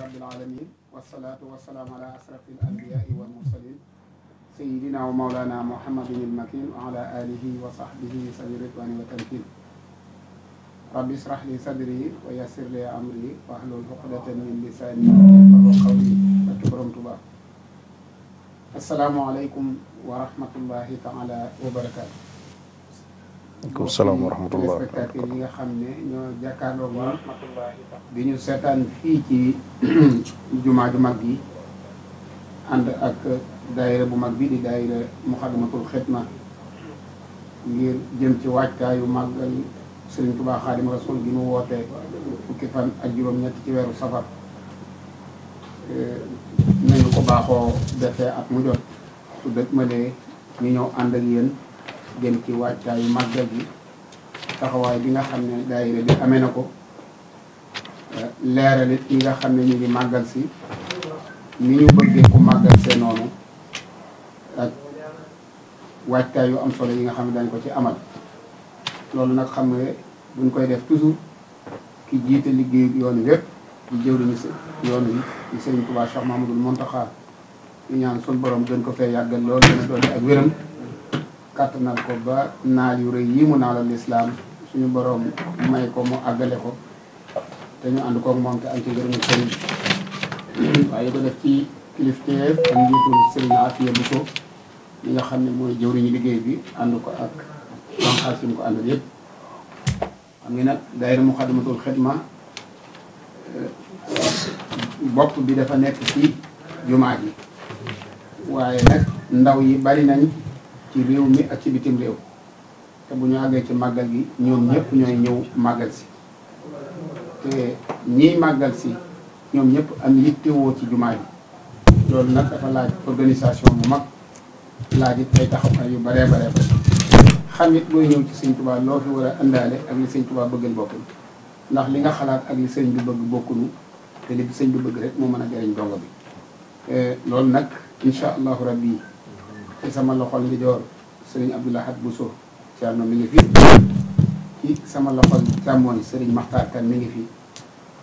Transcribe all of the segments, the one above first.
rabbil alamin wasalaatu wasalaamu ala asrafi al anbiyai wal mursalin sayidina wa maulana muhammadin il makin wa ala alihi wa sahbihi sabi ridwani wa tamkin rabbi israh li sadri wa yassir li amri wahlul uqdatan min lisani yafqahu qawli barke borom Tuubaa asalaamu aleykum wa rahmatullahi taala wa barakaatu waaleykum salaam wa rahmatullah nga xam ne ñoo jàkkaarloo moom di ñu seetaan fii ci jumaa ju mag bi ànd ak daayira bu mag bi di daayira muxadamatul xidma ngir jëm ci waajtaayu màggal Sëriñ Tuubaa Xaadimu Rasuul gi mu wootee fukki fan ak juróom-ñett ci weeru safar eh, nañu ko baaxoo defee at mu jot su dëkk ma lee ñëw ànd ak yéen jëm ci waajtaayu màggal bi taxawaay bi nga xam ne daayira bi amee na ko eh, leeral it ñi nga xam ne ñu ngi màggal si ni ñu bëggee ku màggal see noonu ak waajtaay yu am solo yi nga xam ne dañ ko ci amal loolu nag xam nga buñ koy def toujours ki jiite liggéeyu yoon wépp di jëwriñu si yoon wi di sëriñ Tuubaa Cheikh Mahmadul Montaxa ñu ñaan sol borom gën ko fee yàggal loolu gën a dolli ak wéram kattanal ko ba naal yu rëy yi mu naalal lislaam suñu boroom may ko mu àggale ko te ñu ànd koog moom te am ci ngërëmu sëriñ waaye ko def ci kilifteef ak njiitu sëriñ Afiya bu ko ñi nga xam ne mooy jëwriñu liggéey bi ànd ko ak banqaas yi mu ko àndal yëpp xam nga nag daayira Muxaddamatul Xidma eh, bopp bi dafa nekk ci jumaa ji waaye nag ndaw yi bari nañ ci réew mi ak ci bitim réew te bu ñu àggee ci màggal gi ñoom ñëpp ñooy ñëw màggal si te ñiy màggal si ñoom ñëpp am yittewoo ci jumaa yi loolu nag dafa laaj organisation bu mag laaj it ay taxawaay yu baree baree bare xam it booy ñëw ci sëñ Tuubaa loo fi war a àndaale ak li sëñ Tuubaa bëggal bokkul ndax li nga xalaat ak li sëñ bi bëgg bokkunu te li sëñ bi bëgg rek moo mën a jëriñ dongo bi eh, loolu nag incha allahu rabbi ci sama loxol ndijoor sëriñ Abdou Lahad Bousso Thierno mi ngi fi ci sama loxol càmmooñ sëriñ Makhtar mi ngi fi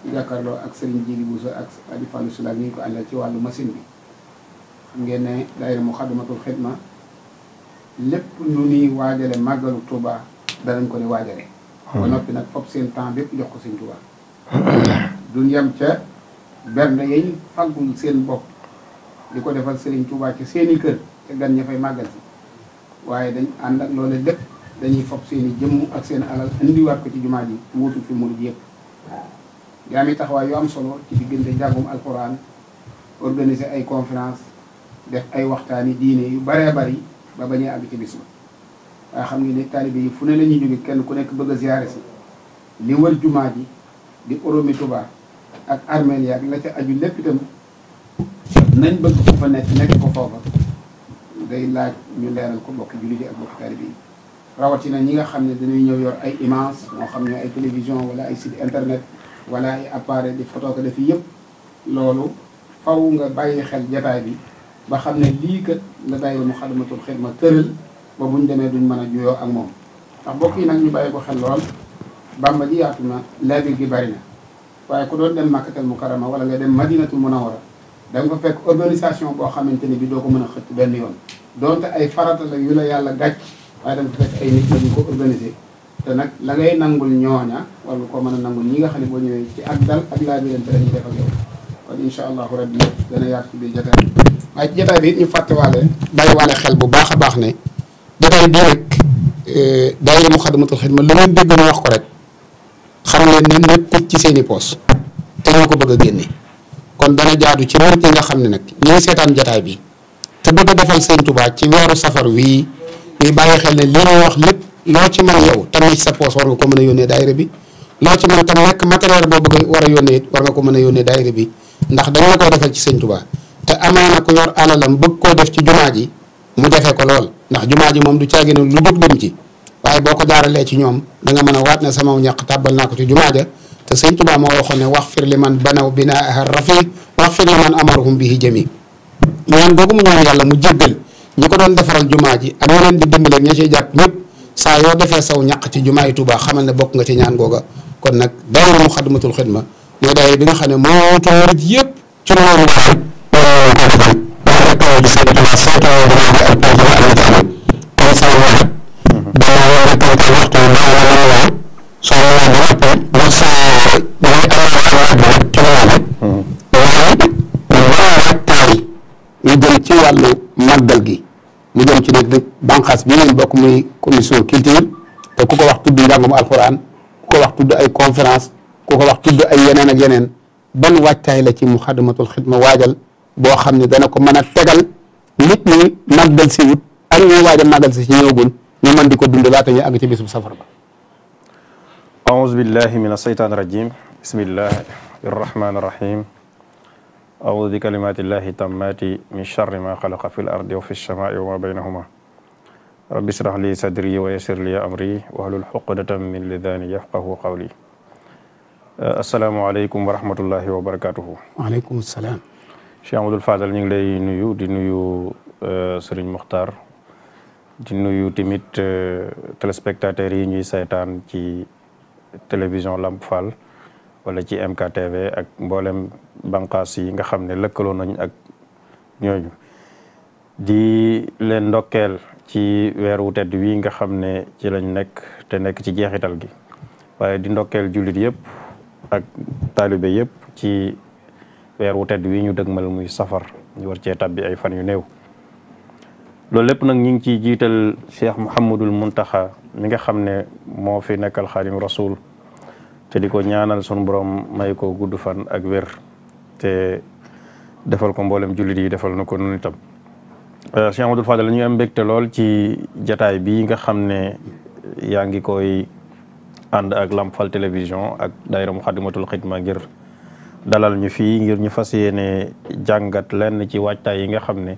ñu jàkkaarloo ak sëriñ Jili Bousso ak Adi Fallou Sula mi ngi ko àndal ci wàllu machine bi xam ngeen ne daayira Muxaddamatul Xidma lépp lu nuy waajale màggalu Touba danañ ko ni waajale ba noppi nag fopp seen temps bépp jox ko sëriñ Touba duñ yem ca bernde yañ fàggul seen bopp di ko defal sëriñ Touba ci seeni kër te gan ña fay màggal si waaye dañ ànd ak loolu lépp dañuy fob seen i jëmm ak seen alal indiwaat ko ci jumaa ji wuutu fi murid yëpp yaa ngi taxawaay yu am solo ci diggante njàngum alquran organiser ay conférence def ay waxtaan waxtaani diine yu baree bari ba bañee àgg ci bis waaye xam nga ne taalibe yi fu ne lañuy ñuy jóge kenn ku nekk bëgg a ziare si li wër jumaa ji di oromi Tuubaa ak armeel yaak la ca aju lépp itam nañ bëgg ko fa nekk nekk ko foofa day laaj ñu leeral ko mbokki jullit yi ak mbokki taalibe yi rawatina ñi nga xam ne dañuy ñëw yor ay image moo xam ne ay télévision wala ay site internet wala ay appareil di photo ko def yëpp loolu faw nga bàyyi xel jataay bi ba xam ne lii kat la daayira Muxaddamatul ma tëral ba buñ demee duñ mën a juyoo ak moom ndax mbokk yi nag ñu bàyyi ko xel lool Bàmba ji yaatu na leebir gi bari na waaye ku doon dem Makkatal Mukarrama wala nga dem Madinatul Munawwara da ko fekk organisation boo xamante ni bi doo ko mën a xëtt benn yoon donte ay farata la yu la yàlla gàcc waaye da nga fekk ay nit la ñu ko organiser te nag la ngay nangul ñooña wala ko mën a nangu ñi nga xam ne boo ñëwee ci ak dal ak laa bi leen te dañuy def ak yow kon incha allahu rabbi dana yaatu ci biir jotaay bi waaye ci jotaay ñu fàttewaale bàyyiwaale xel bu baax a baax ne jotaay bii rek eh, daayira Muxaddamatul Xidma lu ngeen dégg ñu wax ko rek xam leen ci seen i poos te ñoo ko bëgg a génne kon dana jaadu ci nit ñi nga xam ne nag ñi ngi seetaan jataay bi te bëgg a defal sëñ Tuubaa ci weeru safar wii ñuy bàyyi xel ne li ma wax lépp loo ci man yow te ci sa war nga ko mën a yónnee daayira bi loo ci man tam nekk matériel boo bëgg war a yónnee it war nga ko mën a yónnee daayira bi ndax dañ la koy defal ci sëñ Tuubaa te amaana ku yor alalam bëgg koo def ci jumaa ji mu defee ko lool ndax jumaa ji moom du caagi ne lu jóg dem ci waaye boo ko jaaralee ci ñoom danga nga mën a waat na sama ñàq tàbbal naa ko ci jumaa ja te sëñ Tuubaa moo waxoon ne wax fir bi man banaw binaaha rafi wax fir li man amarahum bihi jami ñaan googu mu ñaan yàlla mu jéggal ñi ko doon defaral jumaa ji ak ñi leen di dimbale ña ciy jàpp ñëpp saa yoo defee saw ñaq ci jumaa yi Tuubaa xamal ne bokk nga ci ñaan googa kon nag daayira Muxaddamatul Xidma mooy daayira bi nga xam ne moo wutu murit yëpp ci loolu ci wàllu màggal gi mu jëm ci nag banqaas bi ngeen bokk muy commission culture te ku ko wax tudd njàngum alxuraan ku ko wax tudd ay conférence ku ko wax tudd ay yeneen ak yeneen ban waajtaay la ci muxadamatul xidma waajal boo xam ne dana ko mën a tegal nit ñi màggal si wut ak ñuy màggal si ci ñëwagul ñu mën di ko dund laata ñu àgg ci bisu safar ba أعوذ بالله من الشيطان الرجيم بسم الله الرحمن الرحيم أعوذ بكلمات الله التامات من شر ما خلق في الأرض وفي السماء وما بينهما رب اشرح لي صدري ويسر لي أمري واحلل عقدة من لساني يفقهوا قولي asalaamaaleykum wa rahmatullahi wa barakaatuhu. waaleykum salaam. Cheikh Amadou Fadal ñu ngi lay nuyu di nuyu euh, Serigne Mokhtar di nuyu tamit euh, téléspectateurs yi ñuy saytaan ci télévision Lamp Fall wala ci MKTV ak mboolem banqaas yi nga xam ne lëkkaloo nañ ak ñooñu di leen ndokkeel ci weer wu tedd wi nga xam ne ci lañ nekk te nekk ci jeexital gi waaye di ndokkeel julit yëpp ak taalibe yëpp ci weer wu tedd wi ñu dëgmal muy safar ñu war cee tàbbi ay fan yu néew loolu lépp nag ñu ngi ciy jiital Cheikh Mouhamadul Muntaxa mi nga xam ne moo fi nekkal Xaadim Rasul te di ko ñaanal sunu borom may ko gudd fan ak wér te defal ko mboolem jullit yi defal na ko nun itam. Euh, Cheikh Amadou Fadal ñu am mbégte lool ci jataay bi nga xam ne yaa ngi koy ànd ak Lamfal télévision ak mu Muxaddamatul Xidma ngir dalal ñu fii ngir ñu fas ne jàngat lenn ci waajtaay yi nga xam ne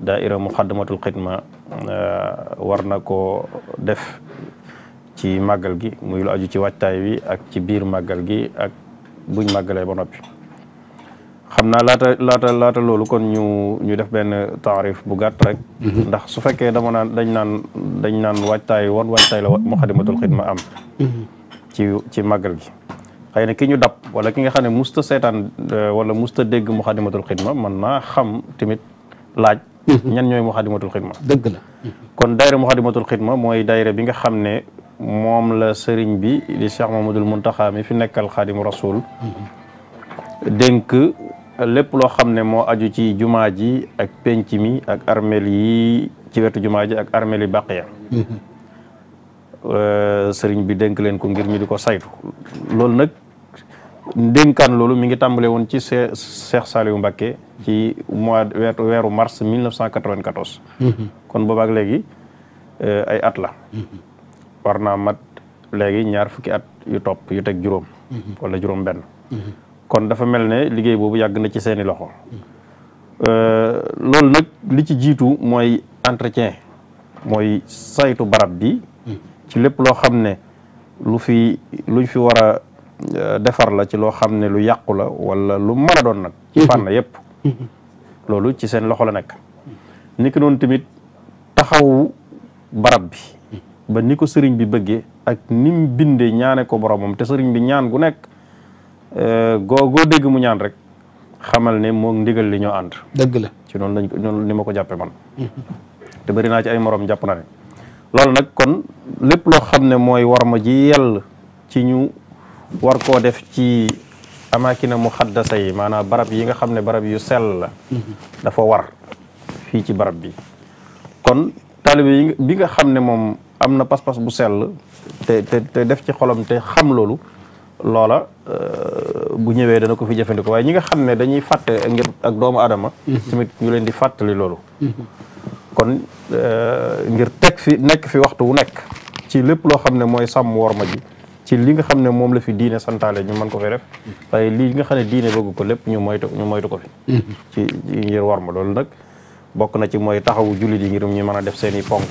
daa daayira Muxaddamatul Xidma euh, war na ko def. ci màggal gi muy lu aju ci waajtaay wi ak ci biir màggal gi ak buñ màggalee ba noppi xam naa laata laata laata loolu kon ñu ñu def benn taarif bu gàtt rek mhm. ndax su fekkee dama naan dañ naan dañ naan waajtaay woon waajtaay la Moukhaddamatoul Khidma am mhm. ci ci màggal gi xëy na ki ñu dab wala ki nga xam ne musta seetaan euh, wala musta dégg Moukhaddamatoul Khidma mën naa xam tamit laaj mhm. ñan ñooy Moukhaddamatoul Khidma dëgg la kon daayira Moukhaddamatoul Khidma mooy daayira bi nga xam ne moom la sëriñ bi di Cheikh Mamadul Muntaxa mi fi nekkal xaadimu rasul dénk lépp loo xam ne moo aju ci jumaa ji ak penc mi ak armeel yi ci wetu jumaa ji ak armel yi Baqiya euh, sëriñ bi dénk leen ko ngir mi di ko saytu loolu nag dénkaan loolu mi ngi tàmbale woon ci see Cheikh Saliou Mbacké ci mois weeru mars 1994 mm-hmm. kon boobaak léegi euh, ay at la mm-hmm. war naa mat léegi ñaar fukki at yu topp yu teg juróom mm-hmm. wala juróom benn mm-hmm. kon dafa mel ne liggéey boobu yàgg na ci seeni loxo euh, loolu nag li ci jiitu mooy entretien mooy saytu barab bi mm-hmm. ci lépp loo xam ne lu fi luñ fi war a euh, defar la ci loo xam ne lu yàqu la wala lu mën a doon nag ci fànn yépp loolu ci seen loxo la nekk niki noonu tamit taxawu barab bi ba ni ko sëriñ bi bëggee ak ni mu bindee ñaane ko boromam te sëriñ bi ñaan gu nekk googoo euh, dégg mu ñaan rek xamal ne moom ndigal li ñoo ànd. dëgg la ci noonu lañ noonu ni ma ko jàppee man. Mm-hmm. te bëri naa ci ay moroom jàpp na ne. loolu nag kon lépp loo xam ne mooy war ma ji yell ci ñu war koo def ci amaakina muxaddasa yi maanaam barab yi nga xam ne barab yu sell la. Mm-hmm. dafa war fii ci barab bi kon taalibe yi bi nga xam ne moom. am na pas-pas bu sell te te te def ci xolam te xam loolu loola euh, bu ñëwee dana ko fi jëfandikoo waaye ñi nga xam ne dañuy fàtte ngir ak doomu aadama mhm. tamit ñu leen di fàttali loolu mhm. kon euh, ngir teg fi nekk fi waxtu wu nekk ci lépp loo xam ne mooy sàmm worma ji ci li nga xam ne moom la fi diine santaale ñu mën ko fi def mhm. waaye lii nga xam ne diine bëgg ko lépp ñu moytu ñu moytu ko fi ci ngir worma loolu nag bokk na ci mooy taxawu jullit yi ngir ñu mën a def seen ponk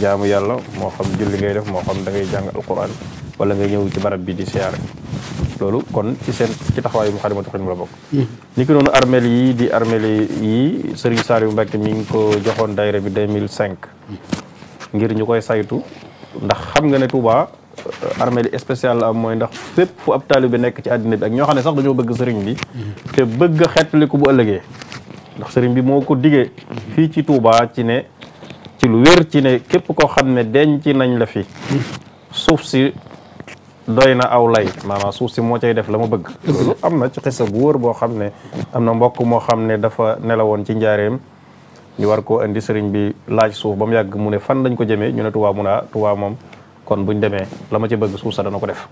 jaamu yàlla moo xam julli ngay def moo xam da ngay jàng alquran wala nga ñëw ci barab bi di siyaare loolu kon ci seen ci taxawaayu Moukhaddamatoul Khidma la bokk hmm. ni ki noonu armel yi di armel yi Serigne Saliou Mbacké mi ngi ko joxoon dayre bi 2005 ngir ñu koy saytu ndax xam nga ne Touba euh, armel yi spécial am mooy ndax fépp fu ab taalibe bi nekk ci àddina bi ak ñoo xam ne sax dañoo bëgg sëriñ bi hmm. te bëgg xeetali ko bu ëllëgee ndax sëriñ bi moo ko digee hmm. fii lu wér ci ne képp koo xam ne denc nañ la fi suuf si doy na aw lay maanaam suuf si moo cay def la ma bëgg loolu am na ci xisa bu wóor boo xam ne am na mbokk moo xam ne dafa nelawoon ci njaareem ñu war koo indi sëriñ bi laaj suuf ba mu yàgg mu ne fan lañ ko jëmee ñu ne Tuubaa mu naa Tuubaa moom kon buñ demee la ma ci bëgg suuf sa dana ko def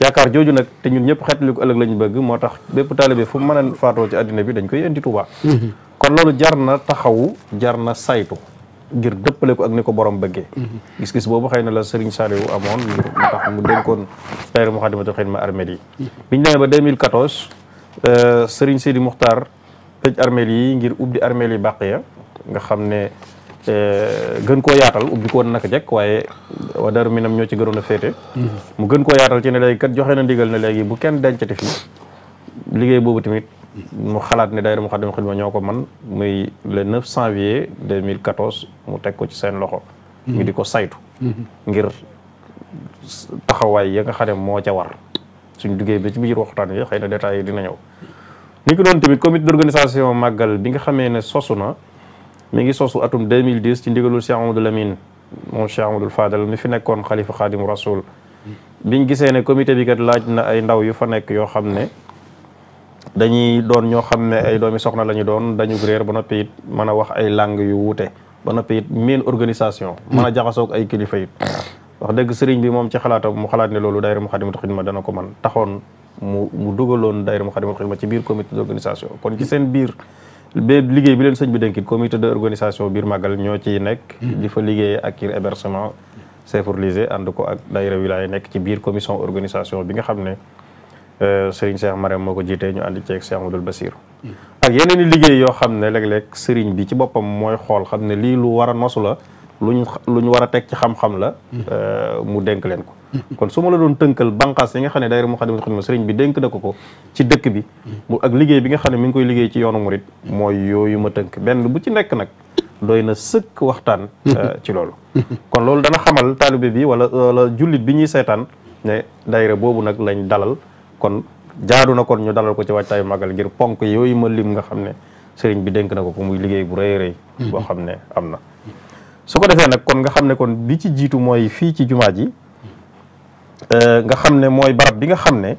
yaakaar jooju nag te ñun ñëpp xeetli ko ëllëg lañu bëgg moo tax bépp taalibe fu mu mën a faatoo ci àddina bi dañ koy indi Tuubaa mhm. kon loolu jar na taxawu jar na saytu ngir dëppale ko ak ni ko borom bëggee mhm. gis-gis boobu xëy na la Serigne Saliou amoon mu tax mu dénkoon daayira Moukhaddamatoul Khidma armeel yi mhm. biñ demee ba 2014 euh, Serigne Sidi Moukhtar tëj armeel yi ngir ubbi armeel yi bàq ya nga xam ne euh, gën koo yaatal ubbi ko woon naka jekk waaye waa mi nam ñoo ci gënoon a féete mhm. mu gën koo yaatal ci ne léegi kat joxee na ndigal na léegi bu kenn dencati fi liggéey boobu tamit mu xalaat ne daayira Muxaddamatul Xidma ñoo ko man muy le 9 janvier 2014 mu teg ko ci seen loxo ñu di ko saytu ngir taxawaay ya nga xam ne moo ca war suñ duggee ba ci biir waxtaan wi xëy na détails yi dina ñëw ni ko doon tamit comité d'organisation màggal bi nga xamee ne sosu na mi ngi sosu atum 2010 ci ndigalul Cheikh Amadou Lamine moom Cheikh Amadou Fadal mi fi nekkoon xalifa xaadimu rasul biñ gisee ne comité bi kat laaj na ay ndaw yu fa nekk yoo xam ne dañuy doon ñoo xam ne ay doomi soxna la ñu doon dañu réer ba noppi it mën a wax ay langue yu wuute ba noppi it organisation hmm. mën a jaxasoog ay kilifa wax dëgg sëriñ bi moom ci xalaatam mu xalaat ne loolu daayira Muxaddamatul Xidma dana ko man taxoon mu mu dugaloon daayira Muxaddamatul Xidma ci biir comité d'organisation kon ci seen biir ba liggéey bi leen sëñ bi dénkit comité d'organisation biir màggal ñoo ciy nekk hmm. di ak kir hébergement c'est ànd ko ak daayira wilaay nekk ci biir commission organisation bi nga xam ne Euh, Serigne Cheikh Marème moo ko jiitee ñu ànd ceeg Cheikh Amadou Bassir ak yeneen i liggéey yoo xam ne léeg-léeg Serigne bi ci boppam mooy xool xam ne lii lu war a nosu la luñ lu ñu war a teg ci xam-xam la euh, mu denk leen ko kon su ma la doon tënkal banqaas yi nga xam ne daayira Moukhaddamatoul Khidma sëriñ bi dénk na ko ko ci dëkk bi ak liggéey bi nga xam ne mi ngi koy liggéey ci yoonu murit mooy yooyu ma tënk benn bu ci nekk nag doy na sëkk waxtaan euh, ci loolu kon loolu dana xamal wala wala bi ñuy seetaan ne daayira boobu nag lañ dalal kon jaadu na kon ñu dalal ko ci waajtaayu màggal ngir ponk yooyu ma lim nga xam ne sëriñ bi dénk na ko ko muy liggéey bu rëy rëy mhm. boo xam ne am na su ko defee nag kon nga xam ne kon bi ci jiitu mooy fii ci jumaa ji euh, nga xam ne mooy barab bi nga xam ne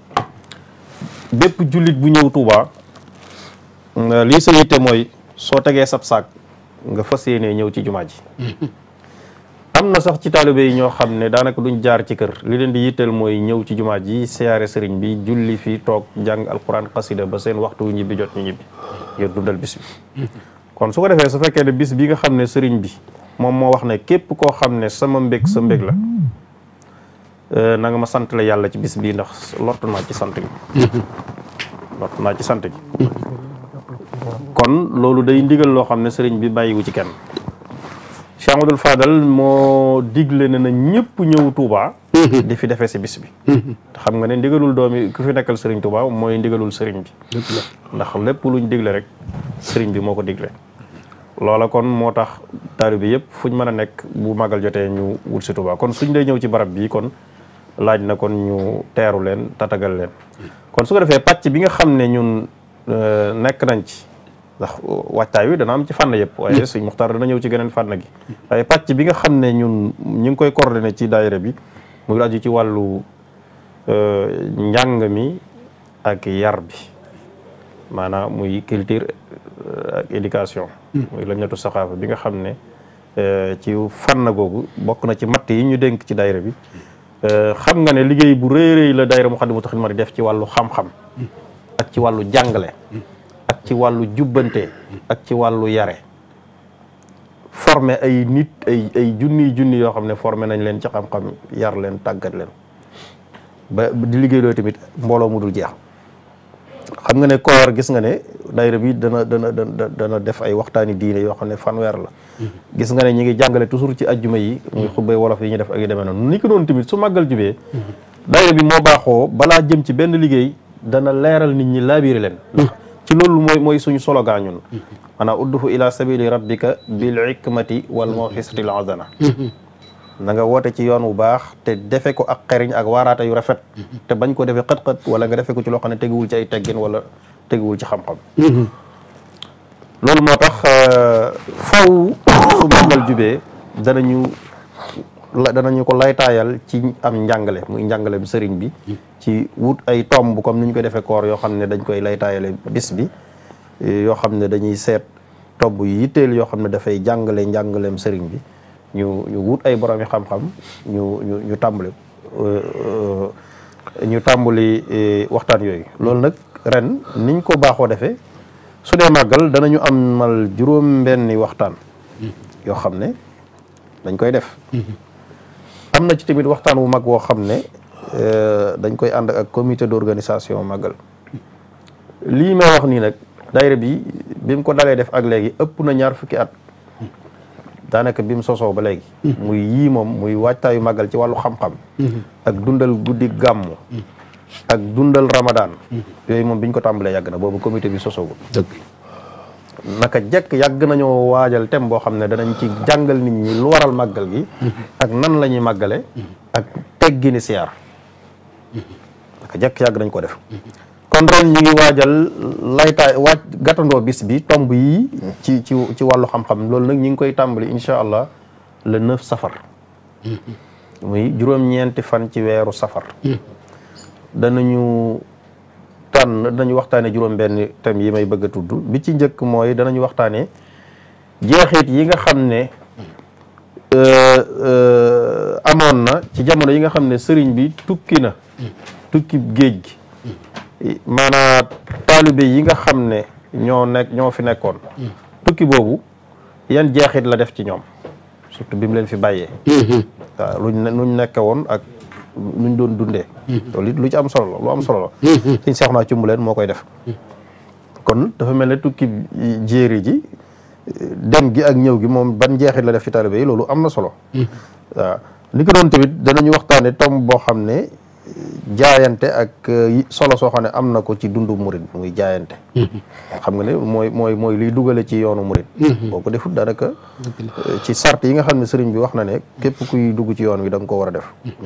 bépp jullit bu ñëw Touba euh, lii sa yitte mooy soo tegee sab saak nga fas yéenee ñëw ci jumaa ji mhm. am na sax ci taalibe yi ñoo xam ne daanaka duñ jaar ci kër li leen di yitteel mooy ñëw ci jumaa ji siyaare sëriñ bi julli fi toog jàng alquran xasida ba seen waxtu wu ñibbi jot ñu ñibbi ngir dundal bis bi kon su ko defee su fekkee ne bis bi nga xam ne sëriñ bi moom moo wax ne képp koo xam ne sama mbég sa mbég la euh, na nga ma sant la yàlla ci bis bii ndax lott naa ci sant gi lott naa ci sant gi kon loolu day ndigal loo xam ne sëriñ bi bàyyiwu ci kenn Cheikh Amadou dal moo digle ne na ñëpp ñëw Touba. Mhm. di fi defee si bis bi. Mhm. te xam nga ne ndigalul doomi ku fi nekkal Serigne Touba mooy ndigalul Serigne bi. ndax lépp lu ñu digle rek sëriñ bi moo ko digle. loola kon moo tax taalibe bi yëpp fuñ mën a nekk bu magal jotee ñu wut si Touba kon suñ dee ñëw ci barab bii kon laaj na kon ñu teeru leen tatagal leen mhm. kon su ko defee pàcc bi nga xam ne ñun euh, nekk nañ ci. ndax waajtaay wi dana am ci fànn yëpp waaye sëñ Muxtaar dana ñëw ci geneen fànn gi waaye pàcc bi nga xam ne ñun ñu ngi koy coordonné ci dayre bi muy aju ci wàllu euh, njàng mi ak yar bi maanaam muy culture euh, ak éducation hmm. muy lañatu saxaafa bi nga xam ne euh, ci fànn googu bokk na ci matt yi ñu denk ci daayira bi xam nga ne liggéey bu rëy rëy la daayira Moukhaddamatoul ma di def ci wàllu xam-xam hmm. ak ci wàllu jàngale hmm. ci wàllu jubbante ak ci wàllu yare formé ay nit ay ay junniy junni yoo xam ne forme nañ leen ci xam-xam yar leen tàggat leen ba di liggéey loo tamit mbooloo mu dul jeex xam nga ne war gis nga ne daayira bi dana dana dana def ay waxtaani diine yoo xam ne fanweer la mm-hmm. gis nga ne ñu ngi jàngale toujours ci ajjuma yi ñu muy mm-hmm. xubbay wolof yi ñu def ak yu demee noonu ni ko doon tamit su màggal jubee mm-hmm. daayira bi moo baaxoo balaa jëm ci benn liggéey dana leeral nit ñi laabiire leen ci loolu mooy mooy suñu solo gaa ñun maanaam udduhu ila sabili rabbika bil hikmati wal mawxisati al azana na nga woote ci yoon wu baax te defee ko ak xeriñ ak waaraate yu rafet te bañ ko defee xët-xët wala nga defee ko ci loo xam ne teguwul ci ay teggin wala wul ci xam-xam loolu moo tax euh, faw su màggal jubee danañu danañu ko laytaayal ci am njàngale muy njàngale bu sëriñ bi mm. ci wut ay tomb comme ni ñu koy defee koor yoo xam ne dañ koy laytaayale bis bi yoo xam ne dañuy seet tomb yu yitteel yoo xam ne dafay jàngale njàngaleem sëriñ bi ñu ñu wut ay boroomi xam-xam ñu ñu ñu tàmbali euh, euh, ñu euh, waxtaan yooyu loolu nag ren niñ ko baaxoo defee su dee màggal danañu amal juróom benni waxtaan mm. yoo xam ne dañ koy def mm-hmm. am na ci tamit waxtaan wu mag woo xam ne euh, dañ koy ànd ak comité d'organisation magal lii may wax nii nag daayira bi bi mu ko dalee def ak léegi ëpp na ñaar fukki at daanaka bi mu sosoo ba léegi muy yii moom muy waajtaayu magal ci wàllu xam-xam ak dundal guddi gàmmu mm-hmm. ak dundal ramadan mm-hmm. yooyu moom biñ ko tàmbalee yàgg na boobu commité bi sosoogu naka jekk yàgg nañoo waajal thème boo xam ne danañ ci jàngal nit ñi lu waral màggal gi ak nan lañuy ñuy màggale ak teggini siyaar naka jekk yàgg nañ ko def kon ren ñu ngi waajal laytaay waaj gàttandoo bis bi tomb yi ci ci ci wàllu xam-xam loolu nag ñu ngi koy tàmbali incha allah le neuf safar muy juróom-ñeenti fan ci weeru safar hmm. danañu tànn danañu waxtaane juróom-benn thèmes yi may bëgga tudd bi ci njëkk mooy danañu waxtaane jeexit yi nga xam ne euh, euh, amoon na ci jamono yi nga xam ne sëriñ bi tukki na tukki géej gi maanaam taalibe yi nga xam ne ñoo nekk ñoo fi nekkoon tukki boobu yan jeexit la def ci ñoom surtout bi mu leen fi bàyyee mm-hmm. waaw luñ luñ nekk woon ak ñu doon dundee hmm. loolu lu ci am solo la lu am solo la hmm. hmm. suñ seex naa ci mu leen moo koy def kon dafa mel ne tukki jéere ji dem gi ak ñëw gi moom ban njeexit la def ci taalibe yi loolu am na solo waaw li ko doon tamit danañu waxtaane tom boo xam ne jaayante ak eh, solo soo xam ne am na ko ci dundu murit muy jaayante xam nga ne mooy mooy mooy liy dugale ci yoonu murit boo ko defut daanaka eh, ci sart yi nga xam ne sëriñ bi wax na ne képp kuy dugg ci yoon wi da ko war a def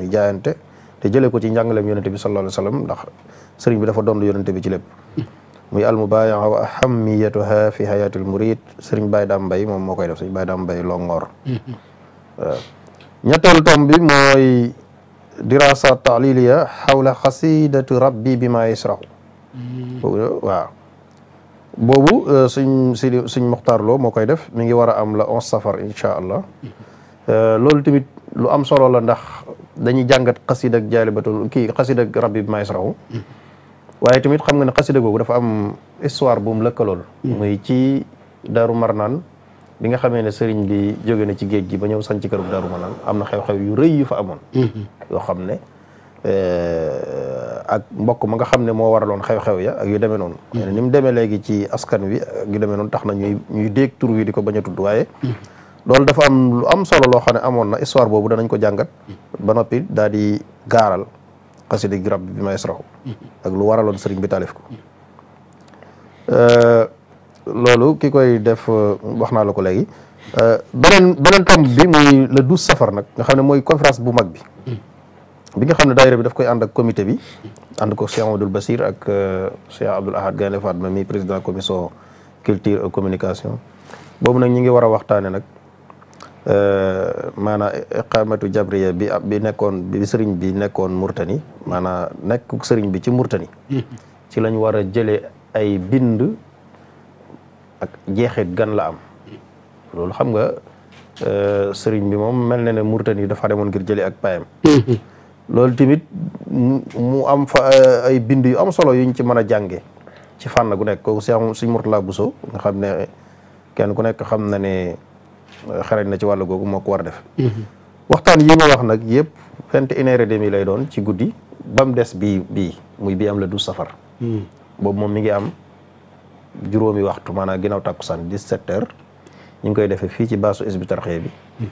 jaayante te jëlee ko ci njàngaleem yonente bi sallallahu alayhi wa sallam ndax sëriñ bi dafa dond yonente bi ci lépp muy almubaya wa ahamiyatuha fi hayatil murid sëriñ Baye Dame Mbaye moom moo koy def sëriñ Baye Dame Mbaye Longhor ñetteelu tom bi mooy dirasa taalilia xawla xasidatu rabbi bi maa yasrahu waaw boobu suñ si suñ Muxtaar moo koy def mi ngi war a am la on safar incha allah euh, loolu tamit lu am solo la ndax dañuy jàngat xasida ak jaalibatul kii xasida ak rabbi bi maes raw hmm. waaye tamit xam nga ne xasida googu dafa am histoire bu mu lëkkalool hmm. muy ci daaru marnaan bi nga xamee ne sëriñ bi jóge na ci géej gi ba ñëw sañ ci kërub daaru marnaan am na xew-xew yu rëy yu fa amoon hmm. yoo xam ne eh, ak mbokk ma nga xam ne moo waraloon xew-xew ya ak yu demee noonu ni mu demee léegi ci askan wi ak yu demee noonu tax na ñuy ñuy déeg tur wi di ko bañ tudd waaye loolu dafa am lu am solo loo xam ne amoon na histoire boobu danañ ko jàngat ba noppi daal di gaaral xasida gi rabbi bi ma yasrahu ak lu waraloon sëriñ bi taalif ko euh, loolu ki koy def euh, wax naa la ko léegi euh, beneen beneen tomb bi muy le douze safar nag nga xam ne mooy conférence bu mag bi bi nga xam ne daayira bi daf koy ànd ak comité bi ànd ko Cheikh Amadou Bassir ak Cheikh Abdoul Ahad Gaïndé Fatma mi président commission culture et communication boobu nag ñu ngi war a waxtaane nag Euh, maanaam e, iqamatu jabriya bi bi nekkoon bi sëriñ bi nekkoon murtani maanaam nekk sëriñ bi ci murtani hmm. ci lañ war a jëlee ay bind ak jeexeet gan la am hmm. loolu xam nga euh, sëriñ bi moom mel na ne murtani dafa demoon ngir jëlee ak payem hmm. loolu tamit mu am fa euh, ay bind yu am solo yuñ ci mën a jànge ci fànn gu nekk kooku si am Murtala Buso nga xam ne kenn ku nekk xam na ne xarañ na ci wàllu googu moo ko war a def mhm. waxtaan yi ma wax nag yëpp vingt et une heures lay doon ci guddi ba des bi bii muy bi am la du safar mhm. boobu moom mi ngi am juróomi waxtu maanaam ginnaaw tàkkusaan dix-sept secteur ñu ngi koy defee fii ci baasu Hizbut Tarqiyyah bi mhm.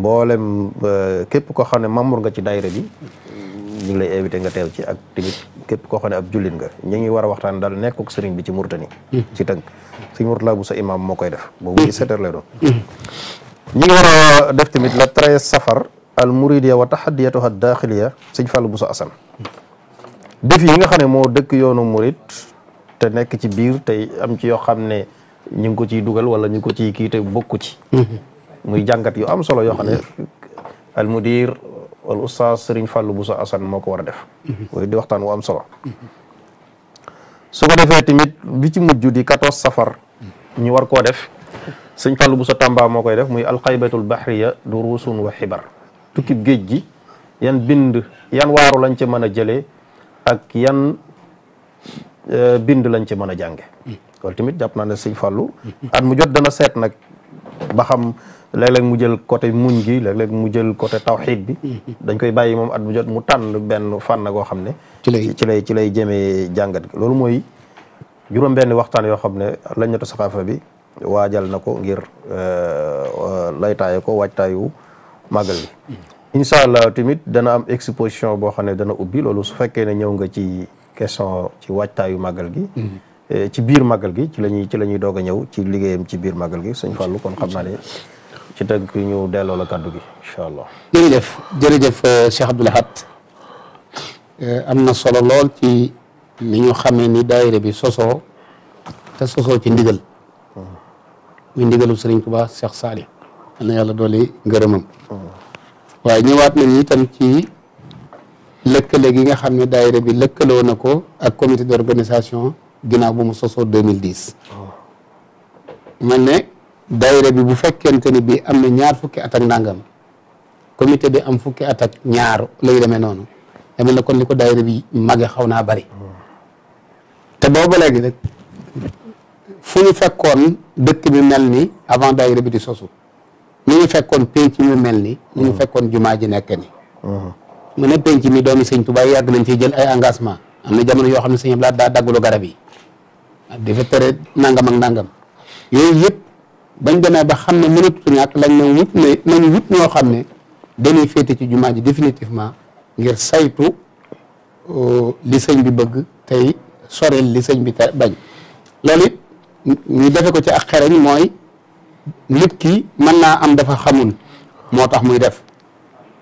mboolem euh, képp koo xam ne membre nga ci daayira bi ñu ngi lay invité nga teew ci ak tamit képp koo xam ne ab jullit nga ñu ngi war a waxtaan daal nekkuk sëriñ bi ci Mauritanie ci tënk sëñ Mourtala bu sa imam moo koy def boobu mm-hmm. ci sept lay doon mm-hmm. ñi ngi war def tamit la treize safar al muridiya wa taxadiyatuha daaxiliya sëñ Fallou bu sa asan def yi nga xam ne moo dëkk yoonu murid te nekk ci biir tey am ci yoo xam ne ñu ngi ko ciy dugal wala ñu ko ciy kii te bokku ci mm-hmm. muy jàngat yu am solo yoo xam ne al mudir wal oustaz sëriñ Fallou bu sa asan moo ko war a def mooy di waxtaan wu am solo soo ko defee tamit bi ci mujj di quatorze safar ñu war koo def sëñ bu sa Tamba moo koy def muy alxaybatul bahriya durusun wa xibar tukkib géej gi yan bind yan waaru lañ ca mën a jëlee ak yan e, bind lañ ca mën a jànge hmm. loolu jàpp naa ne sëñ Fallou at mu jot dana seet nag ba xam léeg-léeg mu jël côté muñ gi léeg-léeg mu jël côté tawxiid bi mm-hmm. dañ koy bàyyi moom at bu jot mu tànn benn fànn goo xam ne ci lay ci lay ci lay jëmee jàngat gi loolu mooy juróom benn waxtaan yoo xam ne lañ natu saxaafa bi waajal na ko ngir euh, laytaaye ko waajtaayu màggal bi mm-hmm. incha allah tamit dana am exposition boo xam ne dana ubbi loolu su fekkee ne ñëw nga ci question ci waajtaayu màggal gi mm-hmm. eh, ci biir màggal gi ci la ñuy ci la ñuy doog a ñëw ci liggéeyam ci biir màggal gi sëñ Fallou kon xam naa ne ci tënk ñu delloo la kàddu gi incha allah. jërëjëf jërëjëf euh, Cheikh Abdoul Ahad euh, am na solo lool ci ni ñu xamee ni daayira bi sosoo te sosoo ci ndigal muy ndigalu Sëriñ Tuubaa Cheikh Saalih na yàlla dooli ngërëmam waaye ñëwaat nañu itam ci lëkkale gi nga xam ne daayira bi lëkkaloo na ko ak comité d'organisation ginnaaw bu mu sosoo 2010 mel daayira bi bu fekkente ni bi am na ñaar fukki at nangam comité bi am fukki at ak ñaar lay demee noonu demel na kon ni ko daayira bi mage xaw naa bari te booba léegi nag fu ñu fekkoon dëkk bi mel ni avant daayira bi di sosu ñu ñu fekkoon penc mi mel ni ñu ñu mm. fekkoon jumaa ji nekk ni mm-hmm. mu ne penc mi doomi sëñ Tuubaa yàgg nañ ci jël ay engagement am na jamono yoo xam ne sëñ Abdu Lahat daa daggulu garab yi dafa tere nangam ak nangam bañ demee ba xam ne mënut ñàkk lañ ne wut ne nañ wut ñoo xam ne dañuy féete ci jumaa ji définitivement ngir saytu euh, li sëñ bi bëgg tey sorel li sëñ bi te bañ loolu ñu defe ko ci ak xereñ mooy nit ki man naa am dafa xamul moo tax muy def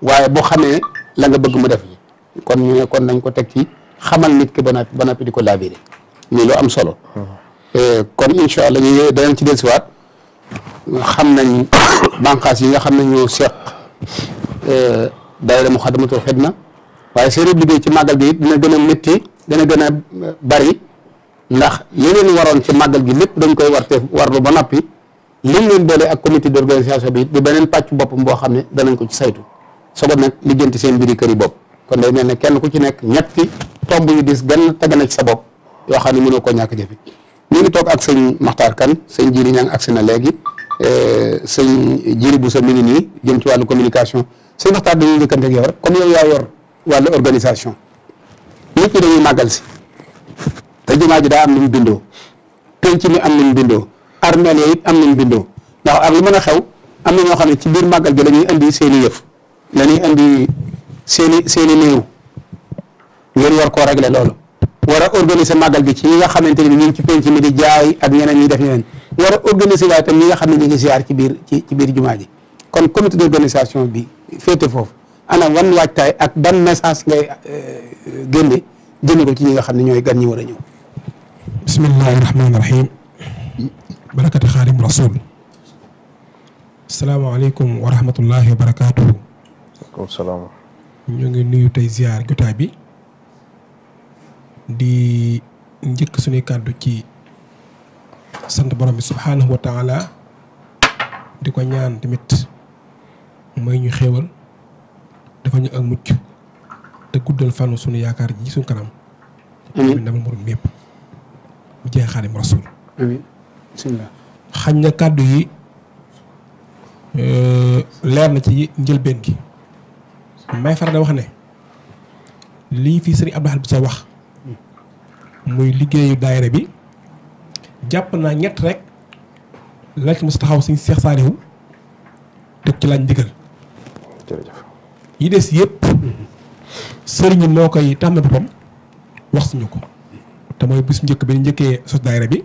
waaye bu xamee la nga bëgg mu def li kon ñu ne kon nañ ko teg ci xamal nit ki ba noppi ba noppi di ko laabiré nii lu am solo mm-hmm. euh, kon incha allah ñu danañ ci dellusiwaat xam nañ bànqaas yi nga xam ne ñoo seq eh, daayira xet na waaye seen liggéey ci màggal gi dina gën a métti dina gën a bari ndax yeneen waroon ci màggal gi lépp dañ koy warte warlu ba noppi liñ leen boole ak comité d'organisation bi di beneen pàcc bopp boo xam ne danañ ko ci saytu sogo nag liggéenti seen mbiri kër yi bopp kon day mel ne kenn ku ci nekk ñetti tomb yu dis gën tege na ci sa bopp yoo xam ne mënoo koo ñàkk jëfe ñu ngi toog ak sëñ Maxtaar Kan sëñ Jiri ak agsi na léegi eh, sëñ Jiri bu sa mi ngi nii jëm ci wàllu communication seen Maxtaar dañuy njëkkante ak yow rek comme yow yaa yor wàllu organisation nit ñi dañuy màggal si te jumaa ji daa am lu mu bindoo penc mi am lu mu bindoo armeel yi it am lu mu bindoo ndax am lu mën a xew am na ñoo xam ne ci biir màggal gi lañuy indi seeni yëf la indi seeni i seen ngeen war koo régler loolu war a organiser màggal bi ci ñi nga xamante ne bi ñu ngi ci penc mi di jaay ak ñeneen ñi def ñeneen war a organiser waaye tam ñi nga xam ne ñu ngi ziar ci biir ci ci biir jumaa kon comité d' organisation bi féete foofu ana wan waajtaay ak ban message ngay euh, génne jëme ci ñi nga xam ne ñooy gan ñi war a ñëw bismillahi rahmaani rahim barakati xaadim rasul asalaamaaleykum wa rahmatullahi wa barakatuhu salaam ñu ngi nuyu tey ziar jotaay bi di njëkk suñuy kàddu ci sant borom bi subhaanahu wa taala di ko ñaan tamit may ñu xéewal dafa ñu ak mucc te guddal fanu suñu yaakaar ji suñu kanam amiin ndamal murum yëpp bu jeex xaadim rasul amiin bismillah na kàddu yi euh, leer na ci njëlbeen gi may faral wax ne lii fii sëriñ Abdou Lahad Bousso wax muy liggéeyu daayira bi jàpp naa ñett rek la ci mos taxaw suñu Seex Saaliwu teg ci laaj ndigal yi des yëpp sëriñ moo koy tànn boppam wax suñu ko te mooy bis njëkk bi njëkkee sos daayira bi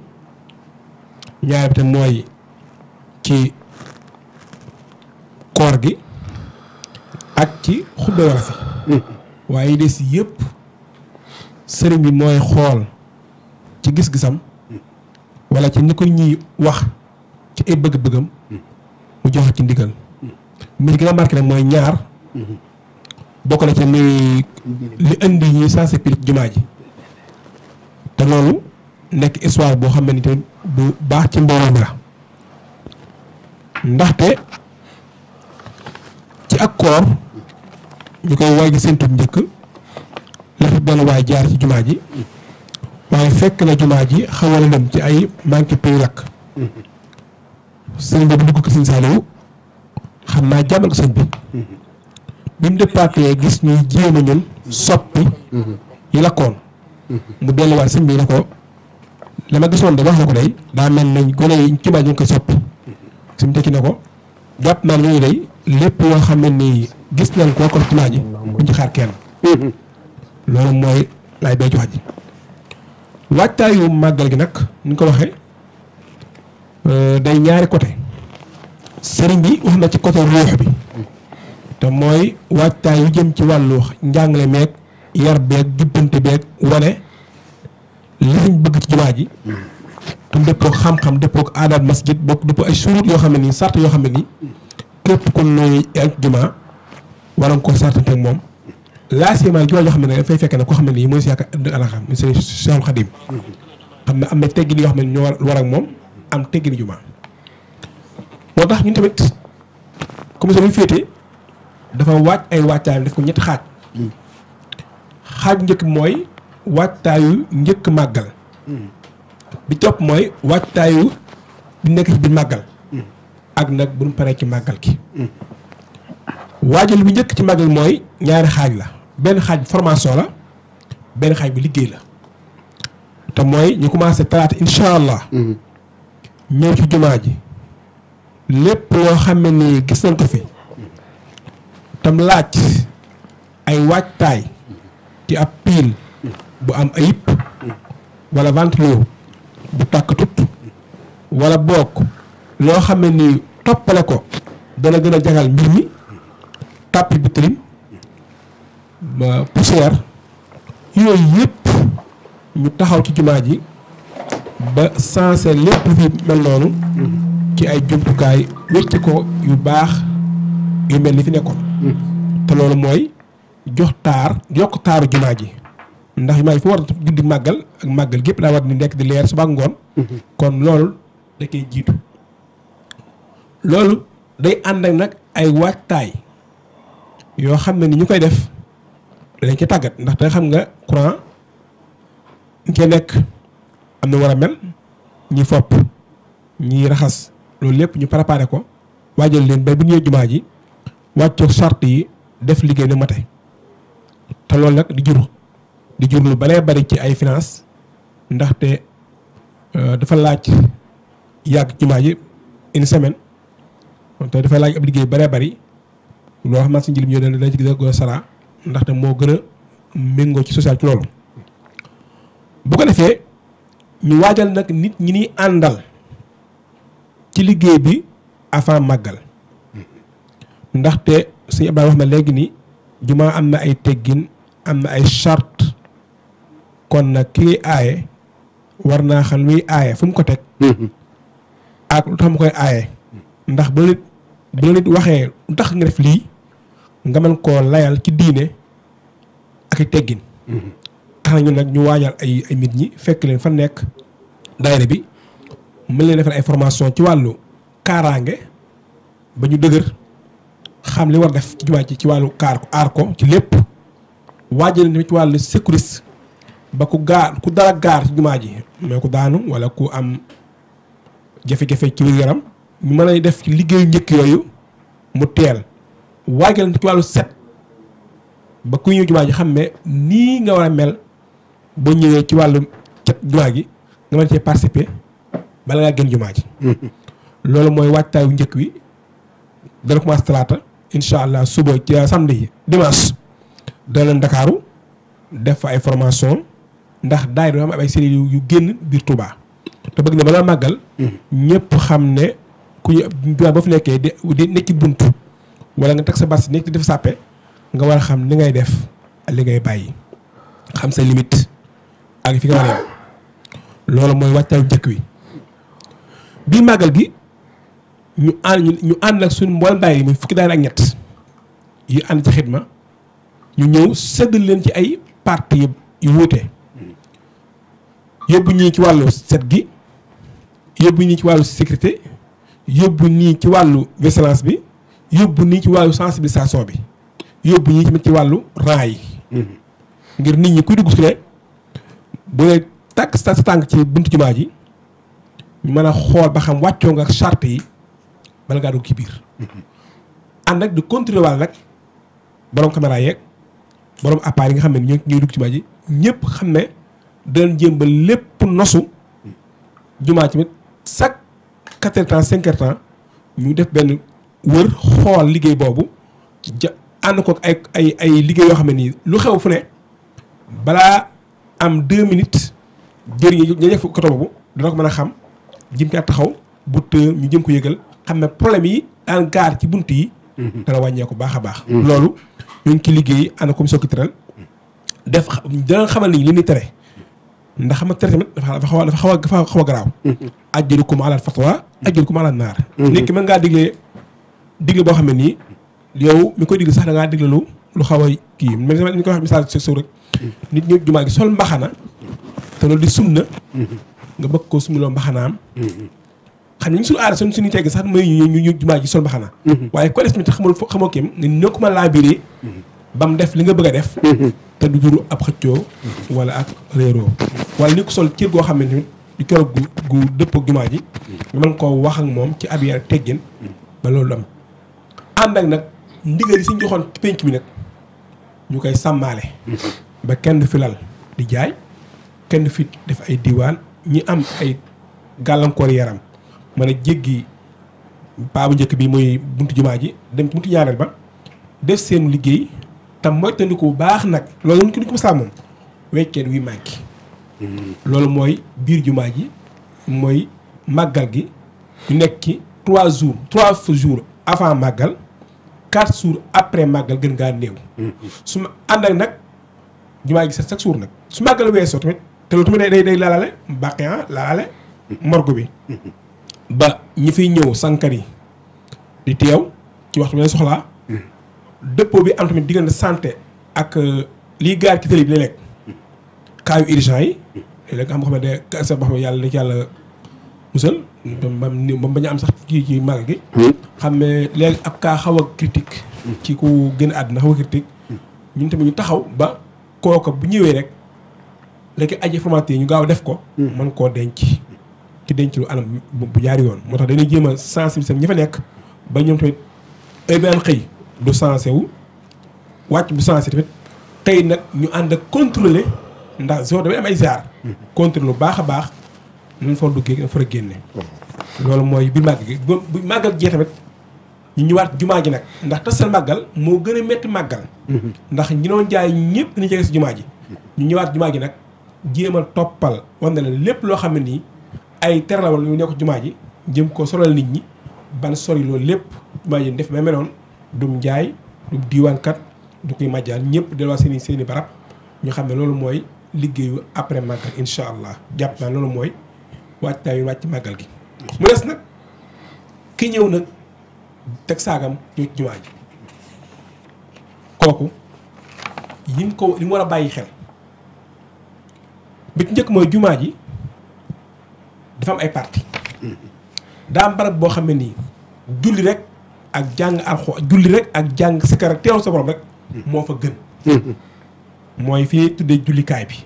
ñaar bi tam mooy ci koor gi ak ci xudda wara si hmm. waaye yi des yëpp sëriñ bi mooy xool ci gis-gisam walla ci ni ko ñuy wax ci ay bëgg-bëggam mu joxe ci ndigal mi ci gën mooy ñaar bokk na ci muy li indi ñuy sensibiliser ci jumaa ji te loolu nekk histoire boo xam ne tamit bu baax ci mbooloo mi la ndaxte ci ak koor ñu koy waaj seen tub njëkk la fi benn waay jaar ci jumaa ji waaye fekk na jumaa ji xawal a dem ci ay manque pay lakk sëñ boobu dugg ko sëñ Saliou xam naa jàmmal ko sëñ bi bi mu dëppaatee gis ñuy jéem a ñun soppi yi lakkoon mu delluwaat sëñ bi na ko la ma gisoon de wax la ko day daa mel nañ gone yi ci baa ñu ngi koy na ko jàpp naa ne ñu xam ne nii gis nañ ko ko jumaa ji buñ ci xaar kenn loolu mooy laay béy ci wax ji waajtaayu màggal gi nag ni ko waxee euh, day ñaari côté sëriñ bi wax na ci côté ruux bi te mooy waajtaay yu jëm ci wàllu njàngale meeg yar beeg jubbante beeg wane li bëgg ci jumaa ji te dëppoo xam-xam dëppoo ak aadaat masjid bokk ay surut yoo xam ne nii sart yoo xam ne nii képp ku nuy ak jumaa war nga koo moom laa siman joo joo xam ne nag dafay fekk nag koo xam ne nii mooy siyaaka alaxam sëñ Cheikhoul Khadim xam ne am na teggin yoo xam ne ñoo war ak moom am teggin juma moo tax ñun tamit commission bi féete dafa waaj ay waajtaayam def ko ñetti xaaj xaaj njëkk mooy waajtaayu njëkk màggal bi topp mooy waajtaayu bi nekk ci biir màggal ak nag bu ñu paree ci màggal ki waajal bi njëkk ci màggal mooy ñaari xaaj la benn xaaj bi formation la benn xaaj bu liggéey la te mooy ñu commencé talaata incha allah. Mhm. ñëw ci jumaa ji lépp loo xam ne nii gis nañ ko fi tam laaj ay waajtaay ci ab piil bu am ayib wala ventilo bu tàkk tut wala book loo xam ne nii toppale ko dana gën a jagal mbir mi tàppi bi tilim ba poussière yooyu yëpp ñu taxaw ci jumaa ji ba sensé lépp fi mel noonu ci ay jumtukaay wécc ko yu baax yu mel ni fi nekkoon te loolu mooy jox taar yokk taaru jumaa ji ndax jumaa may fu war guddi màggal ak màggal gépp daa war di nekk di leer suba ak ngoon kon loolu da koy jiitu loolu day ànd ak nag ay waajtaay yoo xam ne ni ñu koy def dañ ci tàggat ndax te xam nga courant nga nekk am na war a mel ñi fopp ñi raxas loolu lépp ñu préparé ko waajal leen ba bu ñëwee jumaa ji wàccu sart yi def liggéey na mate te loolu nag di jur di jur lu baree bari ci ay finance ndaxte euh, dafa laaj yàgg jumaa ji une semaine te dafa laaj ab liggéey baree bari loo xam ne si njëriñ yooyu dañ ci gën a sara ndaxte moo gën a méngoo ci social ci loolu bu ko defee ñu waajal nag nit ñi ñuy àndal ci liggéey bi avant màggal ndaxte suñu Abdoulaye wax na léegi nii jumaa am na ay teggin am na ay chart kon nag ki ngay aaye war naa xam ni aaye fu mu ko teg mm-hmm. ak lu tax mu koy aaye ndax bu bu la nit waxee lu tax nga def lii nga mën koo layal ci diine ak i teggin. Mhm. tax na nag ñu waajal ay ay ñi fekk leen fan nekk daayira bi mën leen defal ay formation ci wàllu kaaraange ba ñu dëgër xam li war def ci jumaa ci ci wàllu kaar aar ko ci lépp waajal leen ci wàllu sécurité ba ku gaar ku dara gaar ci jumaa ji mooy ku daanu wala ku am jafe-jafe ci wér yaram mën ay def liggéeyu njëkk yooyu mu teel. waajal ci wàllu set ba ku ñëw jumaa ji xam ne nii nga war a mel boo ñëwee ci wàllu cet jumaa gi nga mën cee participer bala ngaa génn jumaa ji. loolu mooy waajtaayu njëkk wi dana commencé talaata incha allah suba ci samedi dimanche dana leen Ndakaaru def fa ay formation ndax daay dama am ay série yu génn biir Touba te bëgg na balaa màggal. Mm-hmm. ñëpp xam ne ku ñu ba fu nekkee di di nekk ci buntu. wala nga teg sa bàtt nekk di def sàppe nga war a xam ni ngay def ak li ngay bàyyi xam sa limite ak fi nga war a loolu mooy wàccal njëkk wi bii màggal gi ñu ànd ñu ànd ak suñu mboolem daay yi muy fukki daan ak ñett yi ànd ci xidma ñu ñëw séddal leen ci ay parti yu wuute yóbbu ñii ci wàllu set gi yóbbu ñii ci wàllu sécurité yóbbu ñii ci wàllu vigilance bi yóbbu nii ci wàllu sensibilisation bi yóbbu ñii tamit ci wàllu rang yi. Mm-hmm. ngir nit ñi kuy dugg si ne bu ne sa tànk ci buntu jumaa ji mën a xool ba xam wàccoo nga ak charte yi bala ngaa dugg ci biir. Mm-hmm. ànd rek di contrôler wàll rek borom caméra yeeg borom appareil yi nga xam ne ñoo ñooy dugg ci jumaa ji ñëpp xam ne dinañ jëmbal ba lépp nosu mm. jumaa tamit chaque quatre heures temps cinq heures temps ñu def benn. wër xool liggéey boobu ja ànd ko ay ay ay liggéey yoo xam ne nii lu xew fu ne balaa am deux minutes jëriñ ña def côté boobu dana ko mën a xam jëm kaa taxaw bu të ñu jëm ko yëgal xam ne problème yi daan gaar ci bunt yi. Mhm. dana wàññeeku baax a baax. Mhm. loolu ñu ngi ciy liggéey ànd commission culturelle def dana xamal ni li muy tere ndax xam nga tere tamit dafa xaw a xaw a xaw a garaaw. Mhm. ajjëriñ ko mu alaat fatwa ajjëriñ ko mu alaat naar. nit ki mën ngaa digle. digle boo xam ne nii yow mi ko digle sax da ngaa lu xaw a kii mais ni ñu koy wax misaal ci suuf rek nit ñi jumaa gi mbaxana te loolu di sunna nga bëgg koo sumuloo mbaxanaam xam ne ñu suñu aada suñu tegg sax may ñu ñu jumaa sol mbaxana waaye ko def tamit xamul xamoo kéem nga noo ko ma laabiree bam def li nga bëgg a def te du juru ab wala ak wala ni sol cër goo xam ne di keroog dëpp jumaa ji nga mën wax ak moom ci ab yar teggin ba loolu am ànd ak nag ndigal yi suñ joxoon pénc mi nag ñu koy sàmmaale ba kenn du fi lal di jaay kenn fit def ay diwaan ñi am ay gàllankoor yaram mën a jéggi paa bu njëkk bi mooy bunt jumaa ji dem ci buntu ba def seen liggéey te moytandiku bu baax nag loolu ñu ko duñ ko sàmmoon wi manqué mm-hmm. loolu mooy biir jumaa ji mooy màggal gi ñu nekk ci trois jours trois jours avant màggal quatre jours après màggal gën ngaa néew. su ma ànd ak nag jumaa gi set chaque jour nag su màggal weesoo tamit te loolu tamit day day laalaale Mbackeyan ah, laalaale morgue bi. ba ñi fi ñëw sànkar yi di teew ci waxtu bi lay soxlaa. dëppoo bi am tamit diggante santé ak euh, liy gaar ci tëli bi lay lekk. cas urgent yi. léeg nga xam ne yàlla na yàlla. musal ba mu bañ a am sax kii ci màgg gi. Hmm? xam ne ab kaa xaw a critique. Hmm. ci ku gën a àdduna xaw a critique. Hmm. ñun tamit ñu taxaw ba kooka bu ñëwee rek léegi aji formaté yi ñu gaaw def ko. man koo denc. ci denc lu anam bu jaari yoon moo tax dañuy jéem a sensibiliser ñi fa nekk ba ñoom tamit heure bi xëy du sensé wu wàcc bu sensé tamit tey nag ñu ànd ak contrôler ndax zoo dafay am ay ziar. baax a baax. ñu fa duggee fa génne. loolu mooy bi màgg gi bu màggal jee tamit ñu ñëwaat jumaa ji nag ndax tasal màggal moo gën a métti màggal. ndax ñi doon jaay ñëpp ñu jege si jumaa ji. ñu ñëwaat jumaa ji nag jéemal toppal wan lépp loo xam ne nii ay tere la woon nekk jumaa ji jëm ko solal nit ñi ban sori loolu lépp jumaa ji def ba meloon dum jaay dum diiwaankat du koy màjjal ñëpp delluwaat seen seeni seen barab ñu xam ne loolu mooy liggéeyu après màggal incha allah jàpp naa loolu mooy. waajtaay wàcc màggal gi. mu des nag ki ñëw nag teg saagam ñu jumaa ji kooku yi mu ko li mu war a bàyyi xel bi ci njëkk mooy jumaa ji dafa am ay parti daa am boo xam ne nii julli rek ak jàng alxu julli rek ak jàng sikar teewal sa borom rek moo fa gën mm-hmm. mooy fi tuddee jullikaay bi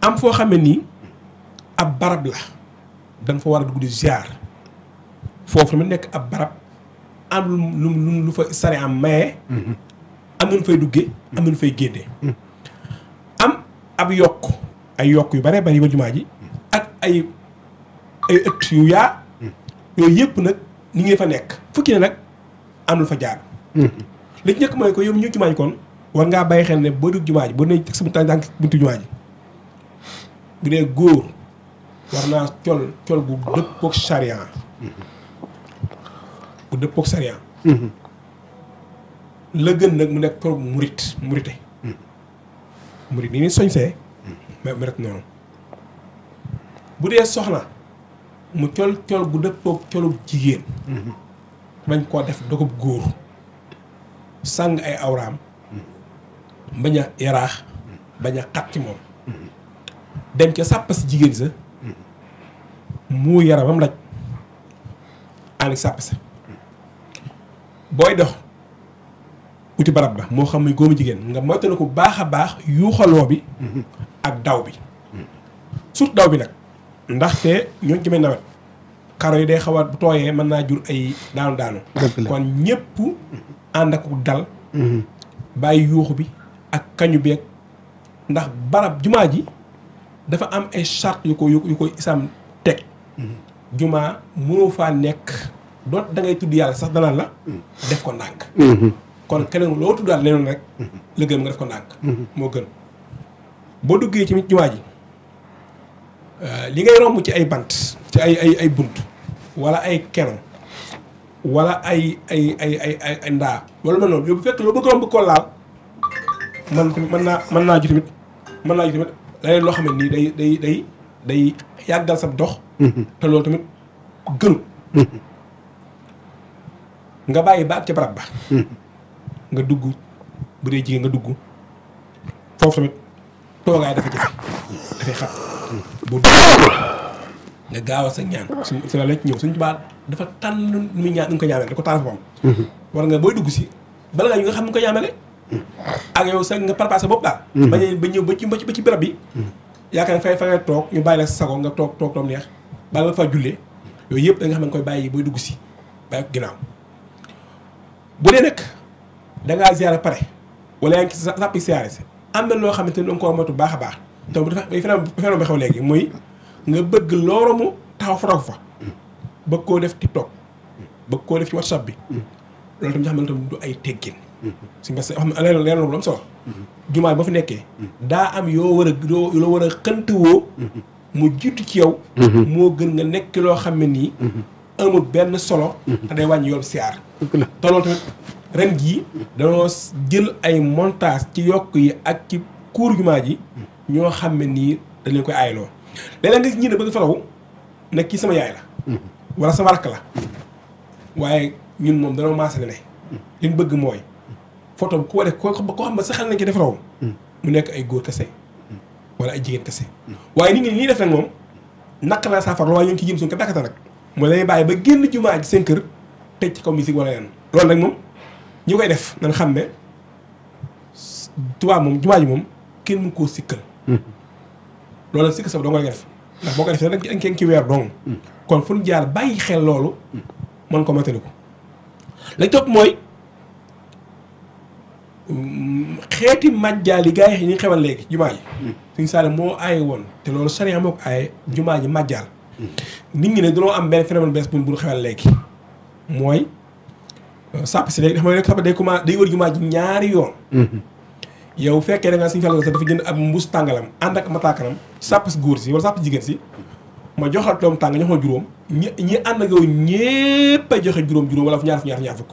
am foo xam nii ab barab la da nga fa war a dugg di ziar foofu mu nekk ab barab am lu lu lu fa sare am maye. am lu fay dugge am lu fay génne. am ab yokk ay yokk yu bare bari yu jumaa ji ak ay ay ëtt yu yaa. yooyu yëpp nag ni ngi fa nekk fukki nag am lu fa jaar. li ci njëkk mooy ko yow ñu jumaa ji kon war ngaa bàyyi xel ne boo dugg jumaa ji boo nee teg sama mu buntu jumaa ji bu dee góor. war naa col col gu dëppook charia gu dëppook charia la gën nag mu nekk col gu murit murite murit ni ni soñsee ma mu noonu bu dee soxna mu col col gu dëppook colub jigéen bañ koo def dogub góor sàng ay awraam baña a yaraax bañ a xat ci moom dem ca sàppa si jigéen sa mu yaramam laj ànd sàpp sa booy dox wuti barab ba moo xam muy góomu jigéen nga moytana ko baax a baax yuuxaloo bi ak daw bi surtout daw bi nag ndaxte ñoo ngi jëmee nawet karo yi day xawaat bu tooyee mën naa jur ay daanu daanu kon ñëpp ànd ak dal mm-hmm. bàyyi yuuxu bi ak kañu beeg ndax barab jumaa ji dafa am ay charte yu ko yu ko isam jumaa mënoo faa nekk doot da tudd yàlla sax danaan la def ko ndànk kon keneen loo tuddaat leneen rek la gën nga def ko ndànk moo gën boo duggee ci jumaa ji li ngay romb ci ay bant ci ay ay bunt wala ay keno wala ay ay ay ay ay ndaa wala man noonu yow bu fekk loo bëgg romb koo laal man mën naa mën naa ju tamit mën naa ju tamit leneen loo xam ne nii day day day day yàggal sab dox. Mhm. te loolu tamit gënu. Mhm. nga bàyyi ba ak ca barab ba. Mhm. nga dugg bu dee jigéen nga dugg foofu tamit toogaay dafa jafe dafay xat. bu dugg nga gaaw sa ñaan suñ si la ñëw suñ tubaab dafa tànn nu muy ñaan nu mu ko ñaanal da ko tànn foofu. war nga booy dugg si bala ngaa ñu nga xam nu mu ko ñaanale. ak yow sax nga préparé sa bopp daal. ba ñëw ba ci ba ci béréb bi. yaakaar fay fa nga toog ñu bàyyi la sago nga toog toog toom neex bala nga fa jullee yooyu yëpp da xam ne koy bàyyi booy dugg si bàyyi ko ginnaaw bu dee nag da ngaa ziyaara pare wala si am na loo xamante ni da nga koo motu baax a baax te dafa ba xew léegi muy nga bëgg looromu taxaw foto fa bëgg koo def TikTok bëgg koo def ci WhatsApp bi loolu tam nga xam ne du ay teggin mm-hmm. si nga se xam ne leer jumaa ba fi nekkee daa am yoo war a loo war a xëntawoo mu jiitu ci yow mhm. moo gën nga nekk loo xam ne nii mhm. amul benn solo mhm. te day wàññi yoon siyaar te loolu ren jii dañoo jël ay montage ci yokk yi ak ci kuur jumaa ji ñoo xam ne nii dañ leen koy aayaloo léeg-léeg nga gis ñi ne bëgg falaw nag kii sama yaay la wala sama rakk la waaye ñun moom danoo maasale ne li bëgg mooy photo ku ko def koo xam ne sa xel nañ ci def raw mu nekk ay góor kese hmm. wala ay jigéen kese hmm. waaye nit ñi nii def nag moom naq naa saafara waaye ñu ngi ci jëm suñu ko dakkata nag mooy bàyyi ba génn jumaa ji seen kër tëj ci kaw musique wala yenn loolu nag moom ñi koy def nañ xam ne tubaab moom jumaa ji moom kenn mu koo sikk hmm. sab dong la nga def ndax boo ko defee dañ keen ci weer dong kon fu ñu jaar bàyyi xel loolu mën ko matali ko lañ topp mooy xeeti majjaal yi gars yi ñu xewal léegi jumaa ji hmm. suñu saali moo aaye woon te loolu sariya moo ko aaye jumaa ji majjaal hmm. nit ñi ne dañoo am benn phénomène bees buñ buñ xewal léegi mooy euh, sàpp si léegi xam nga sàpp day ñaari yoon hmm. yow fekkee da nga suñu fàll sax dafa jënd ab mbuus tàngalam ànd ak mataakanam sàpp si góor si wala sàpp si jigéen si ma jox la doom tàng juróom ñi ñi ànd ak yow ñépp joxe juróom juróom wala fu ñaar fu ñaar fu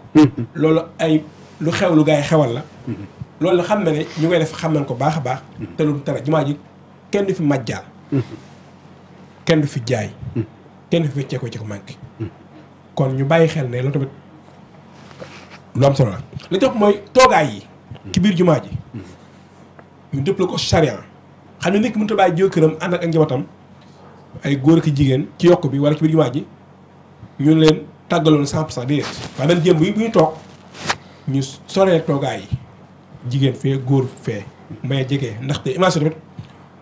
loolu ay lu xew lu gars yi xewal la mhm. loolu la xam na ne ñu koy def xam nañ ko baax a baax mhm. te lu tere jumaa ji kenn du fi majjaal mhm. kenn du fi jaay kenn du fi wéccee ko ci ko manqué kon ñu bàyyi xel ne loolu tamit lu am solo la li topp mooy toogaay yi ci biir jumaa ji ñu dëpp la ko charian xam ne nit ki mënut a ànd ak ak ay góor ki jigéen ci yokk bi wala ci ji ñu leen tàggaloon cent pour cent déedéet waaye même jéem bu ñu toog ñu soree toogaay jigéen fee góor fee may jege ndaxte image tamit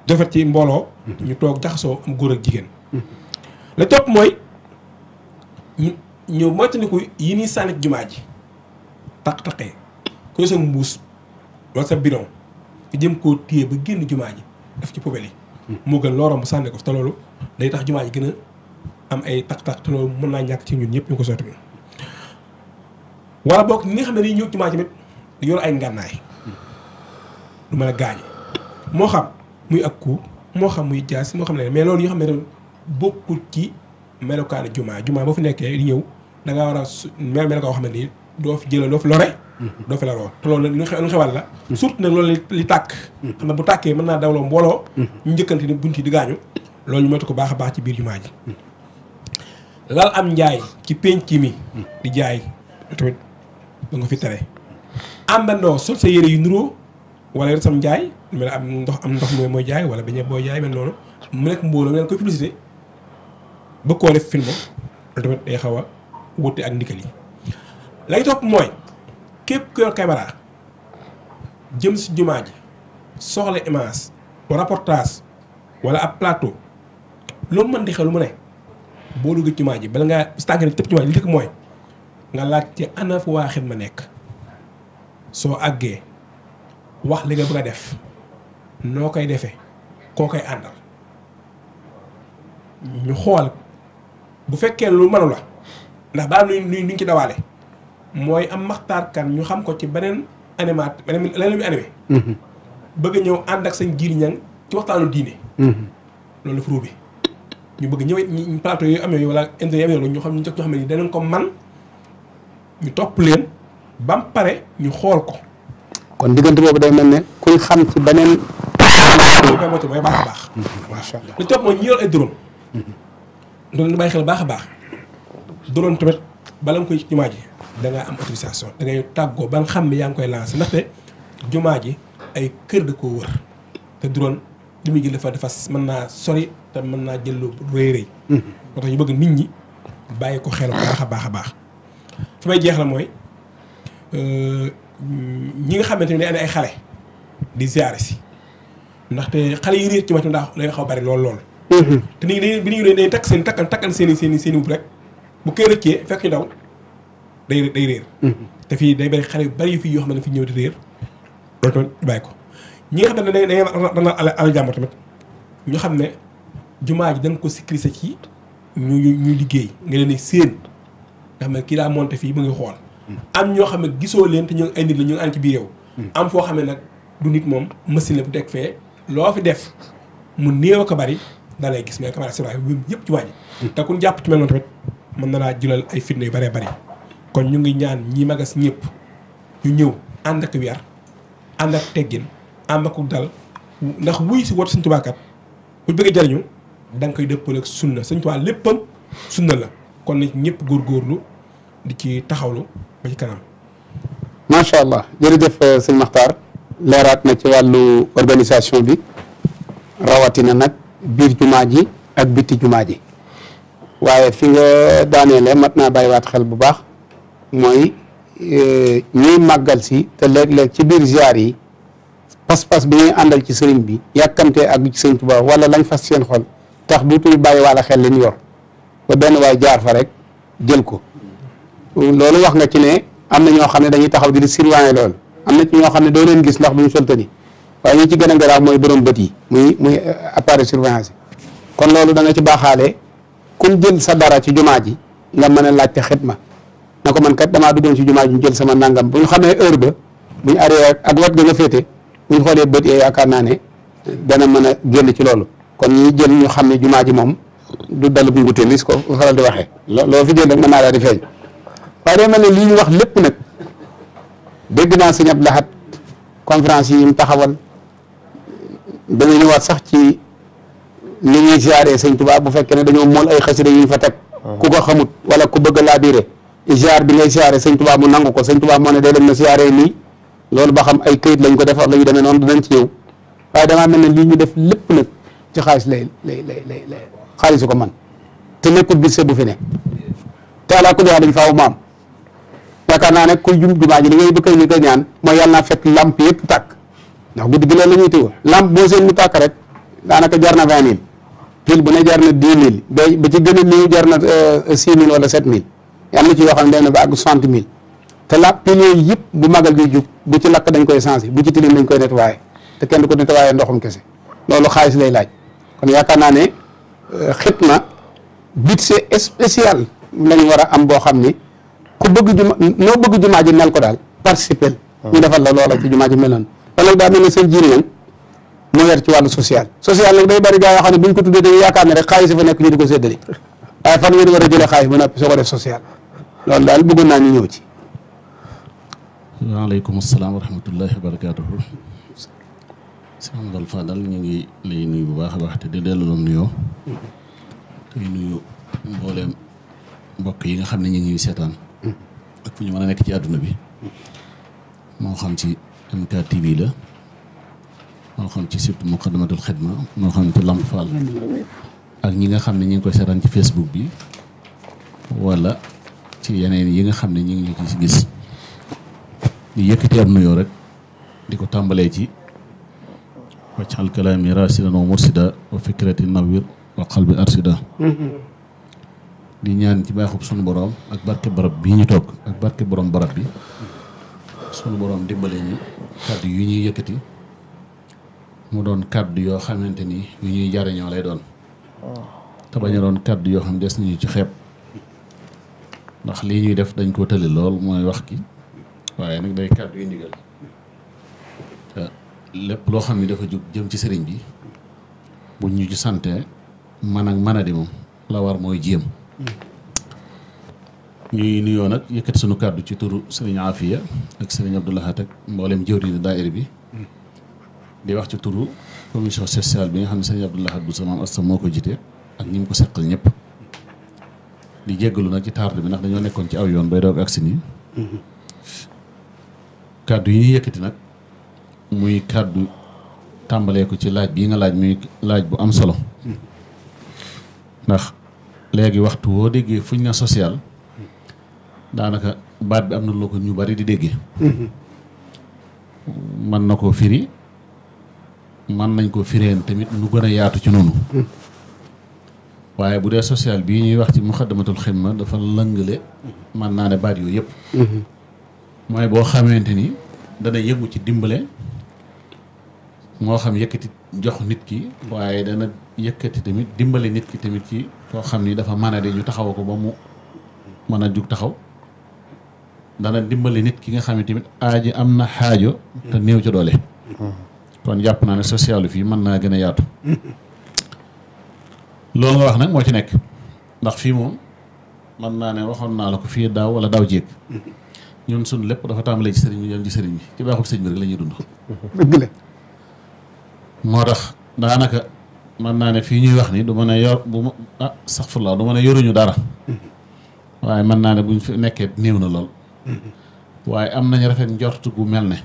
defet ci mbooloo ñu toog jaxasoo am góor ak jigéen la topp mooy ñu ko yi ñuy sànni jumaa ji taq-taqee ko sa mbuus wala sa bidon nga jëm koo téye ba génn jumaa ji def ci poubelle yi moo gën loo mu sànni ko te loolu day tax jumaa ji gën a am ay taq-taq te loolu mën naa ñàkk ci ñun ñëpp ñu ko sotti wala boog ñi nga xam ne dañuy ñëw ci maa tamit di yor ay ngànnaay du mën a moo xam muy ak ku moo xam muy jaas moo xam ne mais loolu yoo xam ne tamit bokkul ci melokaanu jumaa jumaa boo fi nekkee di ñëw da ngaa war a su mel melokaan xam ne nii doo fi jëlee doo fi lore. Mhm. doo fi la roon te loolu nag xewal la. Mhm. surtout nag loolu li tàkk. Mhm. xam ne bu tàkkee mën naa dawloo mbooloo. ñu njëkkante ni bunt yi di gaañu. loolu ñu moytu ko baax a baax ci biir jumaa ji. lal am njaay ci penc mi. di jaay tamit. da nga fi tere àndandoo sol sa yére yu nuroo wala yor sam jaay mu am ndox am ndox mooy mooy jaay wala bañ boo jaay mel noonu mu nekk mbooloo ngeen koy publicité ba koo xaw a wuute ak ndigal yi mooy képp ku yor jëm si jumaa ji soxla image wala wala ab plateau loolu mën di xel mu ne boo duggee jumaa ji bala ngaa si tànk rek tëb jumaa ji li tëkk mooy nga laajte ana fu waa xidma nekk soo àggee wax li nga bëgg a def noo koy defe koo koy àndal ñu xool bu fekkee lu mënu la ndax daal am lu ñu ci dawaale mooy am maxtaar kan ñu xam ko ci beneen animat beneen leneen bi animé mhm. bëgg ñëw ànd ak seen jiir ñang ci waxtaanu diine mhm. loolu furu bi ñu bëgg ñëw it plateau yooyu amee wala interview yi amee ñu xam ñu xam ne danañ ko man ñu topp leen bam pare ñu xool ko. kon diggante boobu day mel ne kuñ xam ci beneen. dañ koy mooy baax a baax. macha allah li yor ay drone. doon bàyyi xel baax a baax. drone tamit bala nga koy jumaa ji da am autorisation da ngay tàggoo ba nga xam ne yaa ngi koy lancé ndaxte jumaa ji ay kër da koo wër te drone li muy jël dafa dafa mën naa sori te mën naa jël lu rëy rëy. Hmm. moo tax ñu bëgg nit ñi bàyyi ko xel baax a baax a baax. mooy jeex la mooy ñi nga xamante ne day andi ay xale di ziare si ndaxte xale yi réer ci wetu ndax day xaw a bari lool lool. Mhm. te nit ñi dañuy bi ñu day takk seen takkan takkan seen i seen rek bu koy rëccee fekk ñu daw day day réer. Mhm. te fii day bari xale yu yu fii yoo xam ne fi ñëw di réer loolu tamit bàyyi ko ñi nga xam ne dañuy dañuy alal jàmbur tamit ñu xam ne jumaa ji dañ ko sécuriser ci ñu ñuy liggéey nga leen séen. nga xam ne kii daa monté fii mu ngi xool am ñoo xam ne gisoo leen te ñu ay nit la ñu ngi ànd ci biir yow hmm. am foo xam ne nag du nit moom machine la bu teg fee loo fi def mu néew ko bari da lay gis mais caméra surveillance bi yëpp ci wàññi hmm. te jàpp ci mel noonu mën na laa julal ay fitna yu bëree kon ñu ngi ñaan ñi magas ñëpp ñëw ànd ak weer ànd ak teggin ànd ak dal ndax wuy si woote Sëñ Tuubaa kat bu bëgg jariñu da nga koy dëppale ak sunna Sëñ Tuubaa léppam sunna la kon nañ ñëpp góorgóorlu di ci taxawlu ba ci kanam. macha allah jërëjëf euh, sëñ Maxtaar leeraat na ci wàllu organisation bi rawatina nag biir jumaa ji ak biti jumaa ji waaye fi nga daaneele mat naa bàyyiwaat xel bu baax mooy euh, ñuy màggal si te léeg-léeg ci biir ziar yi pas-pas bi ñuy àndal ci sëriñ bi yàkkamtee ak ci sëriñ Tuubaa wala lañ fas seen xol tax duutuñu bàyyi wàlla xel li ñu yor ba benn waaye jaar fa rek jël ko loolu wax nga ci ne am na ñoo xam ne dañuy taxaw di di surveiller loolu am na ci ñoo xam ne doo leen gis ndax bu ñu soltani waaye ñi ci gën a garaaw mooy borom bët yi muy muy euh, appareil surveillance yi kon loolu da nga ci baaxaale kun jël sa dara ci jumaa ji nga mën a laajte xitma na ko man kat damaa duggoon ci jumaa ji ñu jël sama nangam bu ñu xamee heure ba bu ñu aree ak wat ga nga féete bu ñu xoolee bët yee yaakaar naa ne dana mën a génn ci loolu kon ñi jël xam ne jumaa ji moom du dalu ngute lis ko faral di waxee loo fi dee nag mën naa daal di feeñ waaye day mel wax lépp nag dégg naa sëñ Abdou Lahad yi mu taxawal dana ñëwaat sax ci ni ñuy ziare sëñ bu fekkee ne dañoo mool ay xasida yu ñu fa teg ku ko xamut wala ku bëgg laa biire bi ngay ziare sëñ Tuubaa mu nangu ko sëñ Tuubaa moo ne day leen na ziare lii loolu ba xam ay këyit lañ ko defar la ñu demee noonu dinañ ci ñëw waaye damaa mel ne lii ñu def lépp nag ci xaalis lay lay lay lay xaalisu ko man te nekkul budget bu fi ne te ala kulli xaalin faaw mu am yaakaar naa ne kuy jum jumaa ji li ngay bëgg a njëkk a ñaan mooy yàlla naa fekk lamp yëpp tàkk ndax guddi gi loolu la ñuy téw lamp boo seen mu rek daanaka jar na vingt mille pile bu ne jar na dix mille ba ba ci jar na euh, six mille wala sept mille yàlla ci yoo xam ne dem na ba àgg soixante mille te lamp pile yooyu yëpp bu magal gi jub bu ci lakk dañ koy changé bu ci tilim dañ koy nettoyé te kenn du ko nettoyé ndoxum kese loolu xaalis lay laaj kon yaakaar Euh, xitma budget spécial lañ war a am boo xam ni ku bëgg juma noo bëgg jumaa ji mel ko daal participer ah. ñu defal la loola ci jumaa ji meloon loolu nag daa mel ne seen jiir nañ moo yor ci wàllu social social nag day bari gaa yoo xam ne buñ ko tuddee dañuy yaakaar ne xaalis fa nekk ñu di ko séddale waaye fan ngeen war a jëlee xaalis ba noppi soo ko social loolu daal bëggoon naa ñu ñëw ci waaleykum asalaam wa rahmatullahi wa si Amadou Fadal ñu ngi lay bu baax a baax te di delloom nuyoo tey nuyu mbooleem mbokk yi nga xam ne ñu ngi seetaan ak fu ñu mën a nekk ci àdduna bi moo xam ci MKTV la moo xam ci surtout Muqaddamatul Xidma moo xam ci Lamp Fall ak ñi nga xam ne ñu ngi koy seetaan ci Facebook bi wala ci yeneen yi nga xam ne ñu ngi ñu ci gis di yëkkati am nuyoo rek di ko tàmbalee ci wajxal kalaami rasidan wa mursida wa fikrati nawir wa qalbi arsida di ñaan ci baaxub suñu borom ak barke barab bii ñu toog ak barke boroom barab bi sunu borom dimbale ñi kàddu yu ñuy yëkkati mu doon kàddu yoo xamante ni yu ñuy jariñoo lay doon te bañ a doon kàddu yoo xam des nañu ci xeeb ndax lii ñuy def dañ ko tëli lool mooy wax ki waaye nag day kàddu yu ndigal lépp loo xam ne dafa jóg jëm ci sëriñ bi buñ ñu ci sante man ak man la war mooy jéem ñuy nuyoo nag yëkkati sunu kàddu ci turu sëriñ Afia ak sëriñ Abdoulahat ak mboolem jëwriñ daayira bi di wax ci turu commission sociale bi nga xam ne sëriñ Abdoulahat bu sama asta moo ko jite ak ñi ko seqal ñëpp di jéggalu nag ci tarde bi ndax dañoo nekkoon ci aw yoon bay doog agsi nii mm-hmm. kàddu yi ñuy yëkkati nag muy kàddu tàmbalee ko ci laaj bii nga laaj muy laaj bu am solo ndax léegi waxtu woo déggee fuñ na social daanaka baat bi am na loo ko ñu bari di déggee mën na ko firi mën nañ ko fireen tamit nu gën a yaatu ci noonu waaye bu dee social bii ñuy wax ci muxaddamatul xidma dafa lëngale mën naa ne baat yooyu yëpp mm-hmm. mooy boo xamante ni dana yëngu ci dimbale moo xam yëkkati jox nit ki waaye dana yëkkati tamit dimbale nit ki tamit ci koo xam ni dafa mën a di ñu taxaw ko ba mu mën a jug taxaw dana dimbale nit ki nga xam ne tamit aaji am na xaajo te néew ci doole kon jàpp naa ne socialu fii mën naa gën a yaatu loolu nga wax nag moo ci nekk ndax fii moom mën naa ne waxoon naa la ko fii daaw wala daaw jéeg ñun suñ lépp dafa tàmbalee ci sëriñ bi yam ci sëriñ bi ci baaxul sëriñ bi rek la ñuy dund moo tax daanaka mën naa ne fii ñuy wax ni du mën a yor bu ah sax fu la du mën a yoruñu dara waaye mën naa ne buñ fi nekkee néew na lool waaye am nañ rafet njort gu mel ne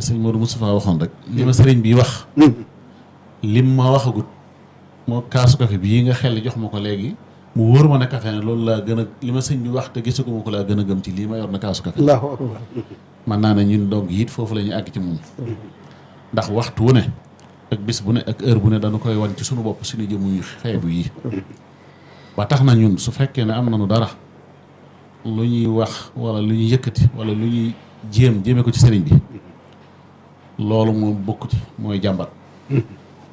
sëñ Modou waxoon rek li ma sëriñ bi wax lim ma waxagut moo kaasu kafe bii nga xel jox ma ko léegi mu wóor ma ne kafe ne loolu laa gën li ma sëñ bi wax te gisagu ko laa gën a gëm ci lii ma yor na kaasu kafe Allahu mën naa ne ñun dog it foofu la ñuy àgg ci moom ndax waxtu ak bis bu ne ak heure bu ne dana koy wan ci sunu bopp suñu jëmm yu xeebu yi ba tax na ñun su fekkee ne am nañu dara lu ñuy wax wala lu ñuy yëkkati wala lu ñuy jéem jéeme ko ci sëriñ bi loolu moom bokk ci mooy jàmbat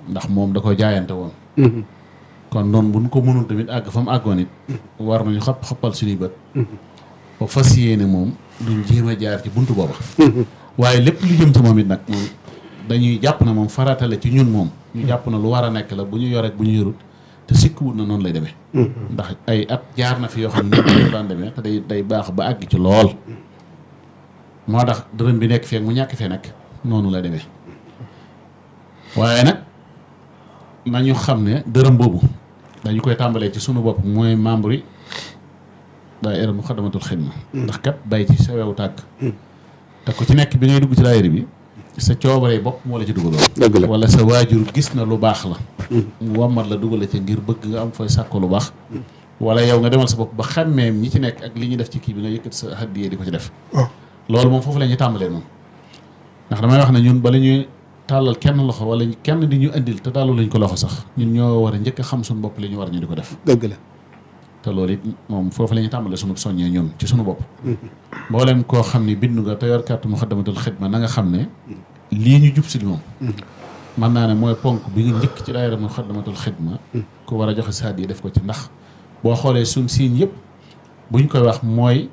ndax moom da ko jaayante woon kon noonu buñ ko mënul tamit àgg fa mu àggoon it war nañu xap xappal suñuy bët ba fas yéene moom duñ jéem a jaar ci bunt booba waaye lépp lu jëm ci moom it nag moom dañuy jàpp na moom farata la ci ñun moom ñu jàpp na lu war a nekk la bu ñu yorek bu ñu yorut te sikkiwut na noonu lay demee mm-hmm. ndax ay at jaar na fi yoo xam ne noonu daan demee te day day baax ba àgg ci lool moo tax dërëm bi nekk fee mu ñàkk fee nekk noonu lay demee waaye nag nañu xam ne dërëm boobu dañu koy tàmbalee ci sunu bopp mooy membre yi daayira Muxaddamatul Xidma mm-hmm. ndax kat bay ci sa wewu mm-hmm. te ku ci nekk bi ngay dugg ci daayira bi sa coobaree bopp moo la ci dugaloon wala sa waajur gis na lu baax la hmm. mu wàmmat la dugale ca ngir bëgg nga am fooy sàkko lu baax wala yow nga demal sa bopp ba xàmmeem ñi ci nekk ak li ñuy def ci kii bi nga yëkkat sa haddiyee di ko ci def oh. loolu moom foofu tàmbalee moom ndax damay wax ne ñun bala ñuy tàllal kenn loxo wala kenn di ñu indil te tàllalu lañ ko loxo sax ñun ñoo war a njëkk a xam suñu bopp li ñu war ñu di ko def dëgg la te lool it moom foofu la ñuy tàmbalee suñu soññee ñun ci suñu bopp boo hmm. mboolem koo xam ne bindu nga te yor kàttu Muxaddamatul Xidma na nga xam ne hmm. lii ñu jub moom. Mm-hmm. mën naa ne mooy ponk bi nga njëkk ci daayira mu xaddamatul xidma mm-hmm. ku war a joxe saat yi def ko ci ndax boo xoolee suñ siin yëpp buñ koy wax mooy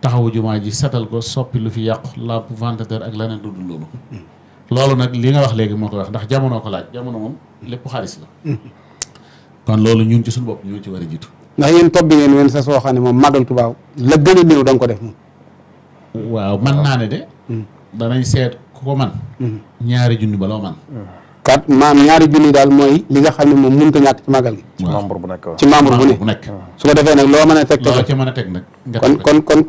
taxawu jumaa ji setal ko soppi lu fi yàqu làmp ventilateur ak leneen lu dul loolu. Mm-hmm. loolu nag li nga wax léegi moo koy wax ndax jamono ko laaj jamono moom lépp xaalis la. kon loolu ñun ci suñu bopp ñu ci war a jiitu. ndax yéen topp bi ngeen sa soo xam ne moom màggal Tuubaa la gën a néew ko def moom. waaw ku kat maam ñaari junni daal mooy li nga xam ne moom mënut a ñàkk ci màggal gi ci membre bu nekk su ko defee nag loo mën a teg loo ci mën a teg nag kon kon a xam kon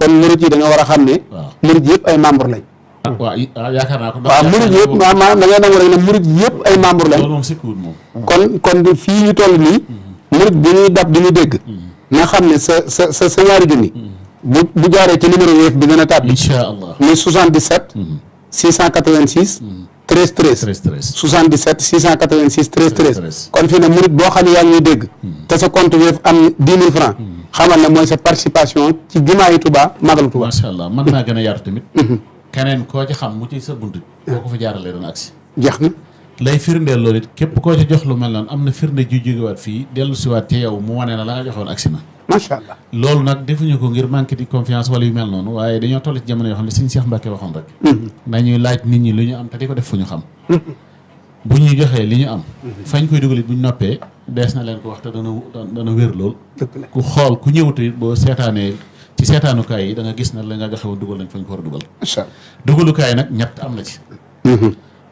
kon fii ñu nii mm-hmm. murit bu ñuy dab di ñu dégg mm-hmm. nga xam ne sa sa sa ñaari junni mm-hmm. bu jaaree ci numéro wéef bi gën a tàbbi incha allah muy 77 686. 13 13 13 77 686 13 13 kon fii ne murit boo xam ne yaa ngi dégg hmm. te sa compte am 10 000 francs hmm. xamal ne mooy sa participation ci gimaayu Touba magalu Touba macha allah mën naa gën a yaatu tamit hmm. keneen koo ci xam mu ci sa bunt boo ko fa jaaralee doon agsi jeex na lay firndee loolu it képp koo ci jox lu mel noonu am na firnde ju jógewaat fii dellu siwaat te yow mu wane na la nga joxoon agsi na loolu nag defuñu ko ngir manque di confiance wala yu mel noonu waaye dañoo toll ci jamono yoo xam ne suñu Cheikh Mbacke waxoon rek mm-hmm. nañuy laaj nit ñi lu ñu am te di ko def fu ñu xam mm-hmm. bu ñu joxee li ñu am mm-hmm. fañ koy dugal bu ñu noppee dees na leen ko wax te dana dana wér lool ku xool ku ñëwut boo seetaanee ci seetaanukaay yi da gis na la nga joxe dugal nañ fañ ko war a dugal dugalukaay nag ñett am na ci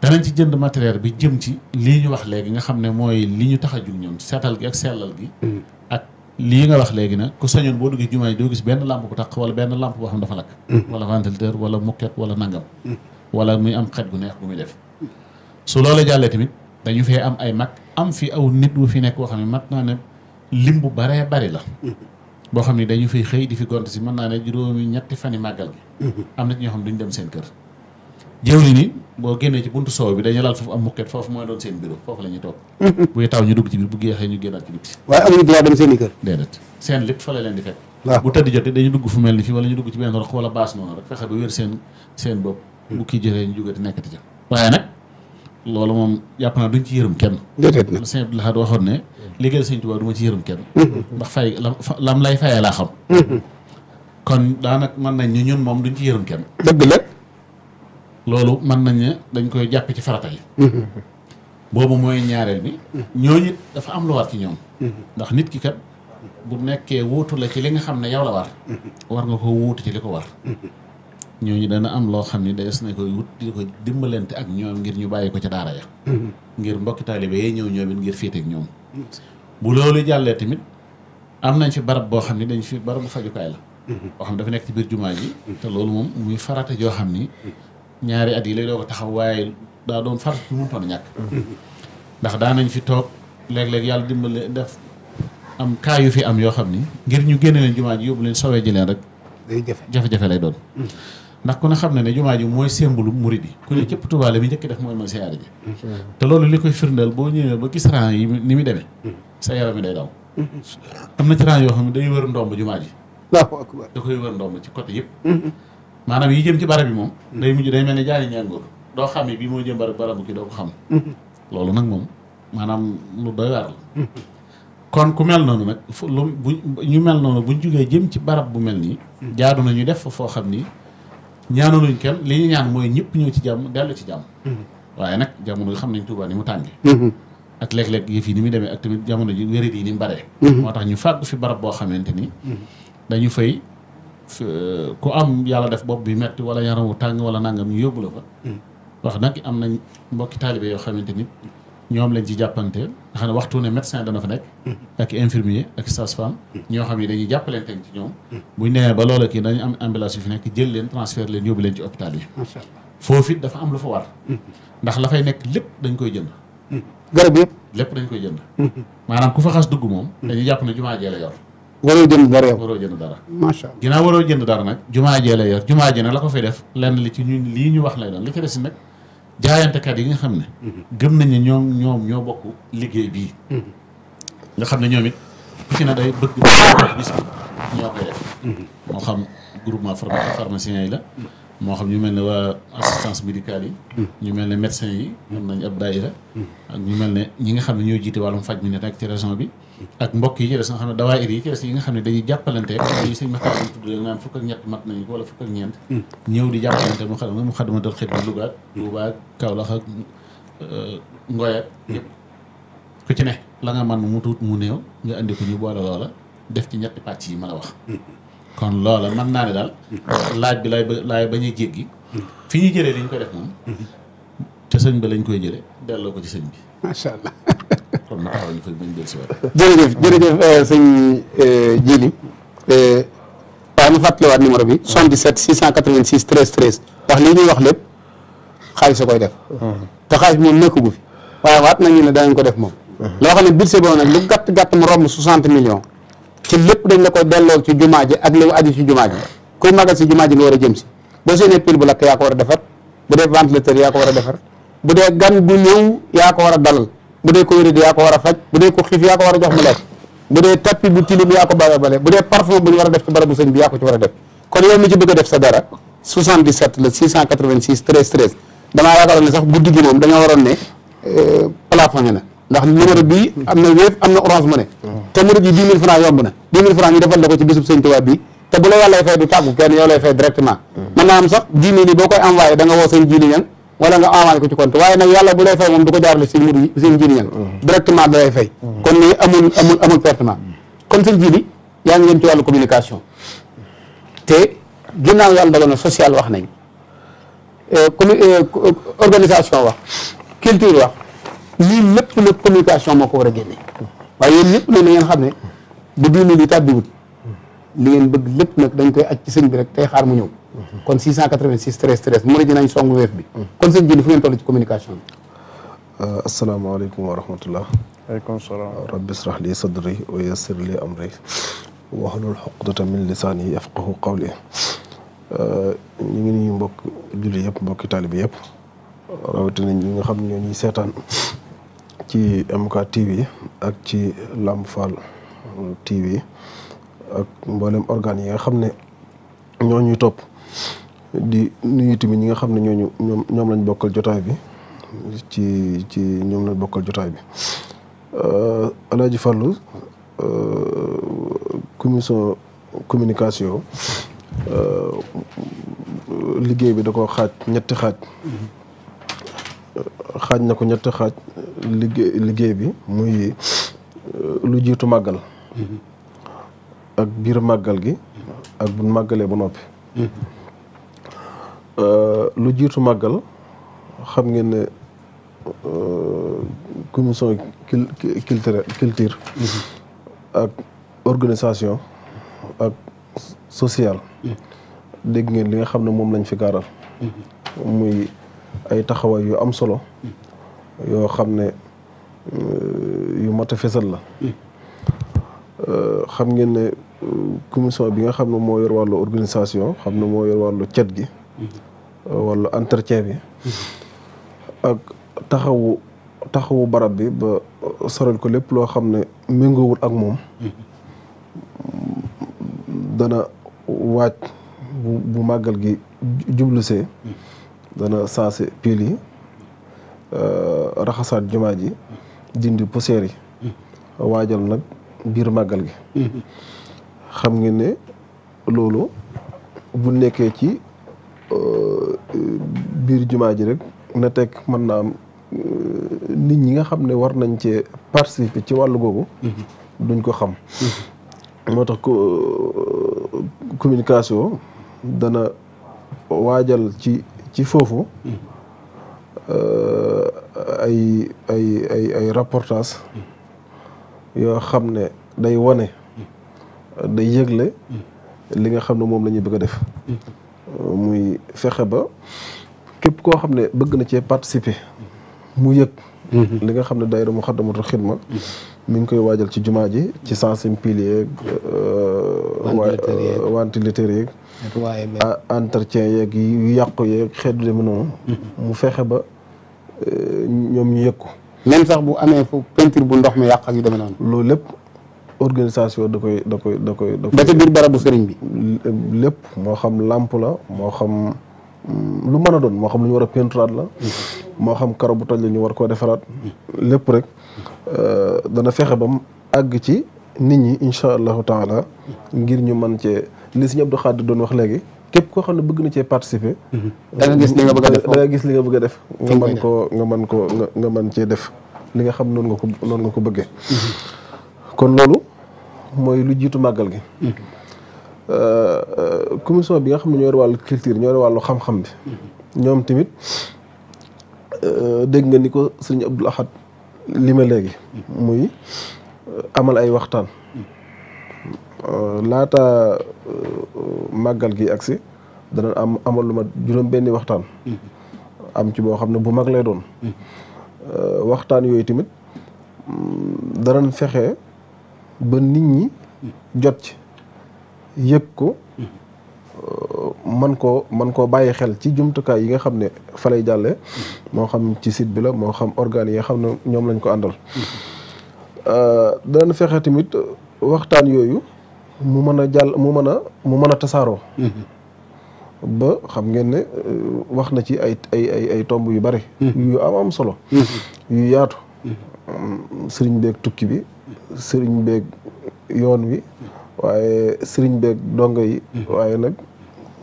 danañ ci jënd matériel bi jëm ci lii ñu wax léegi nga xam ne mooy li ñu tax a jug ñoom seetal gi ak sellal gi mm. ak lii nga wax léegi nag ku sañoon boo duggee jumaa yi doo gis benn làmp bu taq wala benn lampe boo xam dafa lakk mm. wala ventilateur wala mukket wala nangam mm. wala muy am xet gu neex bu muy def su loolee jàllee tamit dañu fee am ay mag am fi aw nit wu fi nekk boo xam ne mat naa ne lim bu baree bari la boo xam ne dañu fiy xëy di fi gont si mën naa ne juróomi ñetti fani màggal gi mm-hmm. am na ci ñoo xam duñ dem seen kër jëwri ni boo génnee ci buntu soow bi dañu laal foofu am mukket foofu mooy doon seen bureau foofu la ñuy toog buy taw ñu dugg ci biir bu géexee ñu génnaat ci biti waaye amuñu droit i kër déedéet seen lépp fa la leen di fekk ci benn hmm. bu kii jotee ñu jógati nekkati ca waaye nag ne liggéeyal sëñ Tuubaa du ma kenn hmm. ndax lay fayee laa xam hmm. kon daanaka man nañ ñu ñun moom duñ ci yërëm kenn dëgg la loolu mën nañ ne dañ koy jàppe ci farata yi boobu mooy ñaareel bi ñooñu dafa am lu war ci ñoom ndax nit ki kat bu nekkee wuutu la ci li nga xam ne yow la war war nga ko wuutu ci li ko war ñooñu dana am loo xam ne des nañ koy wut di ko dimbalante ak ñoom ngir ñu bàyyi ko ca daara ya ngir mbokki taalibe yee ñëw ñoom it ngir féete ak ñoom bu loolu jàllee tamit am nañ fi barab boo xam ne dañ fi barabu fajukaay la boo xam dafa nekk ci biir jumaa ji te loolu muy farata joo xam ni ñaari at yi lay doog a taxaw waaye daa doon far lu mënutoon a ñàkk ndax daa nañ fi toog léeg-léeg yàlla dimbale def am kaa yu fi am yoo xam ni ngir ñu génne leen jumaa ji yóbbu leen sowee ji leen rek jafe-jafe lay doon mm. ndax ku ne xam ne ne jumaa ji mooy sémbulu murid yi ku ne cëpp mm. tubaale bi njëkk def mooy mooy siyaare ji mm. te loolu li koy firndeel boo ñëwee ba gis rang yi ni mu demee sa yaram mi day daw am na ci rang yoo xam ne day wër ndomb jumaa ji da koy wër ndomb ci côté yëpp maanaam yi jëm ci barab bi moom day mujj day mel ne jaari ñàngoor doo xam ne bii moo jëm barab barab bu ki doo ko xam loolu nag moom maanaam lu doy waar kon ku mel noonu nag fu lu bu ñu mel noonu buñ jógee jëm ci barab bu mel nii jaadu nañu def foo xam ni ñaanaluñ kenn li ñu ñaan mooy ñëpp ñëw ci jàmm dellu ci jàmm waaye nag jamono xam nañ Tuubaa ni mu tànge ak léeg-léeg yëf yi ni muy demee ak tamit jamono ji wérit yi ni mu baree mm-hmm. moo tax ñu fàggu fi barab boo xamante ni mm-hmm. dañu fay Euh, ku am yàlla def bopp bi metti wala yaram wu tàng wala nangam ñu yóbbu la fa. Mm. wax nag am nañ mbokki taalibe yoo xamante ni ñoom lañ ci jàppante nga xam ne waxtu ne médecin dana fa nekk. Mm. ak infirmier ak sage-femme. Mm. ñoo xam ne dañuy jàppalante ci ñoom. buñ nee ba loola kii dañu am ambulance yu fi nekk jël leen transfert leen yóbbu leen ci hôpital yi. macha allah foofu dafa am lu fa war. ndax la fay nekk lépp dañ koy jënd. garab yëpp lépp dañ koy jënd. maanaam ku fa xas dugg waroo jënd dara yow waroo jënd dara macha allah ginnaaw nag jumaa jee la yor jumaa ji nag la ko fay def lenn li ci ñu lii ñu wax lay doon li ci des nag jaayantekat yi nga xam ne gëm nañ ne ñoom ñoom ñoo bokk liggéey bii nga xam ne ñoom it ku ci ne day bëgg bi ñoo moo xam groupement pharmacien yi la moo xam ñu mel ne waa assistance médicale yi ñu mel ne médecin yi am nañ ab daayira ak ñu mel ne ñi nga xam ne ñoo jiite wàllum faj mi ne rek ci région bi ak mbokk yi ci des xam ne dawaa ir yi ci des yi nga xam ne dañuy jàppalante yi sëñ Maxtaar dañ tudd fukk ñett mat nañu ko fukk ak ñeent hmm. ñëw di jàppalante mu xam ma xadama dal xit bi Louga ak hmm. Touba ak Kaolack ak euh, Ngoy ak hmm. yëpp ku ci ne la man mu tuut mu néew nga indi ko ñu boole loola def ci ñetti pàcc yi ma la wax kon loola mën naa ne daal laaj bi lay laay ba a jéggi fi ñu jëlee li ñu koy def moom te sëñ ba lañ koy jële delloo ko ci sëñ bi macha allah kon nag xaaral ñu koy bañ dellusiwaat. jërëjëf jërëjëf eh, sëñ Djili. Eh, eh, waaw ñu fàttaliwaat numéro bi. 77 686 13 13. wax lii ñuy wax lépp xaalis sa koy def. te xaalis bi nekk nekkagu fi. waaye waat nañu ne danañ ko def moom. loo xam ne budget boobu nag lu gàtt gàtt mu romb 60 millions. ci lépp dañ la koy delloo ci jumaa ji ak li aju ci jumaa ji. kuy magal si jumaa ji nga war a jëm si. boo seenee pile bu lakk yaa ko war a defar bu dee ventilateur yaa ko war a defar bu dee gan gu a dalal. bu dee ko wéri di yaa ko war a faj bu dee ko xiif yaa ko war a jox mu lekk bu dee tappi bu tilim yaa ko bale bale bu dee parfum bu war a def ci barabu sëñ bi yaa ko ci war a def kon yow mi ci bëgg a def sa dara 77 la 686 13 13 damaa yaakaaroon ne sax guddi gi moom dañoo waroon ne euh, plafonné na ndax numéro bii am na Wave am na Orange Money mm. te murid yi 10 000 francs yomb na 10 000 francs ñu defal wala nga amaale ko ci compte waaye nag yàlla bu lay fay moom du ko jaarale sëñ Modou sëñ Jili ñang directement da lay fay kon ni amul amul pertement kon sëñ Jili yaa ngi yem ci wàllu communication te ginnaaw yàlla dogal social wax nañ euh, commu euh, organisation wax culture wax lii lépp nag communication moo ko war a génne waaye yéen ñëpp nag na ngeen xam ne bu bii mu di li ngeen bëgg lépp nag dañ koy aj ci bi rek tey xaar mu ñëw kon 686 13 13 mu ne dinañ songu Wave bi. kon sëñ bi fu ngeen toll ci communication bi. Euh, asalaamaaleykum wa rahmatullah. waaleykum salaam. Euh, rabbi israh li sadri wa yassir li amri wahlul uqdatan min lisaani yafqahu qawli. Euh, ñu ngi nuyu mbokk julli yëpp mbokki taalibi yëpp rawatina ñi nga xam ne ñoo seetaan ci MK TV ak ci Lamp Fall TV ak mboolem organes yi nga xam ne ñoo ñuy topp di nuyu tamit ñi nga xam ne ñooñu ñoom lañ bokkal jotaay bi ci ci ñoom lañ bokkal jotaay bi euh, Alaaji Fàllu euh, communication euh, liggéey bi da ko xaaj ñetti xaaj mm-hmm. xaaj na ko ñetti xaaj liggéey bi muy lu jiitu màggal mm-hmm. ak biir màggal gi mm-hmm. ak bu màggalee ba noppi Euh, lu jiitu màggal xam ngeen ne euh, commission culture culture ak organisation ak sociale dégg ngeen li nga xam ne moom lañ fi gaaral muy ay taxawaay yu am solo yoo xam ne euh, yu mat a fesal la xam ngeen ne commission bi nga xam ne moo yor wàllu organisation xam ne moo yor wàllu cet gi wala entretien bi ak taxawu taxawu barab bi ba sorel ko lépp loo xam ne méngoowul ak moom dana waaj bu bu màggal gi jublusee dana saase piil yi euh, raxasaat jumaa ji dindi poussière yi waajal nag biir màggal gi mm-hmm. xam nga ne loolu bu nekkee ci Euh, biir jumaa ji rek na teg mën na am euh, nit ñi nga xam ne war nañ cee participer ci wàllu googu. Mm-hmm. duñ ko xam. Mm-hmm. moo tax ko euh, communication dana waajal ci ci foofu. Mm-hmm. ay ay ay ay reportage yoo xam ne day wane day yëgle li nga xam ne moom lañuy bëgg a def. muy fexe ba képp koo xam ne bëgg na cee participer mu yëg mm-hmm. li nga xam ne daayira Muxaddamatul Xidma mm-hmm. mi ngi koy waajal ci jumaa ji ci sensim pilier yeeg ventilateur euh, yeeg euh, ah, entretien yeeg yu yàqu yeeg xeetu deme noonu mm-hmm. mu fexe ba euh, ñoom ñu yëg ko même sax bu amee fu peinture bu ndox mi yàq ak yu demee noonu loolu lépp organisation da koy da koy da koy. ba ci biir barabu sëriñ bi. lépp moo xam làmp la moo xam mm, lu mën a doon moo xam lu ñu war a peinturaat la. moo xam karo bu toj la ñu war koo defaraat. lépp rek euh, dana fexe ba mu àgg ci nit ñi incha allahu taala ngir ñu mën cee li sëñ Abdou Khadre doon wax léegi. képp koo xam ne bëgg na cee participer. Mm-hmm. da nga gis li nga bëgg def nga gis li nga bëgg a def. nga mën koo nga mën koo nga mën cee def. li nga xam noonu nga ko nga ko bëggee. Mm-hmm. kon loolu mooy lu jiitu màggal gi. Euh, commission bi nga xam ne ñoo yor wàllu culture ñoo yor wàllu xam-xam bi. ñoom tamit euh, dégg nga ni ko sëñ Abdoul Ahad li ma léegi. muy amal ay waxtaan. Euh, laata màggal gi agsi dana am amal ma juróom benni waxtaan. am ci boo xam ne bu mag lay doon. Mm-hmm. waxtaan yooyu tamit danañ fexe. ba nit ñi jot ci yëg ko euh, man koo man koo bàyyi xel ci jumtukaay yi nga xam ne fa lay jàlle moo xam ci site bi la moo xam organes yi nga xam ne ñoom lañ ko àndal euh, danañ fexe tamit waxtaan yooyu mu mën a jàll mu mën a mu mën a tasaaroo ba xam ngeen ne euh, wax na ci ay ay ay tomb yu bari yu am am solo yu yaatu hm. sëriñ beeg tukki bi sëriñ beeg yoon wi waaye sëriñ beeg dongo yi waaye nag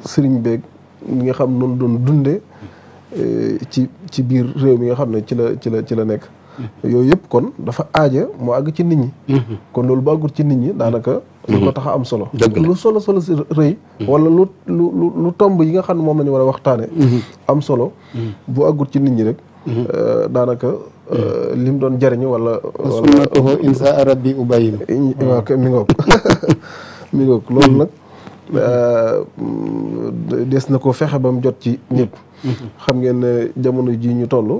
sëriñ beeg ñi nga xam noonu doon dunde eh, ci ci biir réew mi nga xam ne ci la ci la ci la nekk yooyu yëpp kon dafa aaja moo àgg ci nit ñi kon loolu bu àggut ci nit ñi daanaka lu ko tax am solo lu solo solo rëy wala lu lu lu tomb yi nga xam ne moom la ñu war a waxtaane uhuh. am solo uhuh. bu àggut ci nit ñi rek uhuh. eh, daanaka Euh, li mu doon jariñu wala. wala sunnatuhu insa rabbi ubayin. kay mi ngoog mi ngoog loolu nag. Euh, des na ko fexe ba mu jot ci ñëpp. Mm-hmm. xam ngeen ne jamono ji ñu toll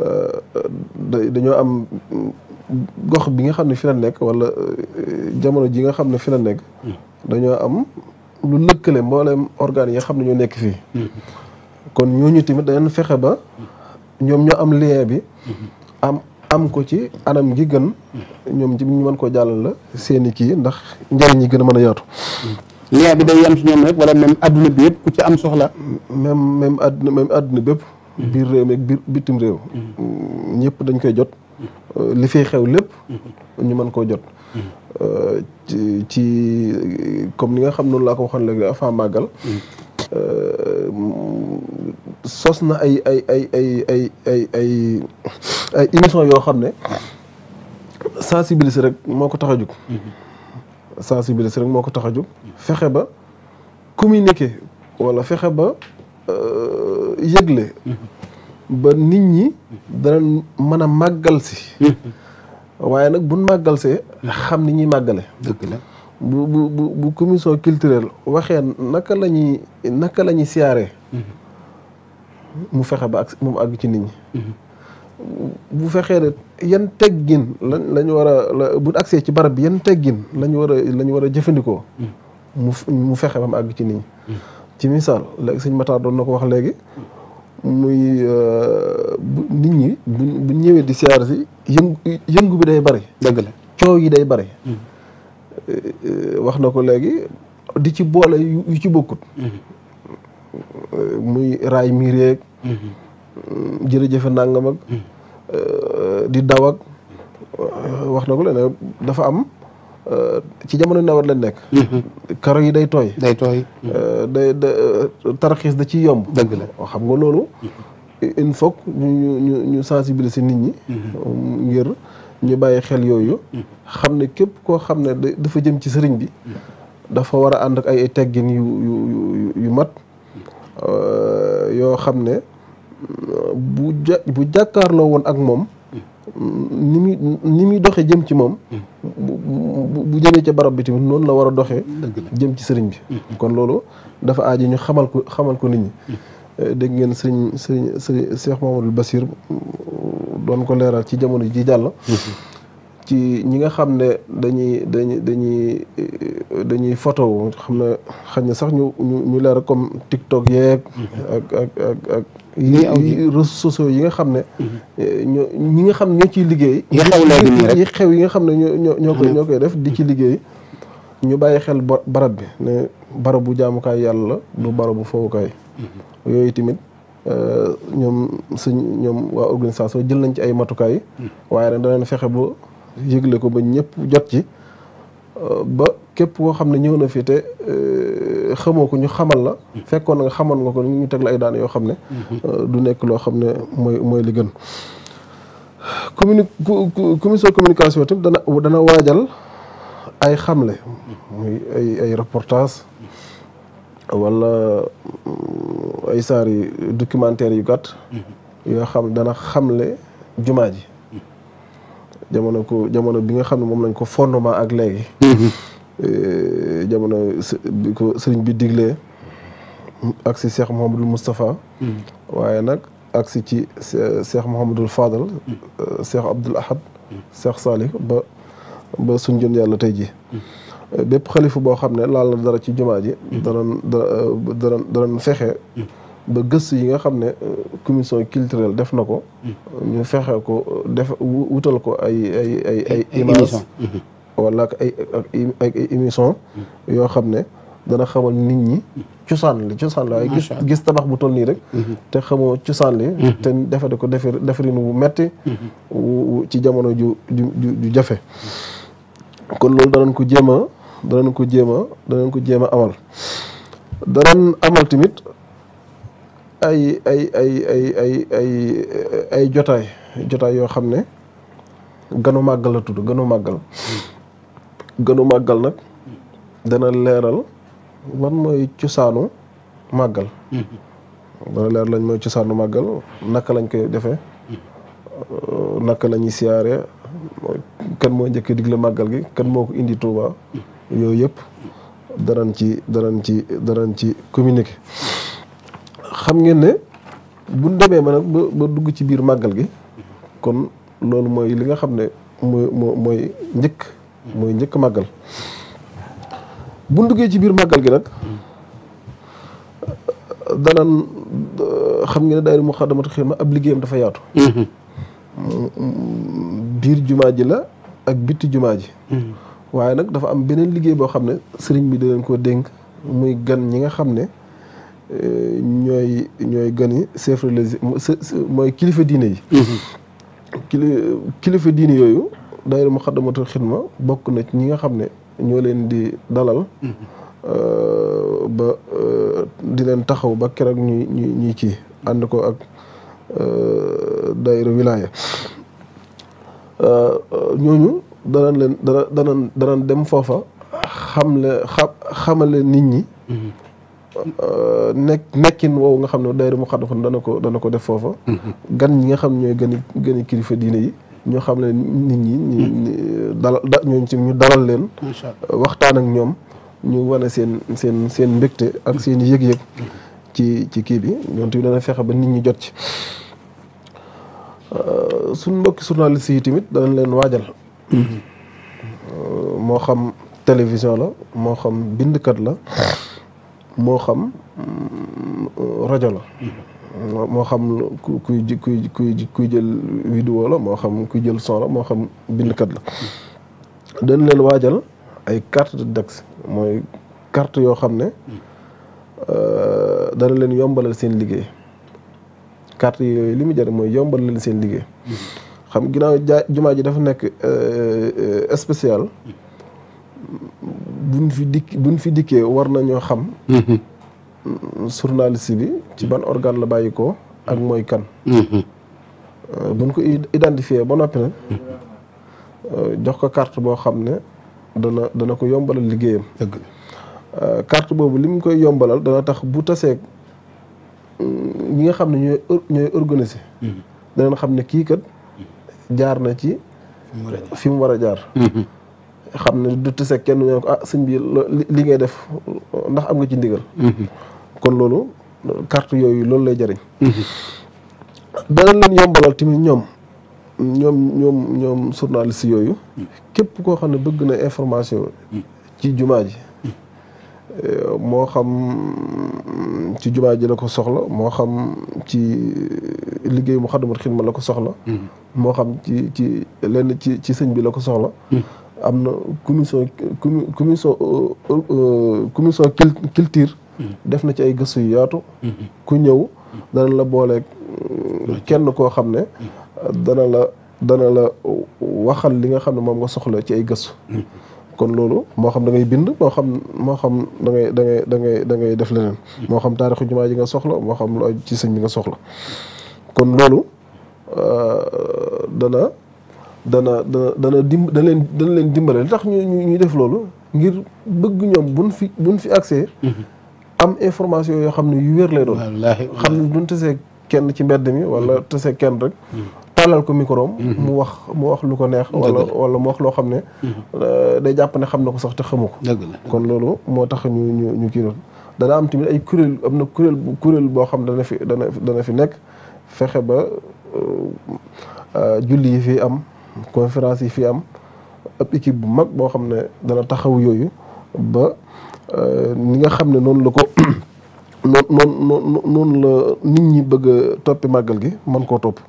euh, dañoo am gox bi nga xam ne fi la nekk wala jamono ji nga xam ne fi la nekk. Mm-hmm. dañoo am lu lëkkale mboolem organes yi xam ne ñoo nekk fii. Mm-hmm. kon ñooñu tamit dañu fexe ba. ñoom ñoo am lien bi mm-hmm. am am ko ci anam gi gën mm-hmm. ñoom ci ñu mën koo jàllal la seen kii ndax njëriñ yi gën a mën a yaatu mm-hmm. lien bi day yem ci ñoom rek wala même adduna bi yëpp ku ci am soxla même même àdduna même adduna bépp biir réew mi bitim réew ñëpp dañ koy jot li fiy xew lépp ñu mën koo jot euh, ci comme ni nga xam noonu laa ko waxoon léegi avant màggal Euh, sos na ay ay ay ay ay ay ay ay émission yoo xam ne sensibiliser rek moo ko tax a jóg sensibiliser rek moo ko tax a jóg fexe ba communiquer walla fexe ba euh, yëgle ba nit ñi danañ mën a màggal si waaye nag buñ màggal see xam ni ñuy màggale dëgg bu bu bu commission culturelle waxee naka lañuy ñuy naka la ñuy mm-hmm. mu fexe ba ak moom àgg ci nit ñi. Mm-hmm. bu fexee ne yan teggin lañ lañ war a bu accès ci barab bi yan teggin lañ war a lañ war a jëfandikoo. Mm-hmm. mu fexe ba mu àgg ci nit ñi. ci misaal léegi sëñ Matar doon na ko wax léegi. muy euh, bu nit ñi bu ñëwee di siyaar si yëngu yëngu bi day bari. dëgg coow yi day bari. Euh, wax na ko léegi di ci boole yu ci bokkut mm-hmm. muy raay mi réeg mm-hmm. jërëjëfe nangam mm-hmm. euh, di dawag euh, wax na ko leen dafa am ci jamono nawet lañ nekk karo yi day tooy day tooy day tarxiis da ciy yomb dëgg la xam nga loolu il faut ñu ñu ñu sensibiliser nit ñi ngir ñu bàyyi xel yooyu mm. xam ne képp koo xam ne dafa jëm ci sëriñ bi mm. dafa war a ànd ak ay teggin yu yu yu mat euh, yoo xam ne bu ja jàkkaarloo woon ak moom mm. ni muy ni muy doxe jëm ci moom bu jëmee ci barab bi tamit noonu la war a doxee jëm ci sëriñ bi kon loolu dafa aaji ñu xamal ko xamal ko nit ñi euh, dégg ngeen sëriñ sëriñ sëriñ Cheikh Mamadou Bassir doon ko leeral ci jamono ji jàll. ci ñi nga xam ne dañuy dañuy dañuy dañuy photo xam ne xañ na sax ñu ñu ñu leer comme TikTok yeeg. ak ak ak ak. yi réseaux sociaux yi nga xam ne. ñoo ñi nga xam ñoo ciy liggéey. yi xew yi xew yi nga xam ne ñoo ñoo koy ñoo koy def di ci liggéey. ñu bàyyi xel barab bi ne barabu jaamukaay yàlla la du barabu fowukaay. Mhm. yooyu tamit. Euh, ñoom suñ ñoom waa organisation jël nañ ci ay matukaay. Hmm. waaye nag danañ fexe ba yëgle ko ba ñëpp jot ci. Euh, ba képp koo xam ne ñëw na fi te euh, xamoo ko ñu xamal la. Hmm. fekkoon nag xamoon nga ko ñu teg la ay daan yoo xam ne. Hmm. du nekk loo xam ne mooy mooy li gën. communi commission communication tamit dana dana waajal ay xamle. ay ay reportage wala mm, ay saar yi documentaire yu gàtt mhm. yoo xam dana xamle jumaa ji mhm. jamono ko jamono bi nga xam ne moom lañ ko fondement ak léegi mhm. eh, jamono bi ko sëriñ bi digle ak si Cheikh Mouhamadul Moustapha waaye nag ak si ci Cheikh Mouhamadul Fadal eh, Cheikh Abdoul Ahad Cheikh Salih ba ba suñ jën yàlla tey ji Euh, bépp xalifu boo xam ne laal na dara ci jumaa ji danañ danañ danañ fexe mm-hmm. ba gëstu yi nga xam ne euh, commission culturelle def na ko mm-hmm. ñu fexe ko euh, def wutal ko ay ay ay ay image mm-hmm. wala ak ay ay émission yoo xam ne dana xamal nit ñi cosaan li cosaan la waaye gis tabax bu toll nii rek te xamoo cosaan li te defade ko defar defarin wu metti ci jamono ju ju ju jafe kon loolu danañ ko jéem a danañ ko jéem a danañ ko jéem a amal danañ amal tamit ay ay ay ay ay ay ay jotaay jotaay yoo xam ne ganu màggal la tudd ganu màggal ganu màggal nag dana leeral lan mooy cosaanu màggal dana leeral lañ mooy cosaanu màggal naka lañ koy defee naka lañuy ñuy siyaare kenn mooy njëkk digle màggal gi kenn moo ko indi Touba yooyu yëpp danañ ci danañ ci danañ ci communiquer xam ngeen ne bu demee ba nag ba dugg ci biir màggal gi kon loolu mooy li nga xam ne mooy mooy njëkk mooy njëkk màggal bu duggee ci biir màggal gi nag danañ xam ngeen ne daayira Muxaddamatul Xidma ab liggéeyam dafa yaatu mm-hmm. Mm-hmm. biir jumaa ji la ak bitti jumaa ji hmm. waaye nag dafa am beneen liggéey boo xam ne sëriñ bi di leen ko dénk muy gan ñi nga xam ne eh, ñooy ñooy gani chef religieux mooy kilifa diine yi hmm. kilifa diine yooyu daayira Muxaddamatul Xidma bokk na ñi nga xam ne ñoo leen di dalal hmm. eh, ba eh, di leen taxaw ba keroog ñuy ñuy ñuy ànd ko ak daayira wilaaya Euh, euh, ñooñu danañ leen dana danañ danañ dem foofa xamle xa xamale nit ñi. Mm-hmm. Euh, nekk nekkin woowu nga xam ne daayira mu xadd dana ko dana ko def foofa. Mm-hmm. gan ñi nga xam ñooy gën a gën kilifa diine yi. ñoo xam ne nit ñi ñi mm-hmm. dalal ñooñ ñu dalal leen waxtaan ak ñoom ñu wane seen seen seen mbégte ak seen yëg-yëg ci ci kii bi ñoom tamit dana fexe ba nit ñi jot ci Euh, suñ mbokki journaliste yi tamit danañ leen waajal mhm. euh, moo xam télévision la moo xam bindkat la moo xam euh, rajo la mhm. moo xam kuy kuy kuy jël vidéo la moo xam kuy jël solo moo xam bindkat la dañ leen waajal ay carte de texte mooy carte yoo xam ne mhm. dana leen yombalal seen liggéey carte yooyu li mu jar mooy yombal leen seen liggéey xam ginnaaw jaa jumaa ji dafa nekk euh, euh, spécial buñ fi dikk buñ fi dikkee war nañoo xam mm-hmm. journaliste bi ci ban organ la bàyyi ko ak mooy kan mm-hmm. euh, buñ ko identifié ba noppi nag jox ko kart boo xam ne dana dana ko yombalal liggéeyam carte boobu li mu koy yombalal dana tax bu taseeg ñi nga xam ne ñooy ñooy organisé. Mhm. danañ xam ne kii kat jaar na ci. fi mu war a jaar mhm. xam ne du tese kenn ñu ko ah sëñ bi li ngay def ndax am nga ci ndigal. Mhm. kon loolu kart yooyu loolu lay jëriñ. danañ leen yombalal tamit ñoom. ñoom ñoom ñoom journaliste yooyu képp koo xam ne bëgg na information ci jumaa ji Euh, moo xam ci jumaa ji la ko soxla moo xam ci liggéey mu xaddamat xidma la ko soxla mm-hmm. moo xam ci ci lenn ci ci sëñ bi la ko soxla mm-hmm. am na commission commission euh, euh, commission culture mm-hmm. def na ci ay gëstu yu yaatu ku ñëw dana la booleeg kenn koo xam ne dana la dana la waxal li nga xam ne moom nga soxla ci ay gëstu kon loolu moo xam da ngay bind moo xam moo xam da dangay da ngay da ngay def leneen. moo xam taarixu jumaa ji nga soxla moo xam lu ci sëñ bi nga soxla kon loolu euh, dana dana dana dana dim dana leen dana leen dimbale li tax ñu ñuy def loolu ngir bëgg ñoom buñ fi buñ fi accès. Mm-hmm. am information yoo xam ne yu wér lay doon. xam ne duñ tesee kenn ci mbedd mi wala tesee kenn rek. Mm. tàllal ko micro mhm. mu wax mu wax lu ko neex walla wala mu wax loo xam ne mhm. day jàpp ne xam na ko sax te xamu ko kon loolu moo tax ñu ñu ñu kii doon dana am tamit ay kuréel am na kuréel kuréel boo xam dana fi dana dana fi nekk fexe ba euh, euh, julli yi fi am conférence yi fi am ab bu mag boo xam ne dana taxaw yooyu ba euh, ni nga xam ne noonu la ko noonu noonu noonu la nit ñi bëgg a toppi màggal gi mën koo topp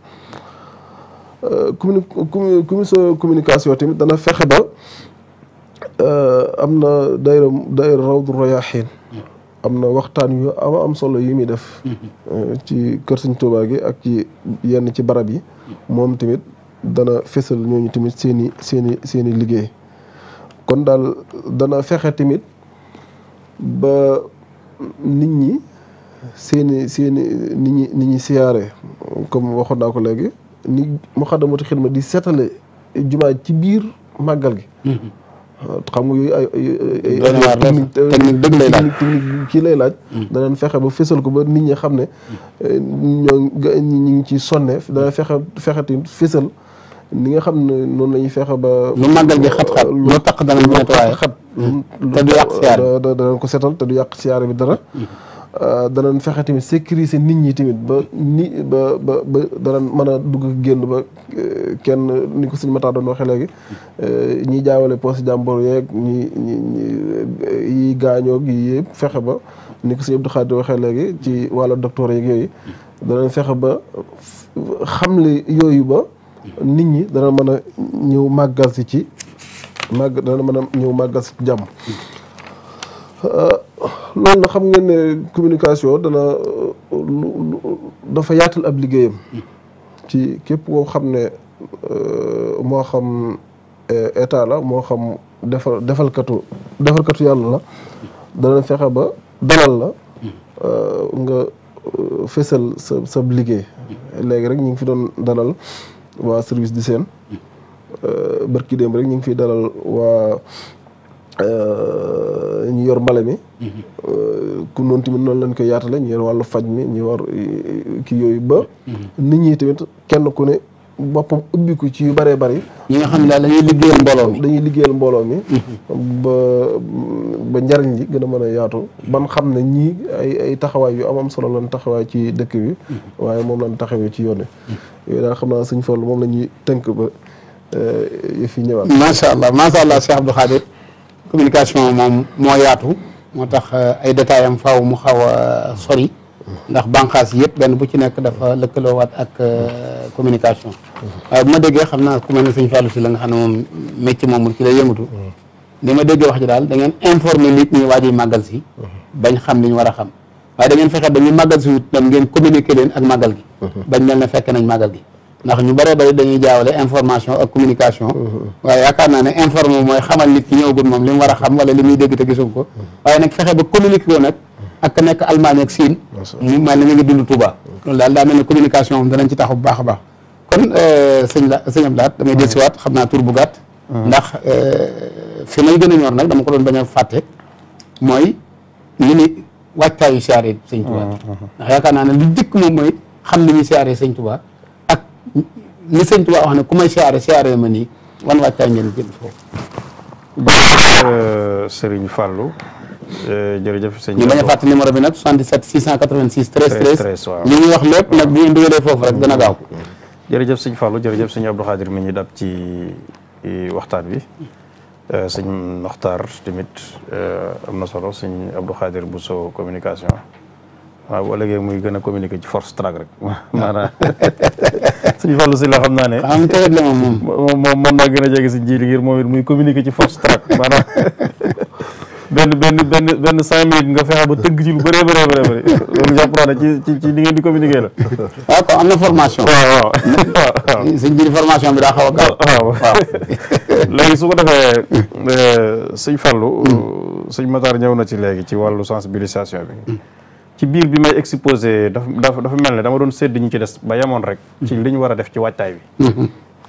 communi commission communication tamit dana fexe ba euh, am na daayira daayira Rawdu Rayaahiin hmm. am na waxtaan yu ama am solo yi muy def hmm. euh, ci kër Sëñ Tuubaa gi ak ci yenn ci barab yi hmm. moom tamit dana fesal ñooñu tamit seeni seeni seeni i liggéey kon daal dana fexe tamit ba nit ñi seeni seeni seen i nit ñi nit siyaare comme waxoon naa ko léegi ni Moukhaddamatoul Khidma di setale jumaa ci biir màggal gi xam nga yooyu ay technique technique dëgg lay laaj technique kii lay laaj hmm. danañ fexe ba fésal ko ba nit ñi xam ne ñoo ñi ci sonne dana fexe fexeti fésal ni nga xam ne noonu la ñuy fexe ba lu màggal gi xat-xat lu tax danañ ko nettoyé xat te du yàq siyaare danañ te du yàq siyaare bi dara hmm. Euh, danañ fexe tamit sécuriser nit ñi tamit ba ni ba ba ba danañ mën a dugg génn ba euh, kenn ni ko suñu mataa doon waxee léegi euh, ñiy jaawale poos jàmbur yeeg ñi ñi gaañoo gi fexe ba ni ko suñu Abdou Khadir waxee léegi ci wàllu docteur yeeg yooyu danañ fexe ba xamle yooyu ba nit ñi dana mën a ñëw màggal si ci màgg dana mën a ñëw màggal si ci jàmm Euh, loolu na xam ngeen ne communication dana euh, dafa yaatal ab liggéeyam ci képp koo xam ne euh, moo xam état la moo xam defal defalkatu defalkatu yàlla la dana fexe ba dalal la nga fésal sa sa liggéey léegi rek ñu ngi fi doon dalal waa service d'hygiène barki démb rek ñu ngi fiy dalal waa Euh, ñu yor mbala mi. Euh, ku noonu tamit noonu lañ koy yaatale ñu yor wàllu faj mi ñu war euh, ki yooyu ba. nit ñi tamit kenn ku ne boppam ubbiku ci yu bëree bëri. ñi nga xam naa daal dañuy liggéeyal mbooloo mi. dañuy liggéeyal mbooloo mi. ba ba njariñ li gën a man a yaatu. ban xam na ñi ay ay taxawaay yu am am solo lan taxawaay ci dëkk bi. waaye moom lan taxawee ci yoon wi. yooyu daal xam naa suñ Fallu moom la ñuy tënk ba yëf yi ñëwaat. macha allah macha allah Cheikh Abdou Khadir communication moom moo yaatu moo tax euh, ay détails am faaw mu xaw a euh, sori ndax bànqaas yëpp benn bu ci nekk dafa waat ak euh, communication waaye bu ma déggee xam naa ku mel ne sëñ Fallou si la nga xam ne moom métier moom ci la yëngatu li ma déggee wax ji daal da ngeen informer nit ñi waaj a màggal si bañ xam li ñu war a xam waaye da ngeen fexe ba ñu màggal si wut ngeen communiquer leen ak màggal gi bañ mel ne fekk nañ màggal gi ndax ñu bare bëri dañuy jaawale information ak communication mm-hmm. waaye yaakaar naa ne informe mooy xamal nit ki ñëwagul moom li mu war a xam wala li muy dégg te gisul ko mm-hmm. waaye nag fexe ba communiqué ko nag ak nekk Allemagne ak Siin ñu mel ne mi ngi dund Touba mm-hmm. loolu daa mel ne communication moom danañ ci taxaw bu baax a baax kon euh, sëñ la sëñ Abdou Lahad damay del xam naa tur bu gàtt ndax euh, fi may gën a ñor nag dama ko doon bañoo a fàtte mooy ñu ni waajtaayu siyaare sëñ Touba ndax yaakaar naa ne lu jëkk moom mooy xam ni muy siyaare sëñ Touba ni sëñ Tuubaa wax ne ku may siyaare siyaare ma nii wan wàccaay ngeen jël foofu. jërëjëf euh, Serigne Fallou. Euh, jërëjëf sëñ ñu bañ a fàttali numéro bi nag 77 686 13 13 waaw li ñuy wax lépp nag bu ñu dugalee foofu jërëjëf sëñ Fallou jërëjëf sëñ Abdou Khadir mi ñu dab ci waxtaan wi euh, sëñ Mokhtar tamit am na solo sëñ Abdou bu Bousso communication. waaw bu ëllëgee muy gën a communiquer ci force track rek maanaam suñu fàllu si la xam naa ne ah, moom moom mën naa gën a jege si ji li ngir moom it muy communiquer ci force track maanaam benn benn benn benn cinq minutes nga fexe ba tëgg ci lu bëree bëree bëree bëri loolu jàpp naa ne ci ci ci li ngeen di communiquer la waaw ah, kon am na formation waaw waaw waaw sëñ bi formation bi daa xaw a gaaw waaw waaw léegi su ko defee euh, sëñ Fallou hmm. sëñ Matar ñëw na ci léegi ci wàllu sensibilisation bi hmm. ci biir bi may exposé dafa dafa dafa mel ne dama doon sédd ñu ci des ba yemoon rek. ci mm-hmm. li ñu war a def ci waajtaay bi. Mm-hmm.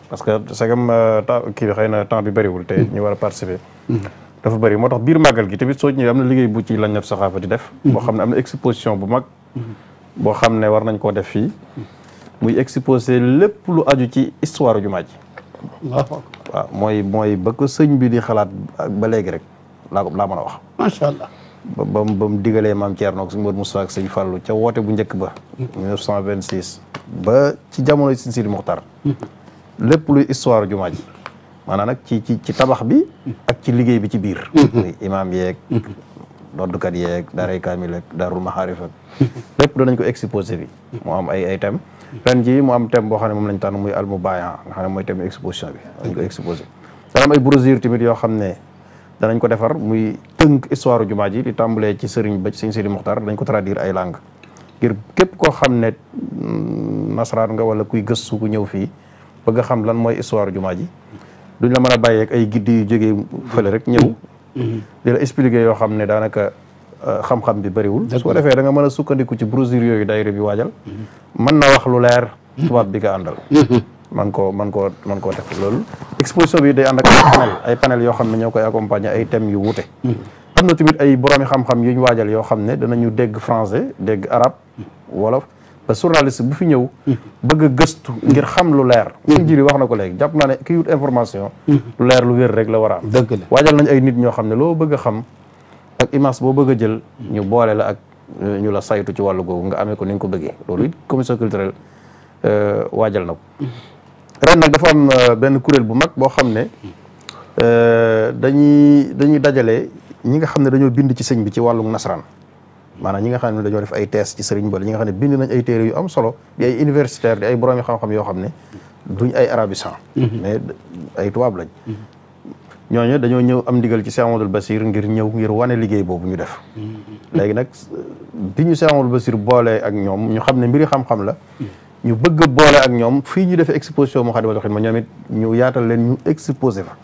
parce que sagam euh, temps kii bi xëy na temps bi bëriwul te mm-hmm. ñu war a participer. dafa bëri moo tax biir màggal gi tamit soo ñëwee am na liggéey bu ci lañu saxaafa di def. boo xam ne am na exposition bu mag. boo xam ne war nañ koo def fii. muy exposé lépp lu aju ci histoire jumaa ji. waaw mooy mooy ba ko sëñ bi di xalaat ba léegi rek laa ko laa mën a wax. macha allah. ba mu ba mu digalee maam Thierno ak Mor Moussa ak sëñ Fallou ca woote bu njëkk ba. 1926. ba ci jamono sëñ Sidi Mokhtar. lépp luy histoire jumaa ji maanaam nag ci ci ci tabax bi. ak ci liggéey bi ci biir. i imaam yeeg. noddukat yeeg daaray kaamil ak daarul maxaarif ak. lépp danañ ko exposé bi. mu am ay ay thèmes. ren jii mu am thème boo xam ne moom lañ tànn muy almubaaya nga xam ne mooy thème exposition bi. dañ ko exposé dana am ay brochure tamit yoo xam ne. danañ ko defar muy tënk histoire jumaa ji li tàmbalee ci sëriñ ba sëriñ Sidi Muxtaar dañ ko traduire ay langue ngir képp koo xam ne mm, nasaraan nga wala kuy gëstu ku ñëw fii bëgg a xam lan mooy histoire jumaa ji duñ la mën a bàyyeek ay giddi yu jógee fële rek ñëw di la yoo xam ne daanaka euh, xam-xam bi bëriwul su ko defee da nga mën a sukkandiku ci brochure yooyu daayira bi waajal mhm. mën na wax lu leer tubaab bi nga àndal man koo man koo man def loolu exposition bi day ànd ak ay panel yoo xam ne ñoo koy accompagner ay thèmes yu wuute hmm. am na tamit ay boroomi xam-xam yu ñu waajal yoo xam ne danañu dégg français dégg arab hmm. wolof ba journaliste bu fi ñëw hmm. bëgg gëstu ngir xam lu leer suñ jili wax na ko léegi jàpp naa ne kii information lu leer lu wér rek la war a am waajal nañ ay nit ñoo xam ne loo bëgg xam ak image boo bëgg a jël ñu boole la ak eh, ñu la saytu ci wàllu googu nga amee ko ni ko bëggee loolu it commission culturelle eh, waajal na ko ren nag dafa am euh, benn kuréel bu mag boo xam ne euh, dañuy dañuy dajale ñi nga xam ne dañoo bind ci sëñ bi ci wàllum nasaraan maanaam ñi nga xam ne dañoo def ay tees ci sëriñ bi ñi nga xam ne bind nañ ay téere yu am solo di ay universitaire di ay boroomi xam-xam yoo xam ne duñ ay arabisant mhm. mais ay tubaab lañ ñooñu dañoo ñëw am ndigal ci Cheikh Amadou Bassir ngir ñëw ngir wane liggéey boobu ñu def mhm. léegi nag bi ñu Cheikh Amadou Bassir boolee ak ñoom ñu xam ne mbiri xam la mhm. ñu bëgg a boole ak ñoom fi ñu defee exposition Moukhaddamatoul Khidma ñoom it ñu yaatal leen ñu exposé fa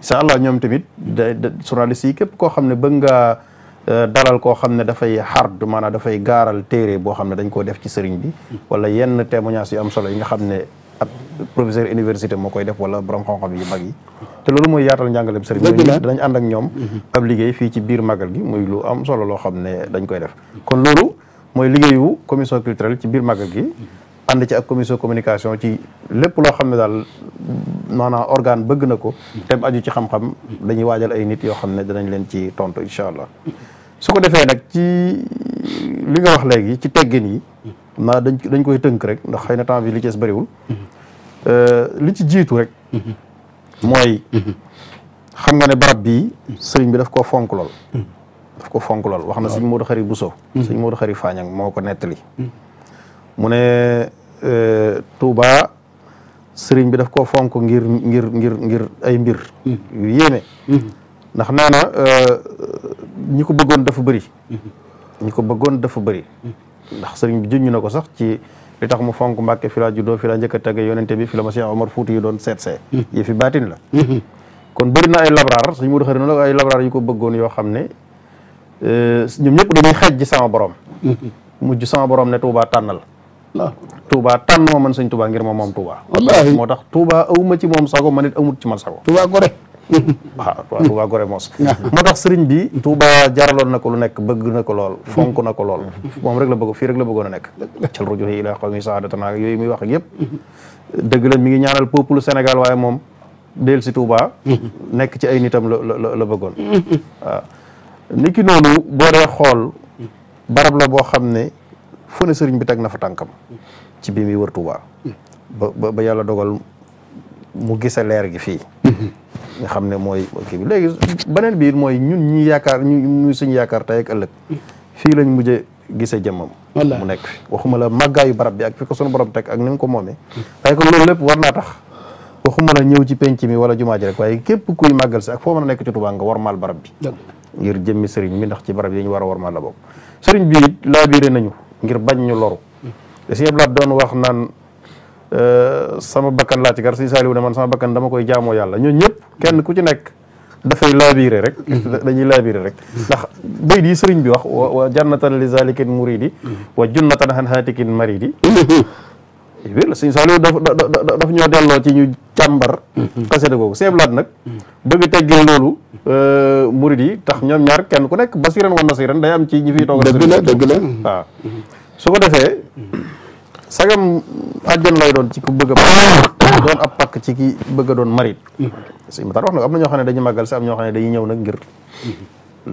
sa allah ñoom tamit da journaliste yi képp koo xam ne bëgg nga euh, dalal koo xam ne dafay xard maanaam dafay gaaral téere boo xam ne dañ koo def ci sëriñ bi wala yenn témoignage yi am solo yi nga xam ne ab professeur université moo koy def wala borom xam-xam yu mag yi te loolu mooy yaatal njàngaleem sëriñ bi danañ ànd ñoom mhm. ab liggéey fii ci biir magal gi muy lu am solo loo xam ne dañ koy def mooy liggéeyu commission culturelle ci biir màggal gi ànd ci ak commission communication ci lépp loo xam ne daal maanaam organe bëgg na ko te aju ci xam-xam dañuy waajal ay nit yoo xam ne danañ leen ci tontu incha allah su ko defee nag ci li nga wax léegi ci teggin yi naa dañ dañ koy tënk rek ndax xëy na temps bi li ci bëriwul euh, li ci jiitu rek mooy xam nga ne barab bi sëriñ bi daf koo fonk lool daf ko fonk lool wax na sëñ Modou Xari Bousso hmm. sëñ Modou Xari Fañang moo ko nettali hmm. mu ne euh, Touba sëriñ bi daf ko fonk ngir ngir ngir ngir ay mbir hmm. yu yéeme ndax nee na euh, ñi ko bëggoon dafa bëri ñi ko bëggoon dafa bëri ndax sëriñ bi junñu na ko sax ci li tax mu fonk Mbàkke fi laa juddoo fi laa njëkk a yonente bi fi ma Cheikh Omar Fouti yu doon seet see yi fi baatin la kon bëri na ay labraar suñ mu doxee noonu ay labraar yu ko bëggoon yoo xam ne Euh, ñoom ñëpp dañuy xeej sama borom. Mhm. mujj sama boroom ne Touba tànnal. waaw ah. Touba tànn ma man sëñ Touba ngir ma moom Touba. wallaahi moo tax Touba awuma ci moom sago man it amut ci man sago. Touba gore. waaw waaw moo tax sëriñ bi. Touba jaraloon na ko lu nekk bëgg na ko lool fonk na ko lool. Mhm. moom rek la bëgg fii rek la bëggoon a nekk. cal rujuhi ila qawmi saadatanaa yooyu muy wax ak yëpp. Mhm. dëgg la mi ngi ñaanal lu Sénégal waaye moom del si tuuba nekk ci ay nitam la la la bëggoon ah. ni ki noonu boo dee xool barab la boo xam ne fu ne sëriñ bi teg na fa tànkam ci bii muy wër Tuubaa ba ba yàlla dogal mu gisa leer gi fii nga xam ne mooy kii bi léegi biir mooy ñun ñi yaakaar ñu suñu yaakaar tey ak ëllëg fii lañ mujje gisee jëmmam mu nekk fi waxuma la màggaayu barab bi ak fi ko sunu borom teg ak ni mu ko moomee waaye kon loolu lépp war naa tax waxuma la ñëw ci penc mi wala jumaa ji rek waaye képp kuy màggal si ak foo mën a nekk ci Tuubaa war maal barab bi ngir jëmmi sëriñ bi ndax ci barab yi ñu war a war man la bokk sëriñ bi it laabiré nañu ngir bañ ñu loru da si yëpp laa doon wax naan euh, sama bakkan laa ci gar si saaliwu ne man sama bakkan dama koy jaamoo yàlla ñoo ñëpp kenn ku ci nekk dafay laabiré rek mm-hmm. dañuy laabiré rek ndax bay yi sëriñ bi wax wa jannatan li zalikin muridi wa junnatan han haatikin maridi mm-hmm. ci eh, biir la sëñ Saliou daf daf ñoo delloo ci ñu càmbar xasida seeb seeblaat nag bëgg teggil loolu euh, murid yi tax ñoom ñaar kenn ku nekk ba basiran wa nasiran day am ci ñi fiy toog dëgg la dëgg la waaw su ko defee sagam àjjan lay doon ci ku bëgg a doon ab pakk ci ki bëgg doon marit sëñ Matar wax na am na ñoo xam ne dañuy màggal si am ñoo xam ne dañuy ñëw nag ngir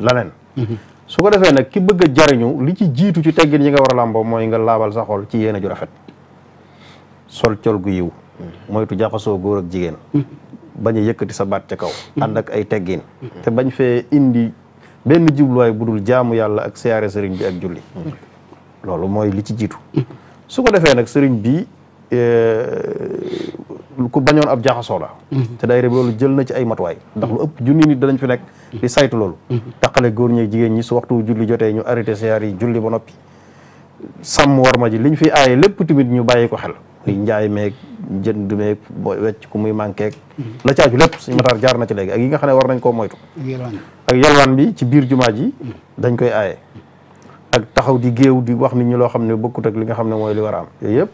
laneen su ko defee nag ki bëgg a jariñu li ci jiitu ci teggin yi nga war a làmboo mooy nga laabal sa xol ci yéen a ju rafet sol col gu yiw moytu jaxasoo góor ak jigéen mm. bañ yëkkati sa baat ca kaw mm. ànd ak ay teggin mm. te bañ fee indi benn jubluwaay bu dul jaamu yàlla ak siyaare sëriñ bi ak julli loolu mooy li ci jiitu su ko defee nag sëriñ bi eh, ku bañoon ab jaxasoo la te daayira bi loolu jël na ci ay matuwaay ndax lu ëpp junni nit danañ fi nekk di saytu loolu taqale góor ñeeg jigéen ñi su waxtu julli jotee ñu arrêté siyaar yi julli ba noppi sàmm war ma ji liñ fi aaye lépp tamit ñu bàyyi ko xel njaay meeg jënd meeg wecc ku muy manqué la mhm. caaju lépp suñu mataar jaar na ci léegi ak yi nga xam ne war nañ koo moytu ak yalwaan bi ci biir jumaa ji mhm. dañ koy aaye ak taxaw di géew di wax nit ñi loo xam ne bokkut ak li nga xam ne mooy li war a am yooyu yëpp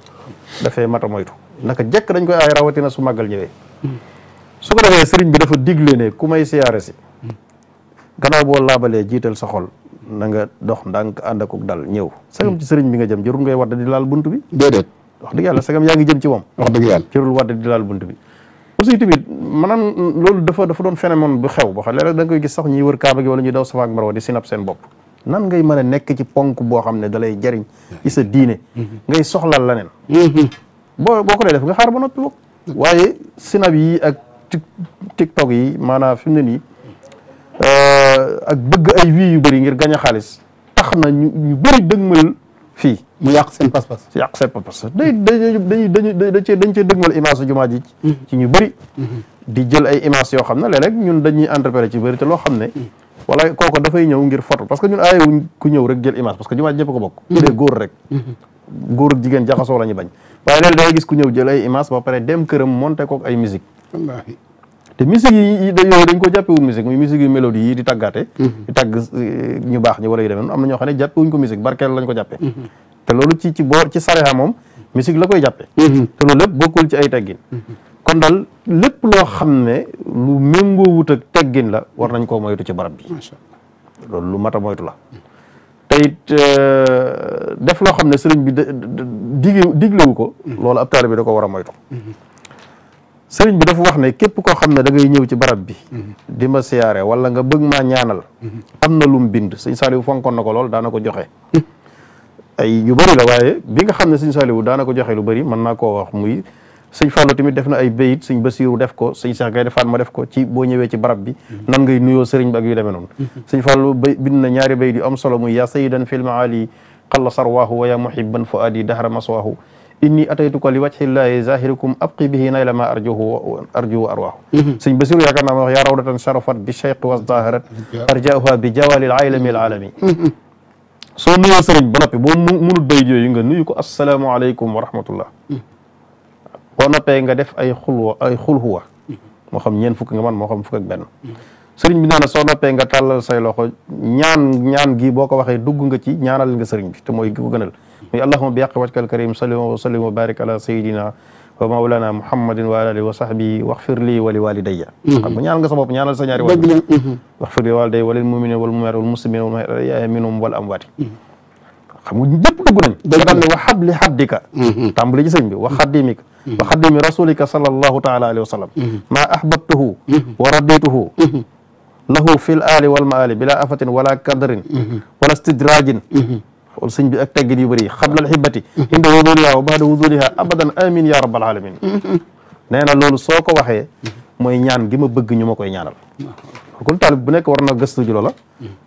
dafay mat moytu naka jekk dañ koy aaye rawatina su màggal ñëwee mhm. su ko defee sëriñ bi dafa digle ne ku may siyaare si gannaaw boo laabalee jiital sa xol na nga dox ndànk ànd ak dal ñëw sagam ci sëriñ bi nga jëm jërul ngay wadda wax dëgg yàlla sagam yaa ngi jëm ci moom wax dëgg yàlla cërul wàdd di laal bunt bi aussi tamit maanaam loolu dafa dafa doon phénomène bu xew boo xam ne rek da koy gis sax ñuy wër kaaba gi wala ñuy daw safa ak marwa nan ngay mën a nekk ci ponk boo xam ne da jariñ ci sa diine ngay soxlal leneen boo boo ko dee nga xaar ba noppi bopp waaye sinap yi ak tik tiktok yi maanaam fi mu ne nii euh, ak bëgg ay wii yu bëri ngir gañ a xaalis tax na ñu bëri dëgmal fii mu yàq seen pas-pas yàq seen pas dañ dañ cee dëgmal image mm-hmm. ci ñu bëri mm-hmm. di jël ay image yoo xam ne léeg ñun dañuy interpellé ci bëri te loo xam ne mm-hmm. wala kooku dafay ñëw ngir photo parce que ñun aayewuñ ku ñëw rek jël image parce que jumaa ji ñëpp bokk bu dee góor rek góor jigéen jaxasoo la bañ waaye léeg-léeg da ngay gis ku ñëw jël ay image ba pare dem këram monté kook ay musique te musique yi yooyu dañ ko jàppewul musique muy musique yu mélodie yi di tàggaate mhm. di tàgg eh, ñu baax ñi wala yu demee am na ñoo xam ne jàppewuñ ko musique barkeel lañ ko jàppee mhm. te loolu ci ci boor ci sareha moom musique la koy jàppee mhm. te loolu lépp bokkul ci ay teggin kon daal lépp loo xam ne lu méngoo wut ak teggin la war nañ koo moytu ci barab bi loolu lu mat a moytu la te eh, def loo xam ne sëriñ bi digle diglewu ko loolu ab bi da ko war a moytu sëriñ bi dafa wax ne képp koo xam ne da ngay ñëw ci barab bi mhm. di ma siyaare wala nga bëgg maa ñaanal mhm. am na lum bind sëñ Saaliwu fonkoon na ko lool daana ko joxe mhm. ay yu bari la waaye bi nga xam ne sëñ Saaliwu daana ko joxe lu bari mën naa koo wax muy sëñ Fallou tamit def na ay bayit sëñ Basiiru def ko sëñ Seex Gaynde ma def ko ci boo ñëwee ci barab bi nan ngay nuyoo sëriñ bi ak yu demee noonu sëñ Fallou bay bind na ñaari bayit yu am solo muy yaa sayidan fil maali qalla sarwaahu wa yaa muhibban fuaadi dahra maswaahu inni ataytuka li wajhillahi zahirikum abqi bihi nayla ma arjuhu arjuhu arwahu mm-hmm. sëñ basiru yaakaar naa ma wax yaa rawdatan sharafat bi cheyq wa zaharat arjauha bi jawalil aylami al alami mm-hmm. soo nuyoo sëriñ ba noppi boo munut bay jooyu nga nuyu ko asalaamaaleykum wa rahmatullah mm-hmm. boo noppee nga def ay xulwa ay xulhuwa xam ñeen fukk nga man moo xam fukk bi na soo noppee nga tàllal say loxo ñaan ñaan gi boo ko waxee dugg nga ci ñaanal nga sëriñ bi te mooy gi muy allahuma bi yàq wajkal karim salli wa sallim wa barik ala sayidina wa maulana muhammadin wa alihi wa sahbi waxfir lii wali walidayya mm-hmm. xam nga ñaanal nga sa bopp ñaanal sa ñaari wàll waxfir mm-hmm. li walidayya walil muminin wal muminat wal muslimin wal muhaya minum wal amwaati mm-hmm. xam nga ñëpp dugg nañ da daan ne wa xabli xaddika tàmbali ci sëñ bi wa xaddimika wa xaddimi rasulika sallallahu taala alayhi wa sallam maa ahbabtuhu wa radituhu lahu fi l aali wal maali bila afatin wala kadrin wala istidrajin kon sëñ bi ak teggin yu bëri xablal xibbati inda wuduliha wa baada wuduliha abadan amin ya rabbal alamin nee na loolu soo ko waxee mooy ñaan gi ma bëgg ñu ma koy ñaanal kon taalib bu nekk war na gëstu ji la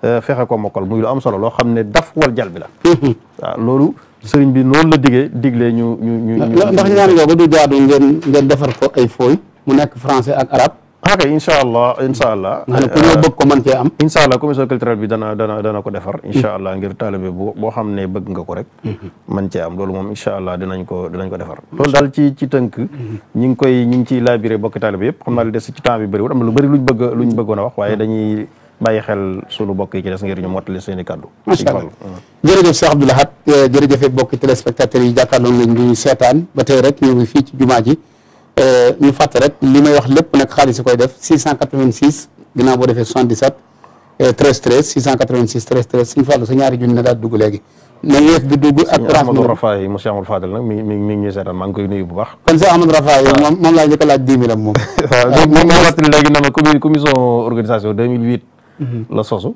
euh, fexe ko mokkal muy lu am solo loo xam ne daf wal jal bi la waaw loolu sëriñ bi noonu la digee digle ñu ñu ñu ndax ñaan googu du jaadu ngeen ngeen defar ko ay fooy mu nekk français ak arabe waaw kay incha allah incha allah. nga ne ku ñëw bëgg ko mën cee am. incha allah commission culturelle bi dana dana ko defar. incha allah ngir taalibe boo xam ne bëgg nga ko rek. Mm-hmm. mën cee am loolu moom incha allah dinañ ko defar. loolu daal ci tënk. Mm-hmm. ñi ngi koy ñi ngi ciy laabiré bokki taalibe yëpp xam naa li des ci temps bi bëriwul am lu bëri luñ bëgg a wax waaye dañuy bàyyi xel sunu bokk yi ci des ngir ñu mottali seen i kàddu. macha allah jërëjëf Cheikh Abdou Lahad eh, jërëjëf bokki yi Euh, ñu fàtt rek li may wax lépp nag xaalis yi koy def 686 ginnaaw boo defee 77 13 13 686 13 13 suñu fàllu sa ñaari junni na daal dugg léegi na yéeg bi dugg ak Ahmadou Rafaay mu Cheikh Amadou Fadel nag mi mi maa ngi koy nuyu bu baax kon Cheikh Amadou Rafaay ah. moom laa njëkk a laaj dix moom waaw moom moo léegi na ma organisation la sosu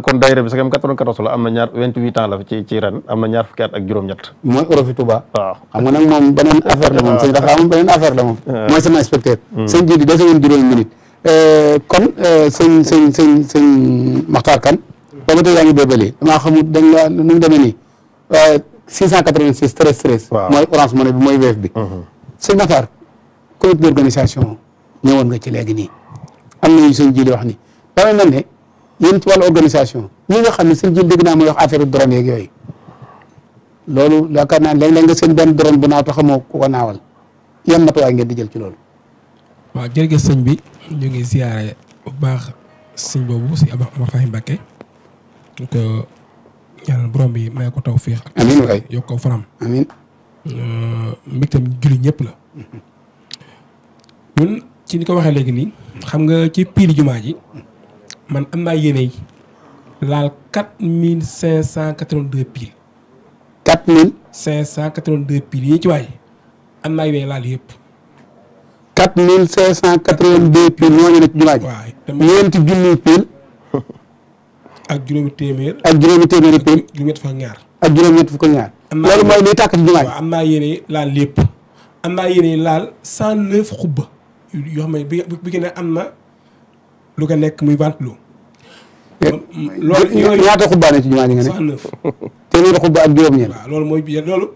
kon daayira bi sa kam 94 la am na ñaar 28 ans la ci ci ren am na ñaar fukki at ak juróom-ñett mooy Orofi Touba waaw xam nga nag moom beneen affaire la moom sëñ daxaa moom beneen affaire la moom ah. mooy sama inspecteur hmm. sëñ jii di dese woon juróomi minute eh, kon eh, sëñ sëñ sëñ Maxtaar Kan booba tey ngi bébalee damaa xamul dañ ni nu mu demee nii 686 13 13 mooy Orange Money bi mooy Wave bi hmm. sëñ Maxtaar ci léegi nii am na yu sëñ wax ni wane na ne yéen ci wàllu organisation xam ne seen dégg naa muy wax affaire drone yeeg yooyu loolu yaakaar naa léeg-léeg nga seen benn drone bu naaw taxamoo ku ko naawal yan matuwaay ngeen di jël ci loolu. waaw jërëjëf sëñ bi ñu ngi ziare baax sëñ boobu si Abou Amar Fahim Mbacké ñu ko ñaanal borom bi may ko taw féex. amiin waay yokk ko faram. amiin mbégtam julli ñëpp la. ñun ci ni ko waxee léegi nii. xam nga ci piili jumaa ji. man am naa yéene yi laal quatre mille cinq cent quatre vingt deux piles. quatre mille. cinq cent quatre vingt deux piles yi ci waay am naa yéene laal yëpp. quatre mille cinq cent quatre vingt deux piles ñoo ñu ne ci jumaa ji. waaw ñeenti junniy piles. ak juróomi téeméer. ak juróomi téeméeri piles. ak juróom-ñett fukk ak ñaar. ak juróom-ñett fukk ak ñaar. am naa loolu mooy liy tàkk ci jumaa ji. waaw am naa yéene laal lépp. am naa yéene laal cent neuf xubba yoo xam ne bi bi ngeen am na. lu ko nekk muy vingt kilos. Eh, loolu yooyu ñaata xutbaa ne ci jumaa ji nga ne. cent neuf téeméeri ak juróom-ñeent. waaw loolu mooy bi loolu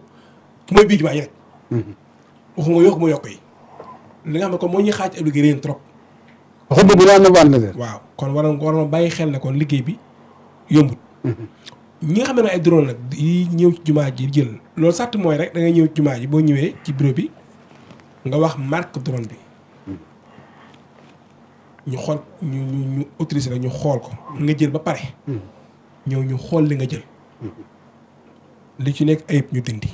mooy bii jumaa ji rek. Mm-hmm. waxuma yokk ma yokk yi. li nga xam ne kon moo ñuy xaaj ab liggéey réen trop. xutba bu naan vingt la waaw kon waroon waroon bàyyi xel ne kon liggéey bi yombut. Mm-hmm. ñi nga xam ne ay drone nag yi ñëw ci jumaa ji jël loolu sart mooy rek da ngay ñëw ci jumaa ji boo ñëwee ci bureau bi nga wax marque drone bi. ñu xool ñu ñu la ñu xool ko nga jël ba pare hmm. ñëw ñu xool li nga jël hmm. li ci nekk ayib ñu dindi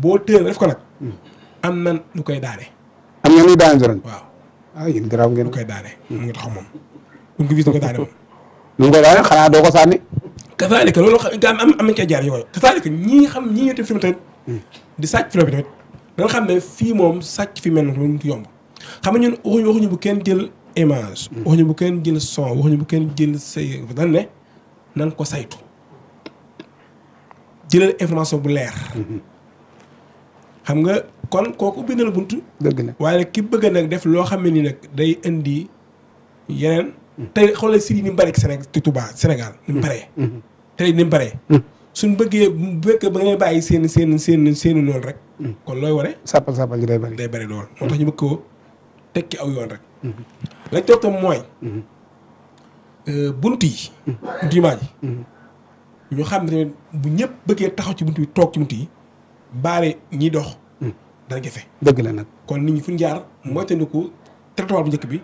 boo tëye def ko nag hmm. am na lu koy daane am na lu daane doroñ waaw ah yéen garaaw ngeen lu koy daane mu ngi taxaw moom lu ko gis da koy daane moom lu koy daane xanaa doo ko sànni kasaalika loolu nga am am nañ koy jaar yooyu kasaalika ñii xam ñii ñoo def film tamit di sàcc film bi tamit danga xam ne fii moom sàcc fii mel na lu yomb xam nga ñun waxuñu waxuñu bu kenn jël image. waxuñu bu kenn jël son waxuñu bu kenn jël say dañ ne nan ko saytu jëlal information bu leer. xam nga kon kooku ubbi na la bunt. dëgg waaye nag ki bëgg nag def loo xam ne ni nag day indi yeneen. te xoolal siri ni mu bari Sénégal Touba Sénégal. ni mu baree. tey ni mu suñ bëggee bu fekkee ba ngay bàyyi seen seen seen seen lool rek. Hmm. kon looy wane. sàppal sàppal ji day bari day bari lool moo tax ñu bëgg ko. tekki aw yoon rek. lañ toog tam mooy. Euh, bunt yi. bunt yi maa ñu xam ne bu ñëpp bëggee taxaw ci bunt yi toog ci bunt yi baare ñiy dox. dana jafe. dëgg la nag kon nit ñi fu ñu jaar moytandiku trottoir bu njëkk bi.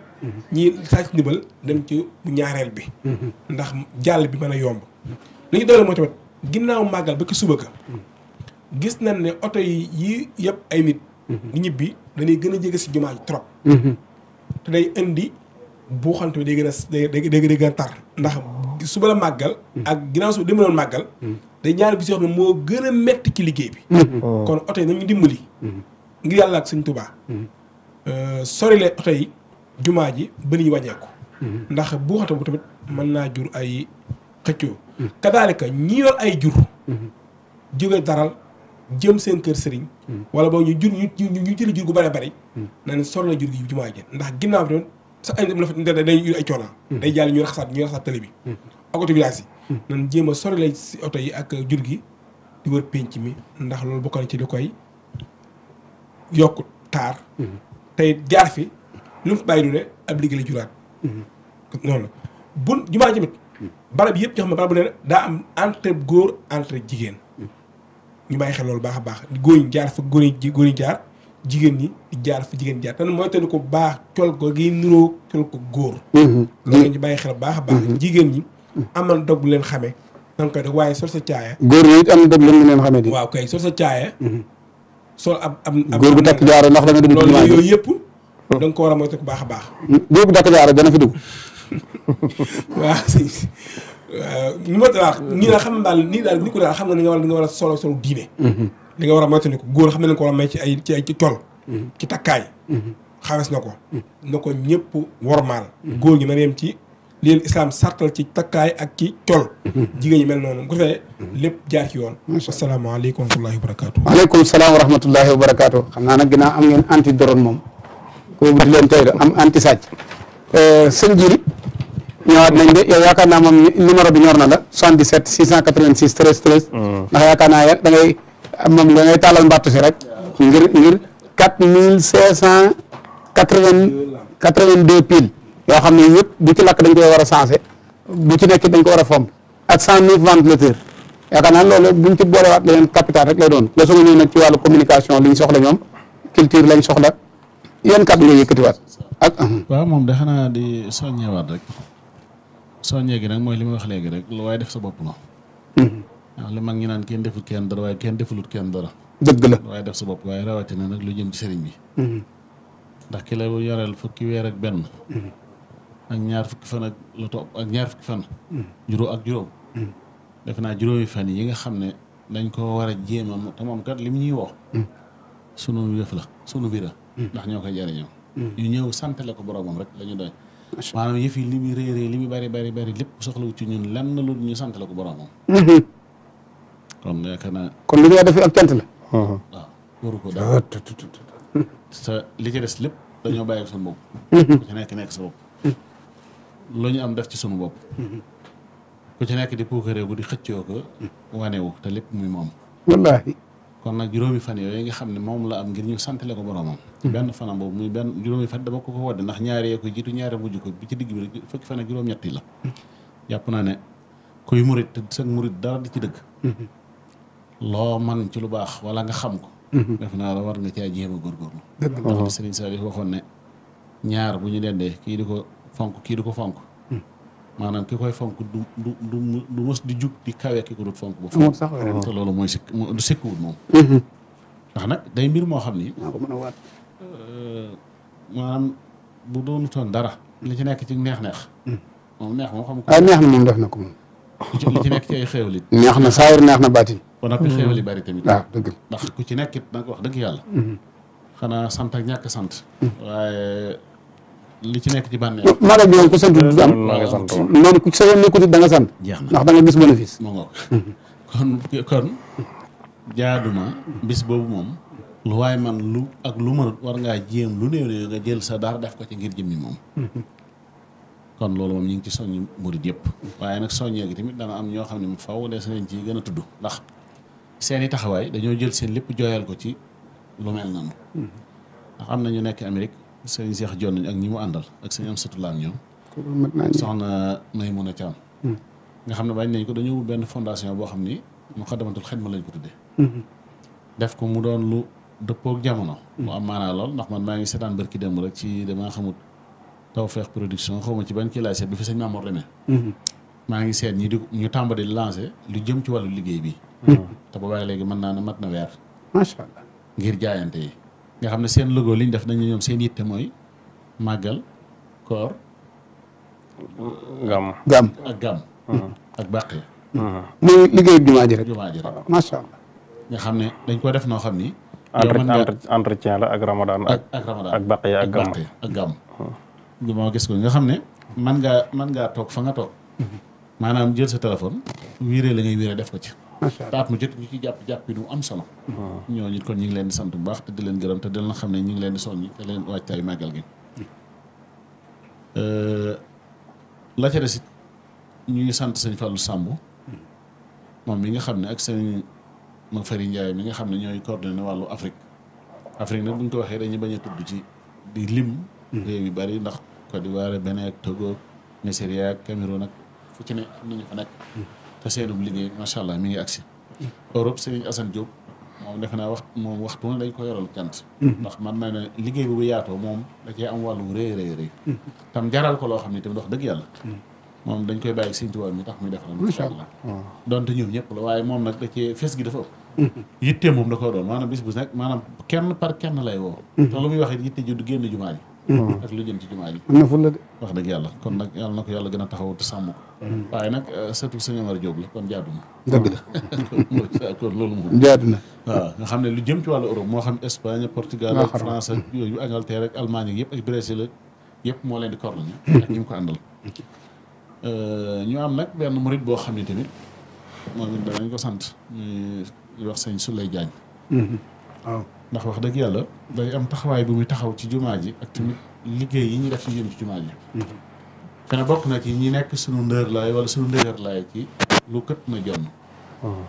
ñi saa ci ndimbal dem ci bu ñaareel bi. ndax jàll bi mën a yomb. li ñu doole mooy tamit ginnaaw màggal ba ki suba ka gis nañ ne oto yi yii yëpp ay nit. di ñibbi. dañuy gën a jege si jumaa ji trop. Mhm. te day indi buuxante bi day gën a day tar ndax suba la màggal. Mhm. ak ginnaaw suba li mu doon màggal. Mhm. day ñaari bi yoo xam ne moo gën a metti ci liggéey bi. Oh. kon oto yi nañu dimbali. ngir yàlla ak Sëñ Tuubaa. Euh, sori le jumaa ji ba ñuy wàññeeku. ndax buuxante bu tamit mën naa jur ay xëccoo. kadaalika ñi yor ay jur. jóge daral jëm seen kër sëriñ hmm. wala boog ñu jur ñu ñu jëli jur gu bëri bëri hmm. na ne sor na jur gi jumaa jën ndax ginnaaw bi doon sax ay dafa dañuy ur ay coona hmm. day jàll ñu raxasaat ñu raxasaat télé bi ak oto village yi nan jéem a sori la si oto yi ak jur gi di wër pénc mi ndax loolu bokk na ci li koy yokk taar tey jaar fi lu mu bàyyi du ne ab liggéey la juraat noonu bu bun jumaa jëmit barab yëpp jox ma barab bu ne daa am entre góor entre jigéen ñu bàyyi xel loolu baax a baax góor ñi jaar fa góor ñi jaar jigéen ñi jaar fa jigéen jaar te mooy te ko baax col ko gi niroo col ko góor. Mm-hmm. loolu la ñu bàyyi xel baax a baax. Mm-hmm. jigéen ñi mm-hmm. amal dog bu leen xamee. da nga koy def waaye sol sa caaya. góor ñi it am dog leen leen xamee di. waaw kay sol sa caaya. sol ab ab góor gu takk jaaro ndax da nga dugg. loolu yooyu yëpp mm. da ko war a moytu ko baax a baax. góor bu takk jaaro dana fi dugg. waa si. nu euh, ma nii daal xam nga ni nga war a nga war a solo solo diine mm-hmm. li nga war a moytandiku góor xam ne na ko war a may ci ay ci ay ci mm-hmm. ci takkaay mm-hmm. xawees na ko na ko ñëpp wormaal góor gi na yem ci li leen islaam sartal ci takkaay ak ci col jigéen ñi mel noonu bu ko defee lépp jaar ci yoon asalaamaaleykum wa rahmatullahi wa barakaatu aleykum salaam wa rahmatullahi wa barakaatu xam naa nag ginnaaw am ngeen anti doron moom koy wuti leen tey am anti sàcc euh, sëñ jiri ñëwaat nañ de yaakaar naa moom numéro bi ñor na la 77 686 13 13. ndax yaakaar naa da ngay moom da ngay tàllal mbattu si rek. ngir ngir 4582 piles yoo xam ne yëpp bu ci lakk dañ koy war a sensé bu ci nekk dañ ko war a fomp ak 109 ventilateurs yaakaar naa loolu buñ ci boolewaat leneen capital rek lay doon la su ma ñëw nag ci wàllu communication liñ soxla ñoom culture lañ soxla yan kàddu nga yëkkatiwaat ak. waaw moom de xanaa di soññewaat rek. soññee gi nag mooy li ma wax léegi rek lu waaye def sa bopp la mm-hmm. waaw li mag ñi naan kenn deful kenn dara waaye kenn defulut kenn dara dëgg la waaye def sa bopp waaye rawatina nag lu jëm ci sëriñ bi mm-hmm. ndax ki la yoreel fukki weer ak mm-hmm. ñaar fukki fan ak lu ak ñaar fukki fan ak juróom def naa juróomi fan yi nga xam ne dañ ko war a jéem te moom kat li mu ñuy wax sunu la sunu biira ndax ñoo koy jariñoo ñu ñëw sant la ko boromam rek lañu ñu doy maanaam yëf li muy rëy rëy li muy bari bari bari lépp soxlawu ci ñun lenn lu ñu sant la ko boroomam mhm. kon yaakaar naa kon li nga defee ak cant la mhm. waaw waru ko daal sa li ci des lépp dañoo bàyyi suñu bopp mhm. ku ci nekk sa bopp ñu am def ci suñu bopp ku ci nekk di puukaree gu di xëccoo ko wane te lépp muy moom wallaahi kon nag juróomi fan yooyu nga xam ne moom la am ngir ñu santale ko boroomam hmm. benn fanam boobu muy benn juróomi fan dama ko ko wodde ndax ñaaree ko jiitu ñaare mujj ko bi ci digg bi rek fukki fan ak juróom-ñetti la hmm. jàpp naa ne kuy murit te sag murit dara di ci dëgg hmm. loo man ci lu baax wala nga xam ko def naa la war nga caa jéem a góorgóorlu ndax Sëriñ Saliou waxoon ne ñaar bu ñu dendee kii di ko fonk kii di ko fonk maanaam ki koy fonk du du du du mës di jug di kawe ki ko dut fonk ba fonk sax te loolu mooy sikk du sikkwut moom mm-hmm. ndax nag day mbir moo xam ni ah, euh, maanaam bu doonu toon dara li ci nekk ci neex-neex mm. moom neex moom xam ko ah, neex na moom def na ko moom li ci nekk ci ay xéewalit neex na saawir neex na baatin ba noppi xéewali bari tamit waaw ah, dëgg ndax ku ci nekkit da nga wax dëgg yàlla mm-hmm. xanaa sant ak ñàkk sant mm. waaye li ci nekk ci bànneex màggal gi moom ku sant du am loolu ku sa yoon nekkut da nga sant ndax da nga gis bénéfice moo nga kon kon jaaduma bis boobu moom lu waaye man lu ak lu mënut war ngaa jéem lu néew ne nga jël sa dara def ko ci ngir jëmmi moom kon loolu moom ñu ngi ci soññ murid yëpp waaye nag soññee gi tamit dana am ñoo xam ne mu faw des nañ ci gën a tudd ndax seen seeni taxawaay dañoo jël seen lépp jooyal ko ci lu mel noonu ndax am na ñu nekk Amérique sëñ Cheikh Dione ak ñi mu àndal ak sëñ Amsatou Lam ñoom. soxna a Thiam hmm. nga xam ne bañ nañ ko dañu benn fondation boo xam ni mu xaddamatul xidma lañ ko de hmm. def ko mu doon lu dëppook jamono. Hmm. mu am maanaa lool ndax man maa ngi seetaan bërki démb rek ci damaa xamut Tawfekh Production xaw ma ci ban kii seet bi fi sëñ Mamour demee. maa ngi seet ñi di ñu tàmbali lancé lu jëm ci wàllu liggéey bi. te boobaay léegi mën naa ne mat na weer. macha allah ngir jaayante yi. nga xam ne seen logo li def dañu ñoom seen yitte mooy màggal koor. gàmm ak gàmm. Mm-hmm. ak bàq ya. Mm-hmm. muy liggéeyu jumaa ji rek. jumaa ji nga xam ne dañ ko def noo xam ni. entretien la ak Ramadan. ak ak ak bàq ya ak gàmm moo mm-hmm. gis ko nga xam ne man ngaa man ngaa toog fa nga toog. maanaam jël sa téléphone. wiiree la ngay wiiree def ko ci. taat mu jot ñu ci jàpp jàpp yi nu am solo ñooñu kon ñu ngi leen di sant bu baax te di leen gërëm te di leen xam ne ñu leen di soññi te leen waajtaay màggal gi euh, la ca des ñu ngi sant sëñ Fallou Samb moom mi nga xam ne ak seen sëñ Mafari Ndiaye mi nga xam ne ñooy coordonné wàllu Afrique Afrique nag bu ñu ko waxee rek ñi bañ a tudd ci di lim hmm. réew yu bari ndax Côte d'Ivoire Bénin ak Togo Nigeria ak Cameroun ak fu ci ne am nañu fa nekk hmm. te seenub liggéey macha allah mi ngi agsi Europe Serigne Assane Diop moom defe naa wax moom waxtu na dañ ko yoral cant mm-hmm. ndax man na ne liggéey bi bu yaatoo moom da cee am wàllu rëy rëy rëy mm-hmm. tam jaral ko loo xam ne tamit wax dëgg yàlla mm-hmm. moom dañ koy bàyyi Serigne Touba mi tax muy defaral macha allah donte ñoom ñëpp la waaye moom nag da fees gi dafa ëpp yitte moom da ko doon maanaam bis bu nekk maanaam kenn par kenn lay woo te lu muy wax it yitte ju du génn jumaa ji ak lu jëm ci jumaa ji am na wax dëgg yàlla kon nag yàlla na ko yàlla gën a taxaw te sàmm ko waaye nag euh, surtout sëñ Omar Diop la kon jaadu na dëgg la kon loolu moom jaadu na waaw nga xam ne lu jëm ci wàllu Europe moo xam Espagne Portugal ak France ak yooyu Angleterre ak Allemagne ak yëpp ak Brésil ak yëpp moo leen di korlañu hmm. ak ñu ko àndal euh, ñu am nag benn murit boo xam ne tamit moom it danañ ko sant ñu wax sëñ Souley Diagne hmm. waaw ndax wax dëgg yàlla day am taxawaay bu muy taxaw ci jumaa ji ak tamit liggéey yi ñu def ci jëm ci jumaa ji fene mhm. bokk na ci ñi nekk sunu ndër laay wala sunu ndër laay ci lu kët na jonn mhm.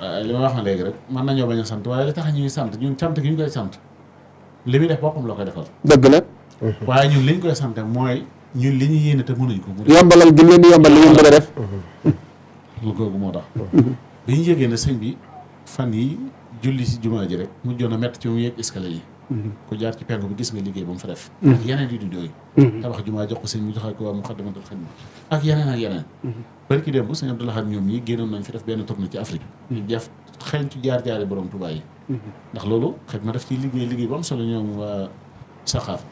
waaye li ma wax na léegi rek mën nañoo bañ a sant waaye li tax ñuy sant ñun sant ki ñu koy sant li muy def boppam la koy defal dëgg la mhm. waaye ñun liñ koy sante mooy ñun li ñu yéene te mënuñ ko yombalal gi leen di yombal li ngeen bëgg a def lu googu moo tax bi ñu yëgee julli si jumaa ji rek mujjoon a métti ci mu yéeg escalier yi mhm. ku jaar ci penku bi gis nga liggéey ba mu fa def mhm. ak yeneen yi du doy mhm. tabax jumaa jox ko sëñ mu joxal ko waa mu xaddamatul xidma ak yeneen ak yeneen bari ki démb sëñ Abdoulaye ak ñoom nañ ci Afrique ñu jaf xeeñtu jaar jaare borom Tuubaa yi bu am solo ñoom waa saxaaf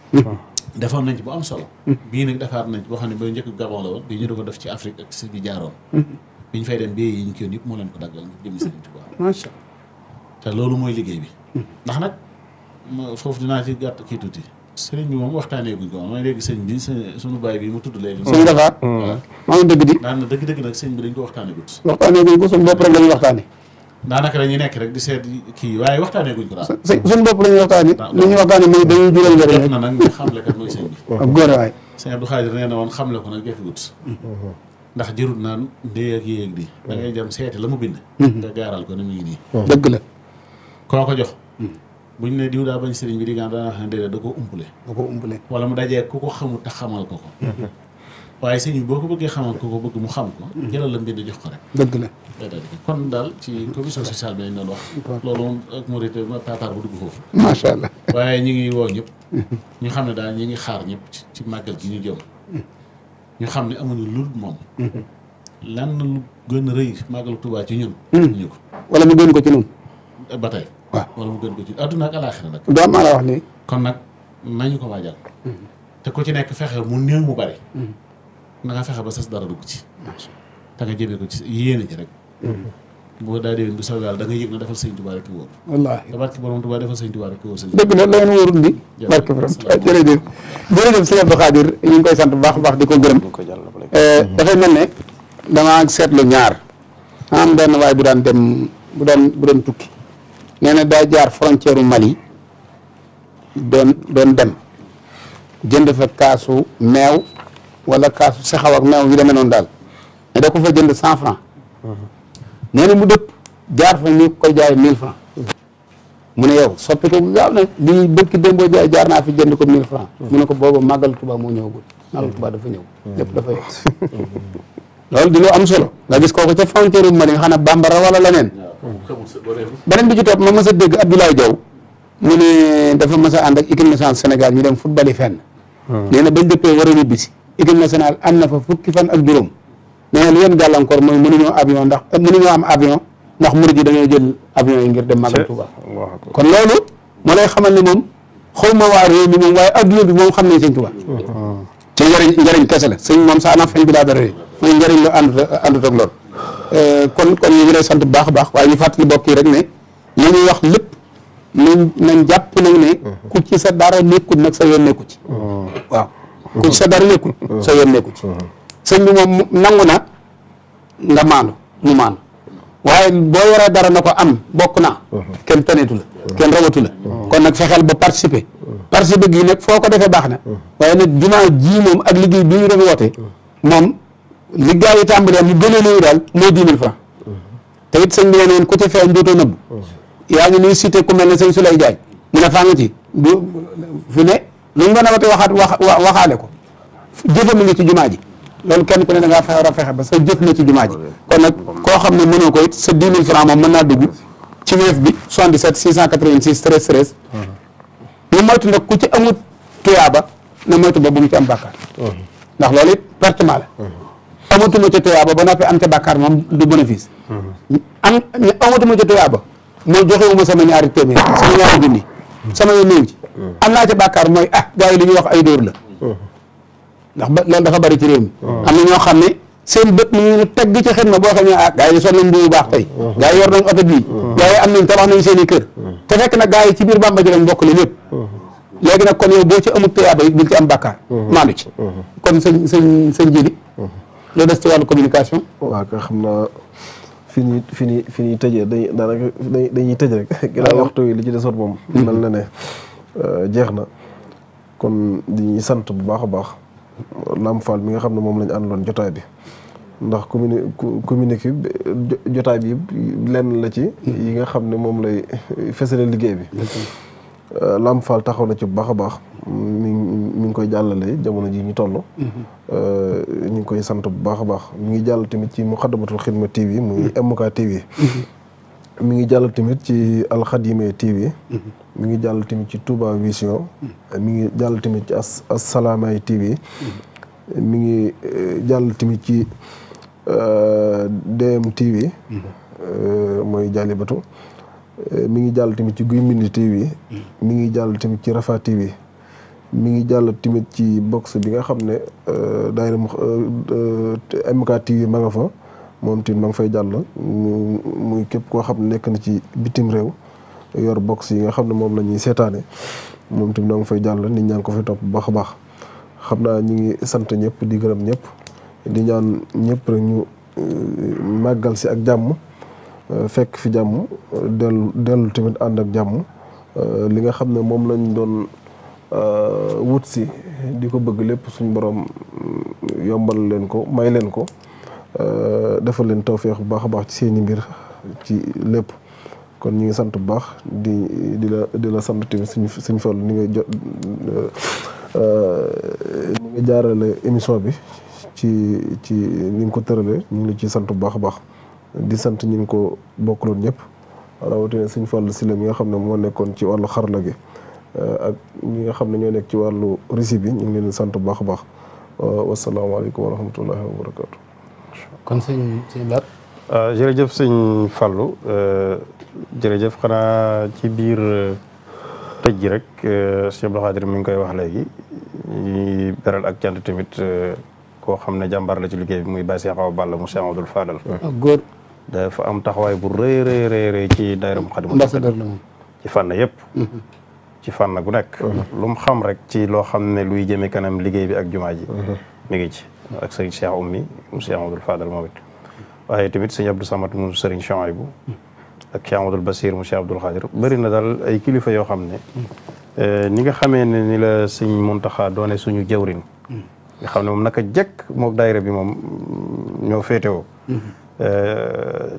defoon nañ ci bu am solo bii nag defaat nañ ci boo xam ne ba njëkk Gabon la woon ci Afrique ak si bi jaaroon bi ñu fay dem bi yi ñu kiyoon yëpp moo leen ko daggal ngir jëmi sëñ Tuubaa te loolu mooy liggéey bi ndax nag foofu dinaa ci gàtt kii tuuti sëriñ bi moom waxtaanee guñ ko mooy léegi sëñ bi suñu baay bi mu tudd léegi sëñ dafaar mm. maa ngi dëgg di daan na dëgg-dëgg sëñ bi dañ ko waxtaanee guñ waxtaanee guñ ko suñu bopp rek la ñuy waxtaane daanaka dañuy nekk rek di seet kii waaye waxtaanee guñ ko daal suñu la ñuy waxtaane li ñuy waxtaane mooy dañuy jural njëriñ rek na nag ñu xamle kat mooy sëñ bi ak góor waay sëñ Abdou Khadir nee na woon xamle ko nag mm-hmm. ndax jërut naan ndee ak yéeg di mm-hmm. da ngay jëm seeti la mu bind mm-hmm. nga gaaral ko ni mu nii dëgg la koo ko jox. Hmm. bu ñu nee diw daa bañ sëriñ bi di nga daanaka déedéet da koo umpule. da koo umpule wala mu dajee ku ko xamul te xamal ko ko. Hmm. waaye sëñ bi boo ko bëggee xamal ko ko bëgg mu xam ko. Hmm. jëlal la mbir di jox ko rek. dëgg la kon daal ci commission sociale bi lañ doon wax. loolu moom ak ma Paapaar bu dugg waaye ñu ngi woo ñu xam ne daal ñu ngi xaar ñëpp ci màggal gi ñu jëm. ñu xam ne amuñu lu moom. lan lu gën a rëy màggalu Tuubaa ci ñun. ñu ko wala mu gën ko ci ñun. ba tey. waaw wala mu gën ko ci adduna ak alaaxira nag. doo maa la wax nii. kon nag nañu ko waajal. Hmm. te ku ci nekk fexe mu néew mu bare hmm. nanga fexe ba sas dara dugg ci. te nga jëmee ko ci yéene ji rek. Hmm. boo daa déwén bu soobee yàlla da yëg na defal sëñ Tuubaa rek wóor. wallaahi te barke borom Tuubaa defal sëñ Tuubaa rek wóor. dëgg la loolu wóorul ni. barke borom jërëjëf jërëjëf sëñ Abdou Khadir ñu ngi koy sant bu baax baax di ko gërëm. Eh, dafay mel ne damaa seetlu ñaar am benn waay bu daan dem bu daan bu doon tukki nee na daa jaar frontière u Mali doon dem jënd fa kaasu meew walla kaasu saxaw ak meew yu demee noonu daal mais da ko fa jënd cent franc nee mu dëpp jaar fa koy jaay mille franc mu ne yow soppi ko gaaw na lii bëkki démboo jaay jaar naa fi jënd ko mille franc mu ne ko booba màggal Tuubaa moo ñëwagul màggal Tuubaa dafa ñëw lépp dafa yow loolu di am solo nga gis kooku ca frontière Mali nga xam ne bambara wala leneen beneen bi ci topp ma mës a dégg Abdoulaye Diaw mu ne dafa mës a ànd ak équipe nationale Sénégal ñu dem football yi fenn hmm. nee na bañ dëppee war a ñibbisi na nationale am na fa fukki fan ak juróom nee na lu leen gàllankoor mooy mënuñoo avion ndax eh, mënuñoo am avion ndax murid yi dañoo jël avion yi ngir dem Magal Touba kon loolu moo lay xamal ne moom xaw ma waa réew mi moom waaye bi moom xam nañ sëñ Touba ci hmm. njëriñ njëriñ kese la sëñ moom sa ana bi laa dara mooy njëriñ la àndut àndut ak lor euh, kon kon ñu ngi lay sant bu baax a baax waaye ñu fàttali bokk yi rek ne li ñuy wax lépp nañ nañ jàpp nañ ne ku ci sa dara nekkul nag sa yoon nekku ci mm-hmm. waaw mm-hmm. ku ci sa dara nekkul mm-hmm. sa yoon sëñ bi moom nangu na nga maandu mu maandu waaye boo yoree dara na ko am bokk naa kenn tanetu la kenn rawatu la kon nag fexeel ba participer participer gi nag foo ko defee baax na waaye nag jumaa ji moom ak liggéey bi ñu doon woote moom ni gaa yi tàmbalee ñu gën a néew daal mooy dix mille francs te it sëñ bi nee ku ci feeñ dootoo nëbb yaa ngi nuy cité ku mel ne sëñ Souley Diagne mu a faa nga ci du fu ne luñ mën a wate waxaat wax waxaale ko jëfe mu ngi ci jumaa ji loolu kenn ku ne da ngaa fexe war a fexe ba sa jëf na ci jumaa ji kon nag koo xam ne mënoo ko it sa dix mille francs moom mën naa dugg ci weef bi 77 686 13 13 ñu moytu nag ku ci amut tuyaaba na moytu bu mu ci am bàkkaar ndax loolu it pertement amatuma ca tuyaaba ba noppi am ca bàkkaar moom du bénéfice am amatuma ca tuyaaba mooy joxewuma sama ñaari téeméer sama ñaari junni sama yoon néew ci am naa ca bàkkaar mooy ah gars yi li ñuy wax ay dóor la ndax ba loolu dafa bari ci réew mi am na ñoo xam ne seen bët mu ngi tegg ci xel ma boo xam ne ah gars yi son nañ bu baax tey gars yor nañ oto bii gars yi am nañ tabax nañ seen i kër te fekk nag gars yi ci biir Bàmba ji lañ bokk la lépp léegi nag kon yow boo ci amul tuyaaba it bul ci am bàkkaar mm-hmm. maandu ci kon sëñ sëñ sëñ jili mm-hmm. loo des ci communication. waaw kay xam na fi ñuy fi ñuy fi ñuy tëjee dañuy daanaka dañuy tëj rek. ginnaaw waxtu yi li ci desoon moom. Mm-hmm. mel na ne euh, jeex na kon dañuy sant bu baax a baax Lamp Fall mi nga xam ne moom la ñu àndaloon jotaay bi. ndax communi communiqué jotaay bi lenn la ci. Mm-hmm. yi nga xam ne moom lay fësale liggéey bi. Mm-hmm. Euh, Lamp Fall taxaw na ci bu baax a baax. mi mi ngi koy jàllale jamono ji ñu toll. Mhm. Euh, ñu ngi koy sant bu baax a baax mi ngi jàll tamit ci Muxaddamatul Xidma TV muy MK mhm. TV. Mhm. mi ngi jàll tamit ci Alxadime TV. mi ngi jàll tamit ci Touba Vision. mi ngi jàll tamit ci as Assalaamy TV. mi ngi euh, jàll tamit ci euh, DM TV. mooy Jaalibatu mi ngi jàll tamit ci Guy Mbind TV. mi ngi jàll tamit ci Rafa TV. mi ngi jàll timit ci box bi nga xam ne euh, daayira MKTV euh, ma nga fa moom tamit ma nga fay jàll muy képp koo xam nekk na ci bitim réew yor box yi nga xam ne moom la ñuy seetaane moom tamit ma nga fay jàll nit ñaa ko fay topp bu a baax xam naa ñu ngi sant ñëpp di gërëm di ñaan ñëpp ñu euh, màggal si ak jàmm fekk fi jàmm dellu dellu tamit ànd ak jàmm li nga xam ne moom lañ doon Euh, wut si di ko bëgg lépp suñ borom mm, yombal leen ko may leen ko euh, defal leen tawféex bu baax a baax ci seeni mbir ci lépp kon ñu ngi sant bu baax di di la di la sant tamit suñu suñu fàllu ni nga jot euh, ni nga jaarale émission bi ci ci ni nga ko tëralee ñu ngi la ciy sant bu baax a baax di sant ñi ngi ko bokkaloon ñëpp rawatina suñu fàllu si la mi nga xam ne moo nekkoon ci wàllu xarala gi. Euh, ak ñi xam ne ñoo nekk ci wàllu régie bi ñu ngi sant bu baax a baax euh, wasalaamaaleykum wa rahmatullahi wa barakaatu. kon sëñ sëñ Lat. Euh, jërëjëf sëñ Fallou jërëjëf xanaa ci biir tëj gi rek sëñ Abdou Khadir mi ngi koy wax léegi ñuy beral ak cant tamit koo xam ne jàmbaar la ci liggéey bi muy Baye Cheikh Awa Balla mu Cheikh Abdoul Fadal. Ah, góor dafa am taxawaay bu rëy rëy ci daayiram Xadimu ci fànn yëpp. Mm-hmm. ci fànn gu nekk. Mhm. lu mu xam rek ci loo xam ne luy jëme kanam liggéey bi ak jumaa ji. Mhm. mi ngi ci ak sëriñ Cheikh Oumy mu Cheikh Amadou Fadal moom it waaye tamit sëñ Abdou Samad mu sëriñ Chouaïbou mhm. ak Cheikh Amadou Basir mu Cheikh Abdoul Khadir bëri na daal ay kilifa yoo xam ne. Eh, ni nga xamee ne ni la sëñ Muntaxa doone suñu jawrin nga xam ne moom naka jekk moom daayira bi moom ñoo féetewoo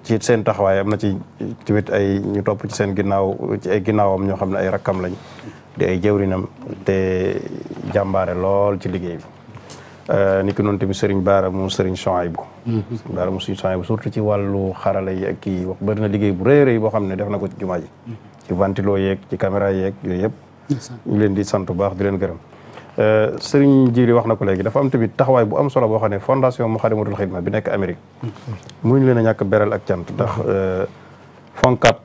ci seen taxawaay am na ci tamit ay ñu topp ci seen ginnaaw ci ay ginnaawam ñoo xam ne ay rakkam lañ di ay jëwrinam te jàmbaare lool ci liggéey bi euh, ni ki noonu tamit Serigne Baara mu Serigne Souhaïbou Serigne Baara mu Serigne Souhaïbou surtout ci wàllu xarala yi kii wax bëri na liggéey bu rëy yi boo xam ne def na ko ci jumaa ji mm-hmm. ci ventilo yeeg ci caméra yeeg yooyu yëpp ñu leen di sant bu baax di leen gërëm Euh, Serigne jiiri wax na ko léegi dafa am tamit taxawaay bu am solo boo xam ne fondation Moukhaddamatoul Khidma bi nekk Amérique mm-hmm. mënuñu leen a ñàkk beral ak cant ndax mm-hmm. euh, FONCAB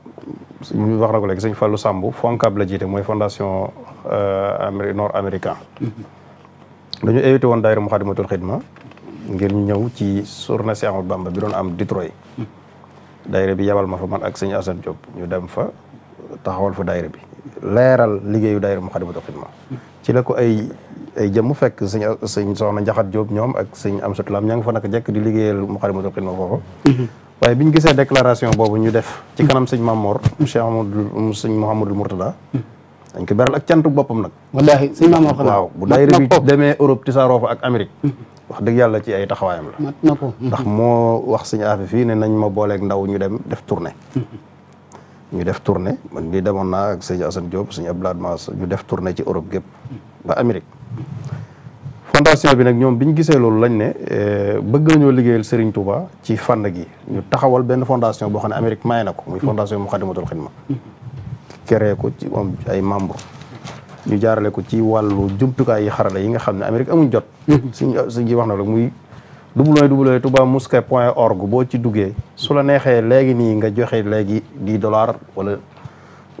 mu wax na ko léegi sëñ falu sàmbu FONCAB la jiite mooy fondation euh, nord américain mm-hmm. dañu invité woon daayira Moukhaddamatoul Khidma ngir ñëw ci na Cheikh Ahmadou Bamba bi doon am Detroit daayira bi yabal ma fa man ak sëñ Assane Diop ñu dem fa taxawal fa daayira bi leeral liggéeyu daayira Moukhaddamatoul Khidma ci ay jëmm fekk sëñ sëñ soxna Njaxat joob ñoom ak sëñ am sotulaam ña nga fa naka jekk di liggéeyal Muxaddamatul Xidma foofu mhm. waaye bi ñu gisee déclaration boobu ñu def ci kanam sëñ Mamor Cheikh Amadou sëñ Mouhamadul Mourtada mhm. dañ ko ak cantu boppam nag wallaahi sëñ Mamor xanaa waaw bu daayira bi demee Europe tisaaroo ak Amérique mhm. wax dëgg yàlla ci ay taxawaayam la ndax moo wax sëñ aafe fii ne nañ ma booleek ndaw ñu dem def tournée ñu def tournée ma di demoon naa ak sëñ Assane Diop sëñ Abdoulaye Mass ñu def tournée ci Europe gépp ba Amérique fondation bi nag ñoom bi ñu gisee loolu lañ ne eh, bëgg nañoo liggéeyal sëriñ Touba ci fand gi ñu taxawal benn fondation boo xam ne Amérique may na ko muy fondation Moukhaddamatoul Khidma créé ko ci moom ay membre ñu jaarale ko ci wàllu jumtukaay yi xarala yi nga xam ne Amérique amuñ jot suñ suñ wax na rek muy www touba mosquée point org boo ci duggee su la neexee léegi nii nga joxe léegi dix dollars wala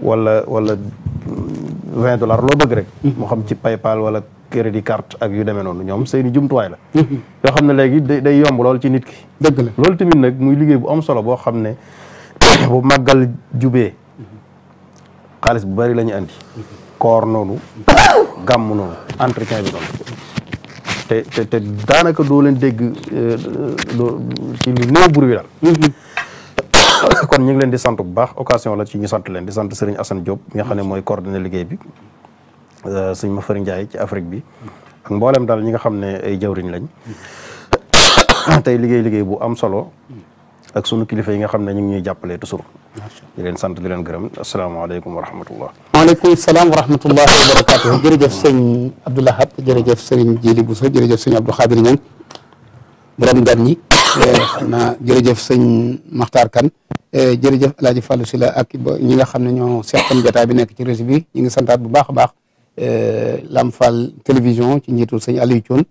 wala wala mm, vingt dollars loo bëgg rek hmm. moo xam ci paypal wala crédit carte ak yu demee noonu ñoom seeni jumtuwaay la yoo xam ne léegi day yomb lool ci nit ki dëgg la loolu tamit nag muy liggéey bu am solo boo xam ne bu màggal jubee xaalis bu bari lañu ñu andi koor noonu gàmm noonu entretien bi noonu te te daanaka doo leen dégg euh, ci lu néew bur wi daal kon ñu leen di sant bu baax occasion la ci ñu sant leen di sant Serigne Assane Diop mi xam ne mooy coordonné liggéey bi Euh, sëñ Mafari Ndiaye ci Afrique bi ak mboolem daal ñi nga xam ne ay jawriñ lañ tey liggéey liggéey bu am solo ak sunu kilifa yi nga xam ne ñu ngi ñuy jàppale toujours di leen sant di gërëm asalaamaaleykum wa rahmatullah waaleykum salaam wa rahmatullahi wa barakatuh jërëjëf sëñ Abdoulahab jërëjëf sëriñ Jili Bousso jërëjëf sëñ Abdou Khadir Niang ñi eh, xam sëñ Makhtar Kane eh, jërëjëf El Hadj Fallou Sylla ak ñi nga xam ne ñoo seqam jotaay bi nekk ci réseau bi ñu ngi santaat bu baax a baax Euh, Lamfal télévision ci njiitu sëñ Aliou Thioune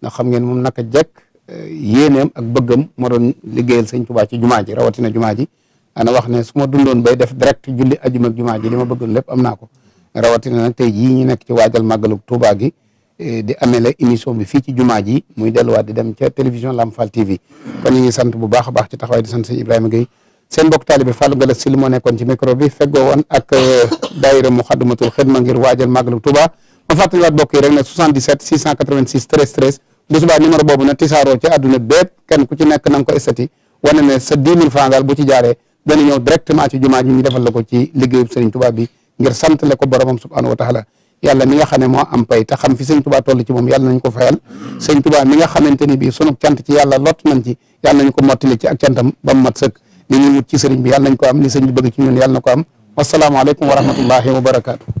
ndax xam ngeen moom naka jekk euh, yéeneem ak bëggam moo doon liggéeyal sëñ Tuubaa ci jumaa ji rawatina jumaa ji ana wax ne su ma dundoon bay def direct julli ajuma ak jumaa ji li ma bëggoon lépp am naa ko rawatina nag tey jii ñu nekk ci waajal màggalu Tuubaa gi euh, di amele émission bi fii ci jumaa ji muy delluwaat di dem ca télévision Lamfal TV kon ñu ngi sant bu baax a baax ci taxawaay di sant sëñ Ibrahima Gueye seen mbokk taalibe Fallou Galass Syll moo nekkoon ci micro bi feggoo woon ak euh, daayira Muxaddamatul Xidma ngir waajal Màggalu Tuuba ma fàttaliwaat mbokk yi rek ne 77 686 13 13 bu subaa numéro boobu na tisaaroo ci àdduna bépp kenn ku ci nekk na ko estati wane ne sa 10 000 daal bu ci jaaree dana ñëw directement ci jumaa ji ñu defal la ko ci liggéeyub Sëriñ Tuuba bi ngir santale ko boromam subhaanahu wa taala yàlla mi nga xam ne am pay te xam fi sëñ nga xamante ni bii sunu cant ci yàlla lott nañ ci yàlla li ñuy wut ci sëriñ bi yàlla nañ ko am li sëriñ bi bëgg ci ñun yàlla na ko am wasalaamaaleykum wa rahmatullahi wa barakaatu.